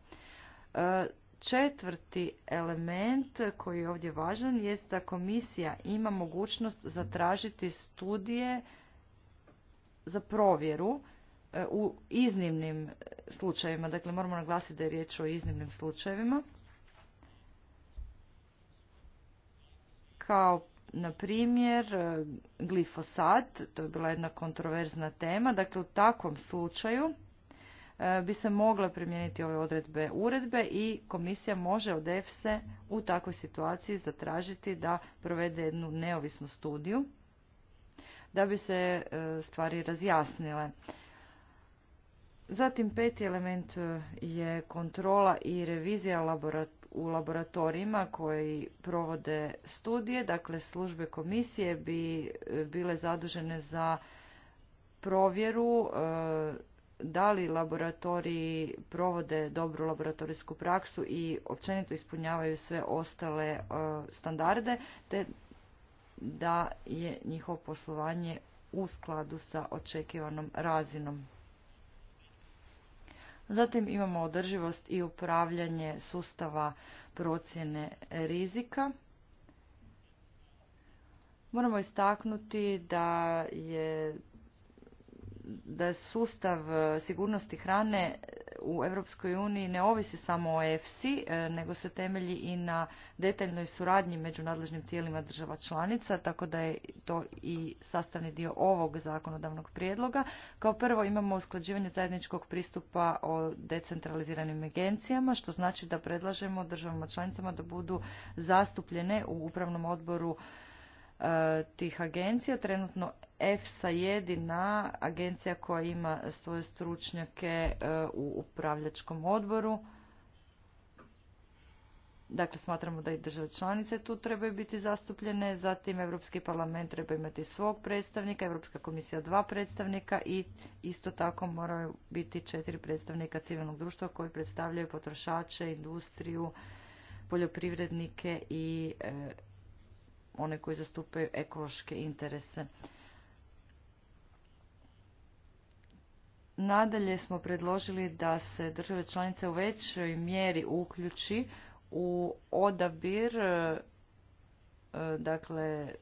E, četvrti element koji je ovdje važan jest da komisija ima mogućnost zatražiti studije za provjeru e, u iznimnim slučajevima. Dakle, moramo naglasiti da je riječ o iznimnim slučajevima. kao na primjer glifosat, to je bila jedna kontroverzna tema, dakle u takvom slučaju e, bi se mogle primijeniti ove odredbe uredbe i komisija može od EFSE u takvoj situaciji zatražiti da provede jednu neovisnu studiju da bi se e, stvari razjasnile. Zatim peti element e, je kontrola i revizija laboratorija u laboratorijima koji provode studije, dakle službe komisije bi e, bile zadužene za provjeru e, da li laboratoriji provode dobru laboratorijsku praksu i općenito ispunjavaju sve ostale e, standarde, te da je njihovo poslovanje u skladu sa očekivanom razinom. Zatim imamo održivost i upravljanje sustava procjene rizika. Moramo istaknuti da je da je sustav sigurnosti hrane u Europskoj uniji ne ovisi samo o EFSI, e, nego se temelji i na detaljnoj suradnji među nadležnim tijelima država članica, tako da je to i sastavni dio ovog zakonodavnog prijedloga. Kao prvo imamo usklađivanje zajedničkog pristupa o decentraliziranim agencijama, što znači da predlažemo državama članicama da budu zastupljene u upravnom odboru Eh, tih agencija. Trenutno EFSA jedina agencija koja ima svoje stručnjake eh, u upravljačkom odboru. Dakle, smatramo da i države članice tu trebaju biti zastupljene, zatim Europski parlament treba imati svog predstavnika, Europska komisija dva predstavnika i isto tako moraju biti četiri predstavnika civilnog društva koji predstavljaju potrošače, industriju, poljoprivrednike i eh, one koji zastupaju ekološke interese. Nadalje smo predložili da se države članice u većoj mjeri uključi u odabir e, dakle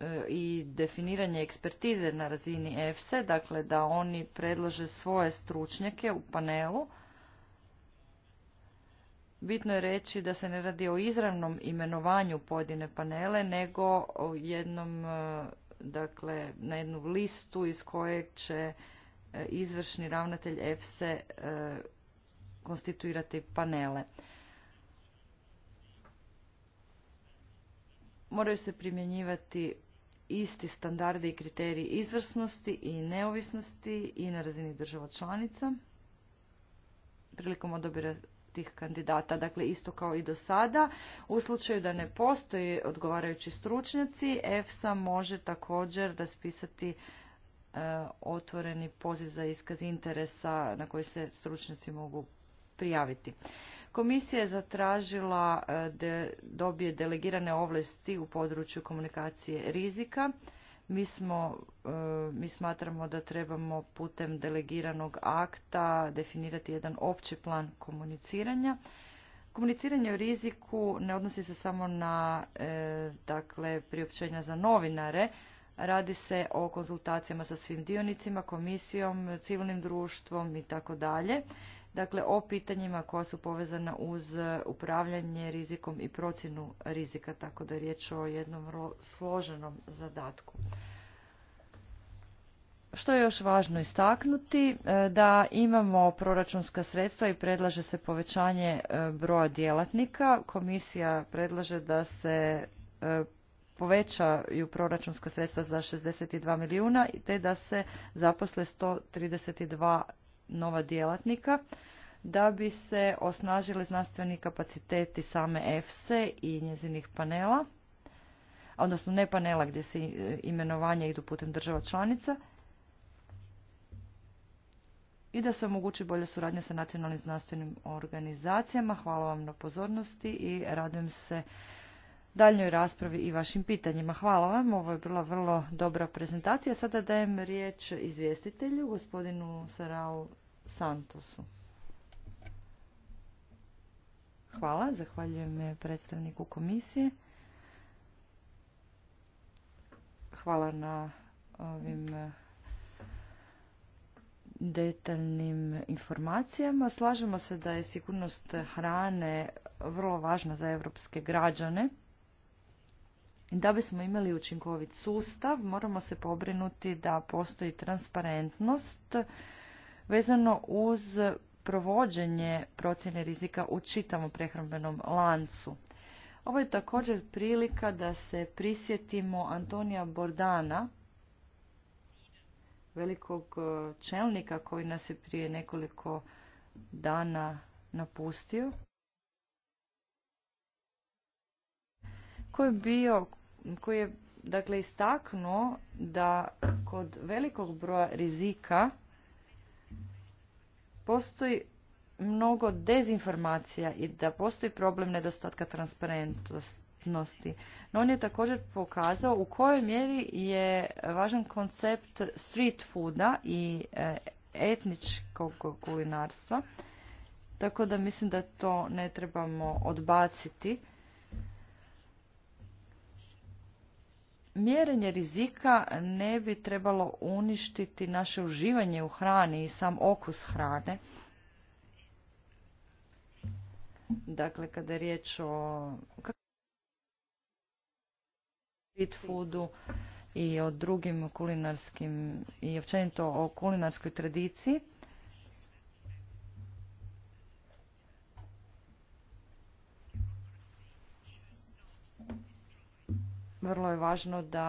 e, i definiranje ekspertize na razini EFSE, dakle da oni predlože svoje stručnjake u panelu Bitno je reći da se ne radi o izravnom imenovanju pojedine panele, nego o jednom, e, dakle, na jednu listu iz kojeg će e, izvršni ravnatelj EFSE e, konstituirati panele. Moraju se primjenjivati isti standardi i kriteriji izvrsnosti i neovisnosti i na razini država članica prilikom odabira tih kandidata, dakle isto kao i do sada. U slučaju da ne postoji odgovarajući stručnjaci, EFSA može također raspisati e, otvoreni poziv za iskaz interesa na koji se stručnjaci mogu prijaviti. Komisija je zatražila e, da dobije delegirane ovlasti u području komunikacije rizika. Mi smo, e, mi smatramo da trebamo putem delegiranog akta definirati jedan opći plan komuniciranja. Komuniciranje o riziku ne odnosi se samo na e, dakle priopćenja za novinare, radi se o konzultacijama sa svim dionicima, komisijom, civilnim društvom i tako dalje dakle o pitanjima koja su povezana uz upravljanje rizikom i procjenu rizika, tako da je riječ o jednom vrlo složenom zadatku. Što je još važno istaknuti, e, da imamo proračunska sredstva i predlaže se povećanje e, broja djelatnika. Komisija predlaže da se e, povećaju proračunska sredstva za 62 milijuna te da se zaposle 132 nova djelatnika da bi se osnažili znanstveni kapaciteti same EFSE i njezinih panela, odnosno ne panela gdje se e, imenovanja idu putem država članica, i da se omogući bolje suradnje sa nacionalnim znanstvenim organizacijama. Hvala vam na pozornosti i radujem se daljnjoj raspravi i vašim pitanjima. Hvala vam, ovo je bila vrlo dobra prezentacija. Sada dajem riječ izvjestitelju, gospodinu Sarau Santosu. Hvala, zahvaljujem predstavniku komisije. Hvala na ovim detaljnim informacijama. Slažemo se da je sigurnost hrane vrlo važna za evropske građane da bismo imali učinkovit sustav, moramo se pobrinuti da postoji transparentnost vezano uz provođenje procjene rizika u čitavom prehrambenom lancu. Ovo je također prilika da se prisjetimo Antonija Bordana, velikog e, čelnika koji nas je prije nekoliko dana napustio. koji je bio, koji je dakle istaknuo da kod velikog broja rizika postoji mnogo dezinformacija i da postoji problem nedostatka transparentnosti. No on je također pokazao u kojoj mjeri je važan koncept street fooda i e, etničkog kulinarstva. Tako da mislim da to ne trebamo odbaciti mjerenje rizika ne bi trebalo uništiti naše uživanje u hrani i sam okus hrane. Dakle, kada je riječ o street foodu i o drugim kulinarskim i općenito o kulinarskoj tradiciji, Vrlo je važno da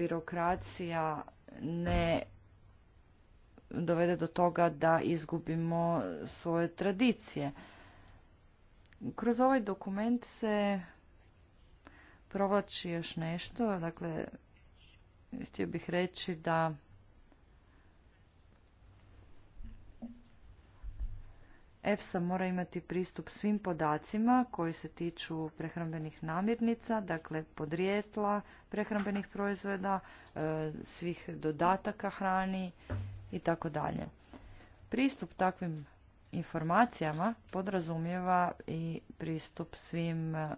birokracija ne dovede do toga da izgubimo svoje tradicije. Kroz ovaj dokument se provlači još nešto, dakle htio bih reći da EFSA mora imati pristup svim podacima koji se tiču prehrambenih namirnica, dakle podrijetla prehrambenih proizvoda, e, svih dodataka hrani i tako dalje. Pristup takvim informacijama podrazumijeva i pristup svim e,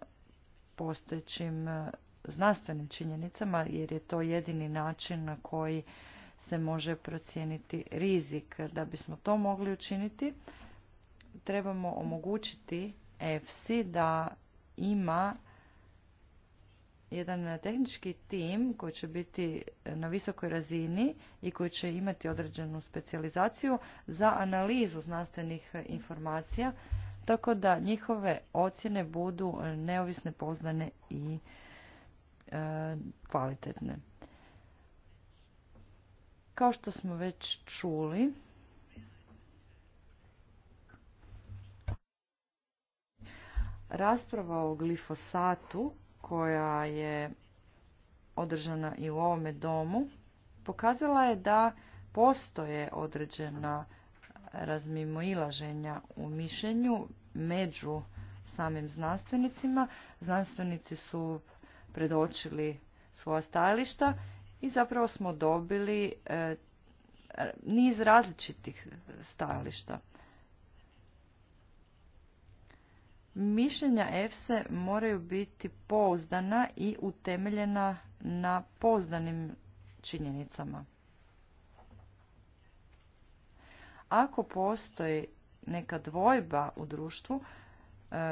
postojećim e, znanstvenim činjenicama jer je to jedini način na koji se može procijeniti rizik. Da bismo to mogli učiniti, trebamo omogućiti EFSI da ima jedan tehnički tim koji će biti na visokoj razini i koji će imati određenu specijalizaciju za analizu znanstvenih informacija, tako da njihove ocjene budu neovisne, poznane i e, kvalitetne. Kao što smo već čuli, Rasprava o glifosatu koja je održana i u ovome domu pokazala je da postoje određena razmimoilaženja u mišljenju među samim znanstvenicima. Znanstvenici su predočili svoja stajališta i zapravo smo dobili e, niz različitih stajališta. mišljenja EFSE moraju biti pouzdana i utemeljena na pouzdanim činjenicama. Ako postoji neka dvojba u društvu, e,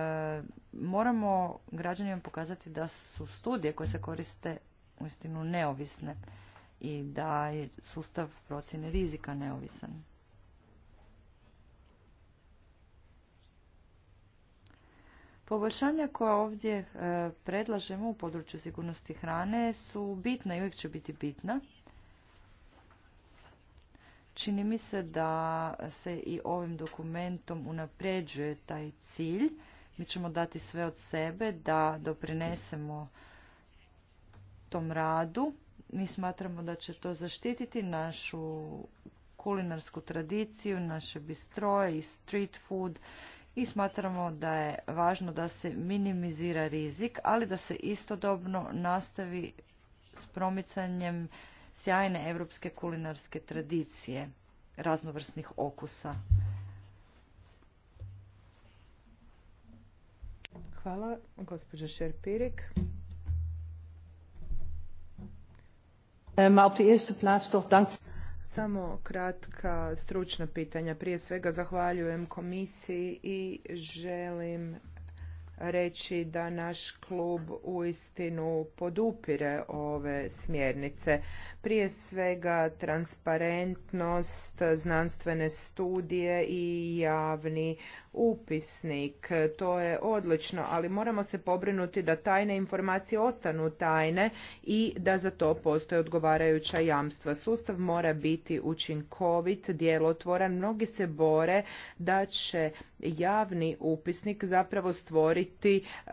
moramo građanima pokazati da su studije koje se koriste uistinu neovisne i da je sustav procjene rizika neovisan. Poboljšanja koja ovdje e, predlažemo u području sigurnosti hrane su bitna i uvijek će biti bitna. Čini mi se da se i ovim dokumentom unapređuje taj cilj. Mi ćemo dati sve od sebe da doprinesemo tom radu. Mi smatramo da će to zaštititi našu kulinarsku tradiciju, naše bistroje i street food i smatramo da je važno da se minimizira rizik, ali da se istodobno nastavi s promicanjem sjajne europske kulinarske tradicije raznovrsnih okusa. Hvala, gospođa Šerpirik. Eh, Ma op de eerste plaats toch dank samo kratka stručna pitanja. Prije svega zahvaljujem komisiji i želim reći da naš klub uistinu podupire ove smjernice. Prije svega transparentnost, znanstvene studije i javni upisnik. To je odlično, ali moramo se pobrinuti da tajne informacije ostanu tajne i da za to postoje odgovarajuća jamstva. Sustav mora biti učinkovit, djelotvoran. Mnogi se bore da će javni upisnik zapravo stvoriti e,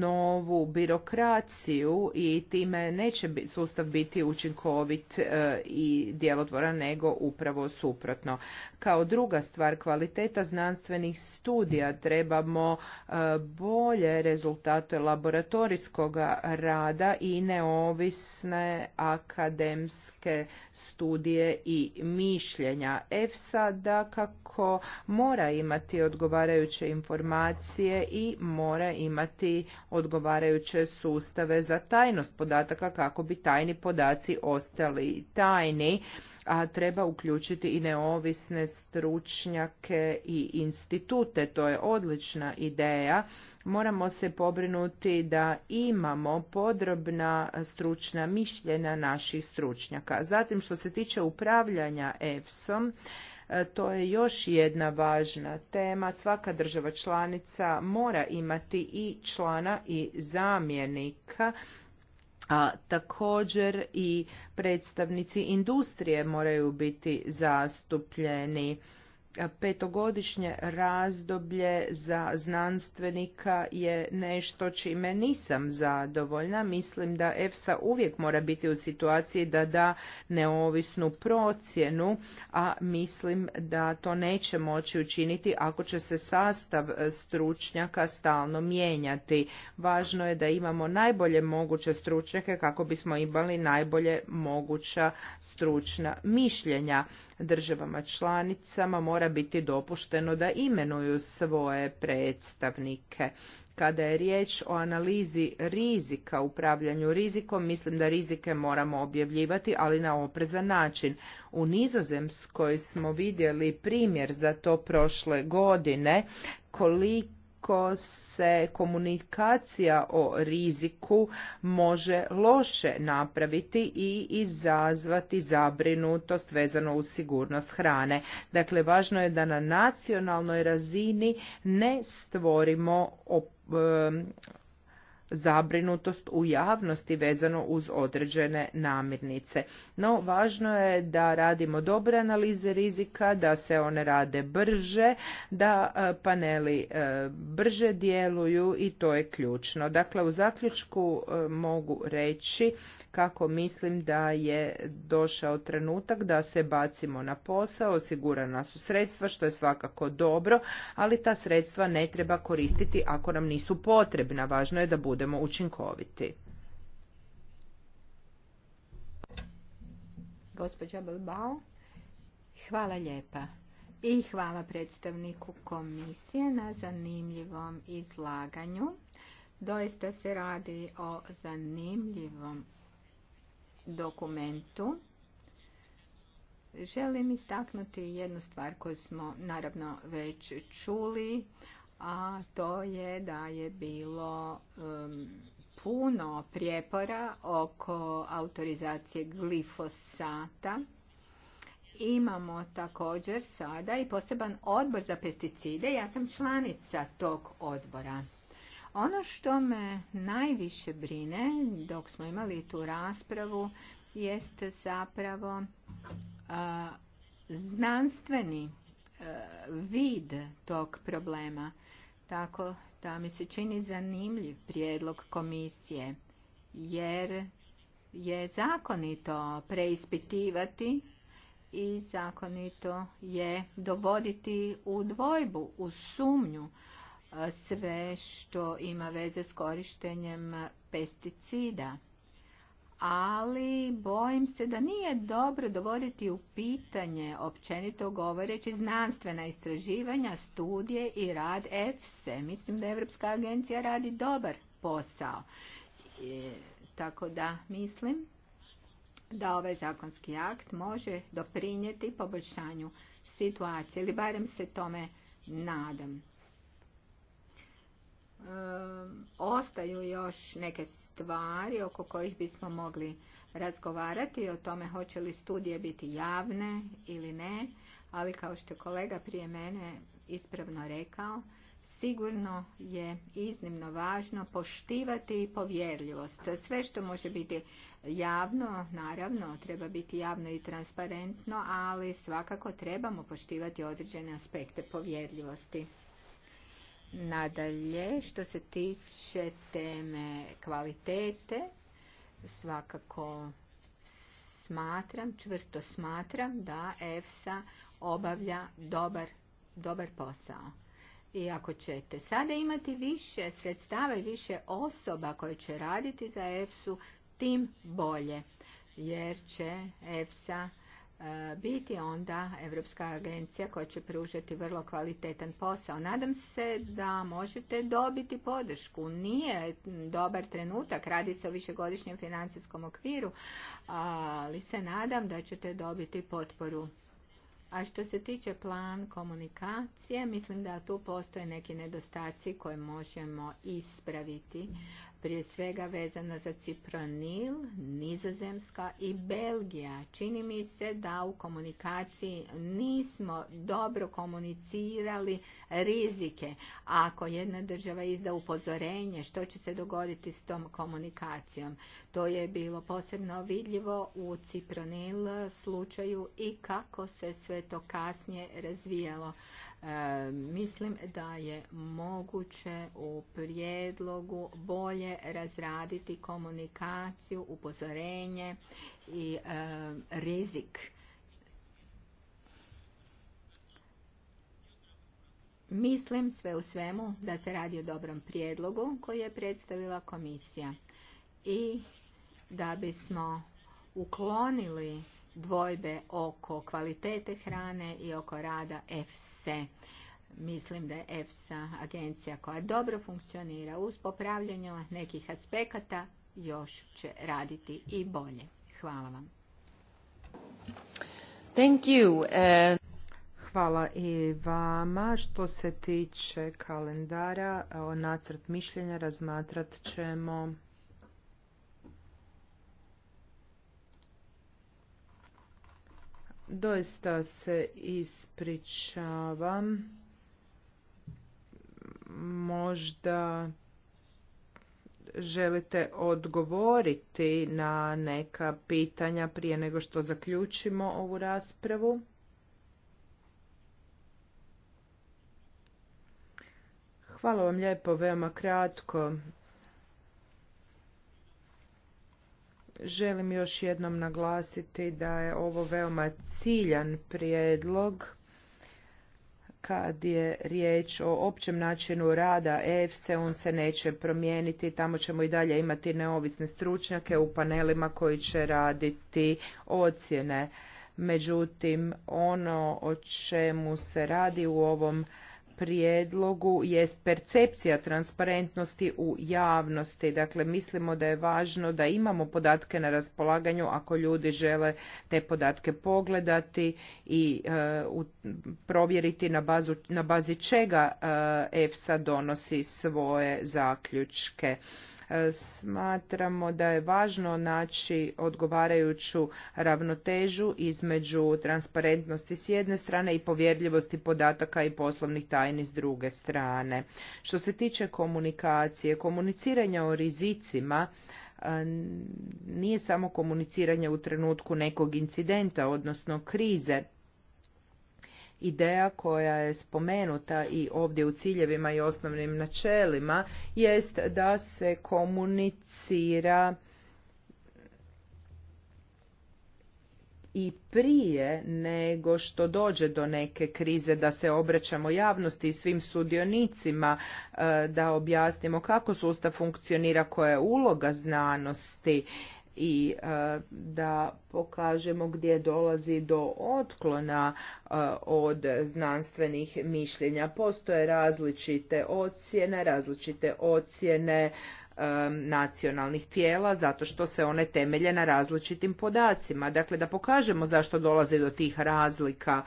novu birokraciju i time neće sustav biti učinkovit e, i djelotvoran, nego upravo suprotno. Kao druga stvar, kvaliteta znanstvenih studija, trebamo e, bolje rezultate laboratorijskog rada i neovisne akademske studije i mišljenja. EFSA kako mora imati odgovarajuće informacije i mora imati odgovarajuće sustave za tajnost podataka kako bi tajni podaci ostali tajni a treba uključiti i neovisne stručnjake i institute. To je odlična ideja. Moramo se pobrinuti da imamo podrobna stručna mišljenja naših stručnjaka. Zatim što se tiče upravljanja EFSOM, e, to je još jedna važna tema. Svaka država članica mora imati i člana i zamjenika a također i predstavnici industrije moraju biti zastupljeni petogodišnje razdoblje za znanstvenika je nešto čime nisam zadovoljna. Mislim da EFSA uvijek mora biti u situaciji da da neovisnu procjenu, a mislim da to neće moći učiniti ako će se sastav stručnjaka stalno mijenjati. Važno je da imamo najbolje moguće stručnjake kako bismo imali najbolje moguća stručna mišljenja državama članicama mora biti dopušteno da imenuju svoje predstavnike. Kada je riječ o analizi rizika, upravljanju rizikom, mislim da rizike moramo objavljivati, ali na oprezan način. U Nizozemskoj smo vidjeli primjer za to prošle godine koliko kako se komunikacija o riziku može loše napraviti i izazvati zabrinutost vezano uz sigurnost hrane. Dakle, važno je da na nacionalnoj razini ne stvorimo zabrinutost u javnosti vezano uz određene namirnice. No, važno je da radimo dobre analize rizika, da se one rade brže, da e, paneli e, brže djeluju i to je ključno. Dakle, u zaključku e, mogu reći kako mislim da je došao trenutak da se bacimo na posao, osigurana su sredstva što je svakako dobro, ali ta sredstva ne treba koristiti ako nam nisu potrebna, važno je da budemo učinkoviti. Gospodja Bilbao, hvala lijepa. I hvala predstavniku komisije na zanimljivom izlaganju. Doista se radi o zanimljivom dokumentu. Želim istaknuti jednu stvar koju smo naravno već čuli, a to je da je bilo puno prijepora oko autorizacije glifosata. Imamo također sada i poseban odbor za pesticide. Ja sam članica tog odbora. Ono što me najviše brine dok smo imali tu raspravu jeste zapravo znanstveni vid tog problema. Tako da mi se čini zanimljiv prijedlog komisije jer je zakonito preispitivati i zakonito je dovoditi u dvojbu, u sumnju sve što ima veze s korištenjem pesticida. Ali bojim se da nije dobro dovoditi u pitanje, općenito govoreći, znanstvena istraživanja, studije i rad EFSE. Mislim da Evropska agencija radi dobar posao. E, tako da mislim da ovaj zakonski akt može doprinijeti poboljšanju situacije ili barem se tome nadam ostaju još neke stvari oko kojih bismo mogli razgovarati o tome hoće li studije biti javne ili ne, ali kao što je kolega prije mene ispravno rekao, sigurno je iznimno važno poštivati povjerljivost. Sve što može biti javno, naravno, treba biti javno i transparentno, ali svakako trebamo poštivati određene aspekte povjerljivosti. Nadalje, što se tiče teme kvalitete, svakako smatram, čvrsto smatram da EFSA obavlja dobar, dobar posao. I ako ćete sada imati više sredstava i više osoba koje će raditi za EFSU, tim bolje. Jer će EFSA biti onda Europska agencija koja će pružati vrlo kvalitetan posao. Nadam se da možete dobiti podršku. Nije dobar trenutak, radi se o višegodišnjem financijskom okviru, ali se nadam da ćete dobiti potporu. A što se tiče plan komunikacije, mislim da tu postoje neki nedostaci koje možemo ispraviti prije svega vezano za Cipronil, Nizozemska i Belgija. Čini mi se da u komunikaciji nismo dobro komunicirali rizike. Ako jedna država izda upozorenje što će se dogoditi s tom komunikacijom. To je bilo posebno vidljivo u Cipronil slučaju i kako se sve to kasnije razvijalo. E, mislim da je moguće u prijedlogu bolje razraditi komunikaciju, upozorenje i e, rizik. Mislim sve u svemu da se radi o dobrom prijedlogu koji je predstavila komisija i da bismo uklonili dvojbe oko kvalitete hrane i oko rada EFSE. Mislim da je EFSA agencija koja dobro funkcionira uz popravljanje nekih aspekata još će raditi i bolje. Hvala vam. Thank you. Eh. Hvala i vama. Što se tiče kalendara, nacrt mišljenja razmatrat ćemo Doista se ispričavam. Možda želite odgovoriti na neka pitanja prije nego što zaključimo ovu raspravu. Hvala vam lijepo, veoma kratko. Želim još jednom naglasiti da je ovo veoma ciljan prijedlog kad je riječ o općem načinu rada EFSE, e, on se neće promijeniti, tamo ćemo i dalje imati neovisne stručnjake u panelima koji će raditi ocjene. Međutim, ono o čemu se radi u ovom prijedlogu jest percepcija transparentnosti u javnosti. Dakle, mislimo da je važno da imamo podatke na raspolaganju ako ljudi žele te podatke pogledati i e, provjeriti na, bazu, na bazi čega e, EFSA donosi svoje zaključke. E, smatramo da je važno naći odgovarajuću ravnotežu između transparentnosti s jedne strane i povjerljivosti podataka i poslovnih tajni s druge strane. Što se tiče komunikacije, komuniciranja o rizicima e, nije samo komuniciranje u trenutku nekog incidenta, odnosno krize, Ideja koja je spomenuta i ovdje u ciljevima i osnovnim načelima jest da se komunicira i prije nego što dođe do neke krize da se obraćamo javnosti i svim sudionicima e, da objasnimo kako sustav funkcionira koja je uloga znanosti i e, da pokažemo gdje dolazi do otklona e, od znanstvenih mišljenja. Postoje različite ocjene, različite ocjene e, nacionalnih tijela zato što se one temelje na različitim podacima. Dakle, da pokažemo zašto dolazi do tih razlika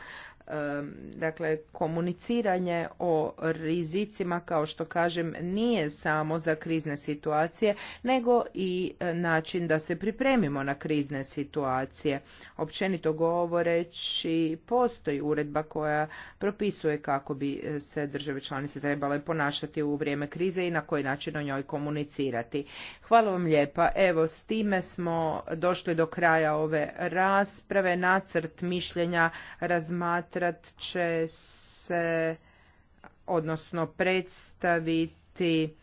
dakle komuniciranje o rizicima kao što kažem nije samo za krizne situacije nego i e, način da se pripremimo na krizne situacije općenito govoreći postoji uredba koja propisuje kako bi e, se države članice trebale ponašati u vrijeme krize i na koji način o njoj komunicirati hvala vam lijepa evo s time smo došli do kraja ove rasprave nacrt mišljenja razmatra smatrat će se, odnosno predstaviti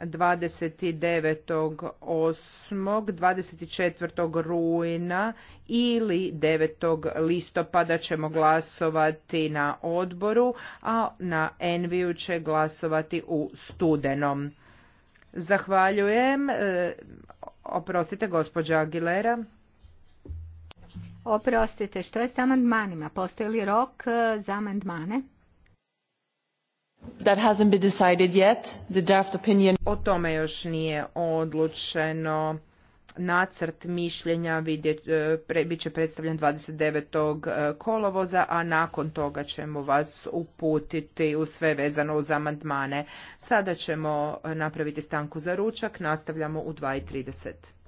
29.8., 24. rujna ili 9. listopada ćemo glasovati na odboru, a na Enviju će glasovati u studenom. Zahvaljujem. E, oprostite, gospođa Agilera. Oprostite, što je s amandmanima? Postoji li rok e, za amandmane? That hasn't been decided yet. The draft opinion... O tome još nije odlučeno. Nacrt mišljenja e, bit će predstavljen 29. E, kolovoza, a nakon toga ćemo vas uputiti u sve vezano uz amandmane. Sada ćemo napraviti stanku za ručak, nastavljamo u 2.30.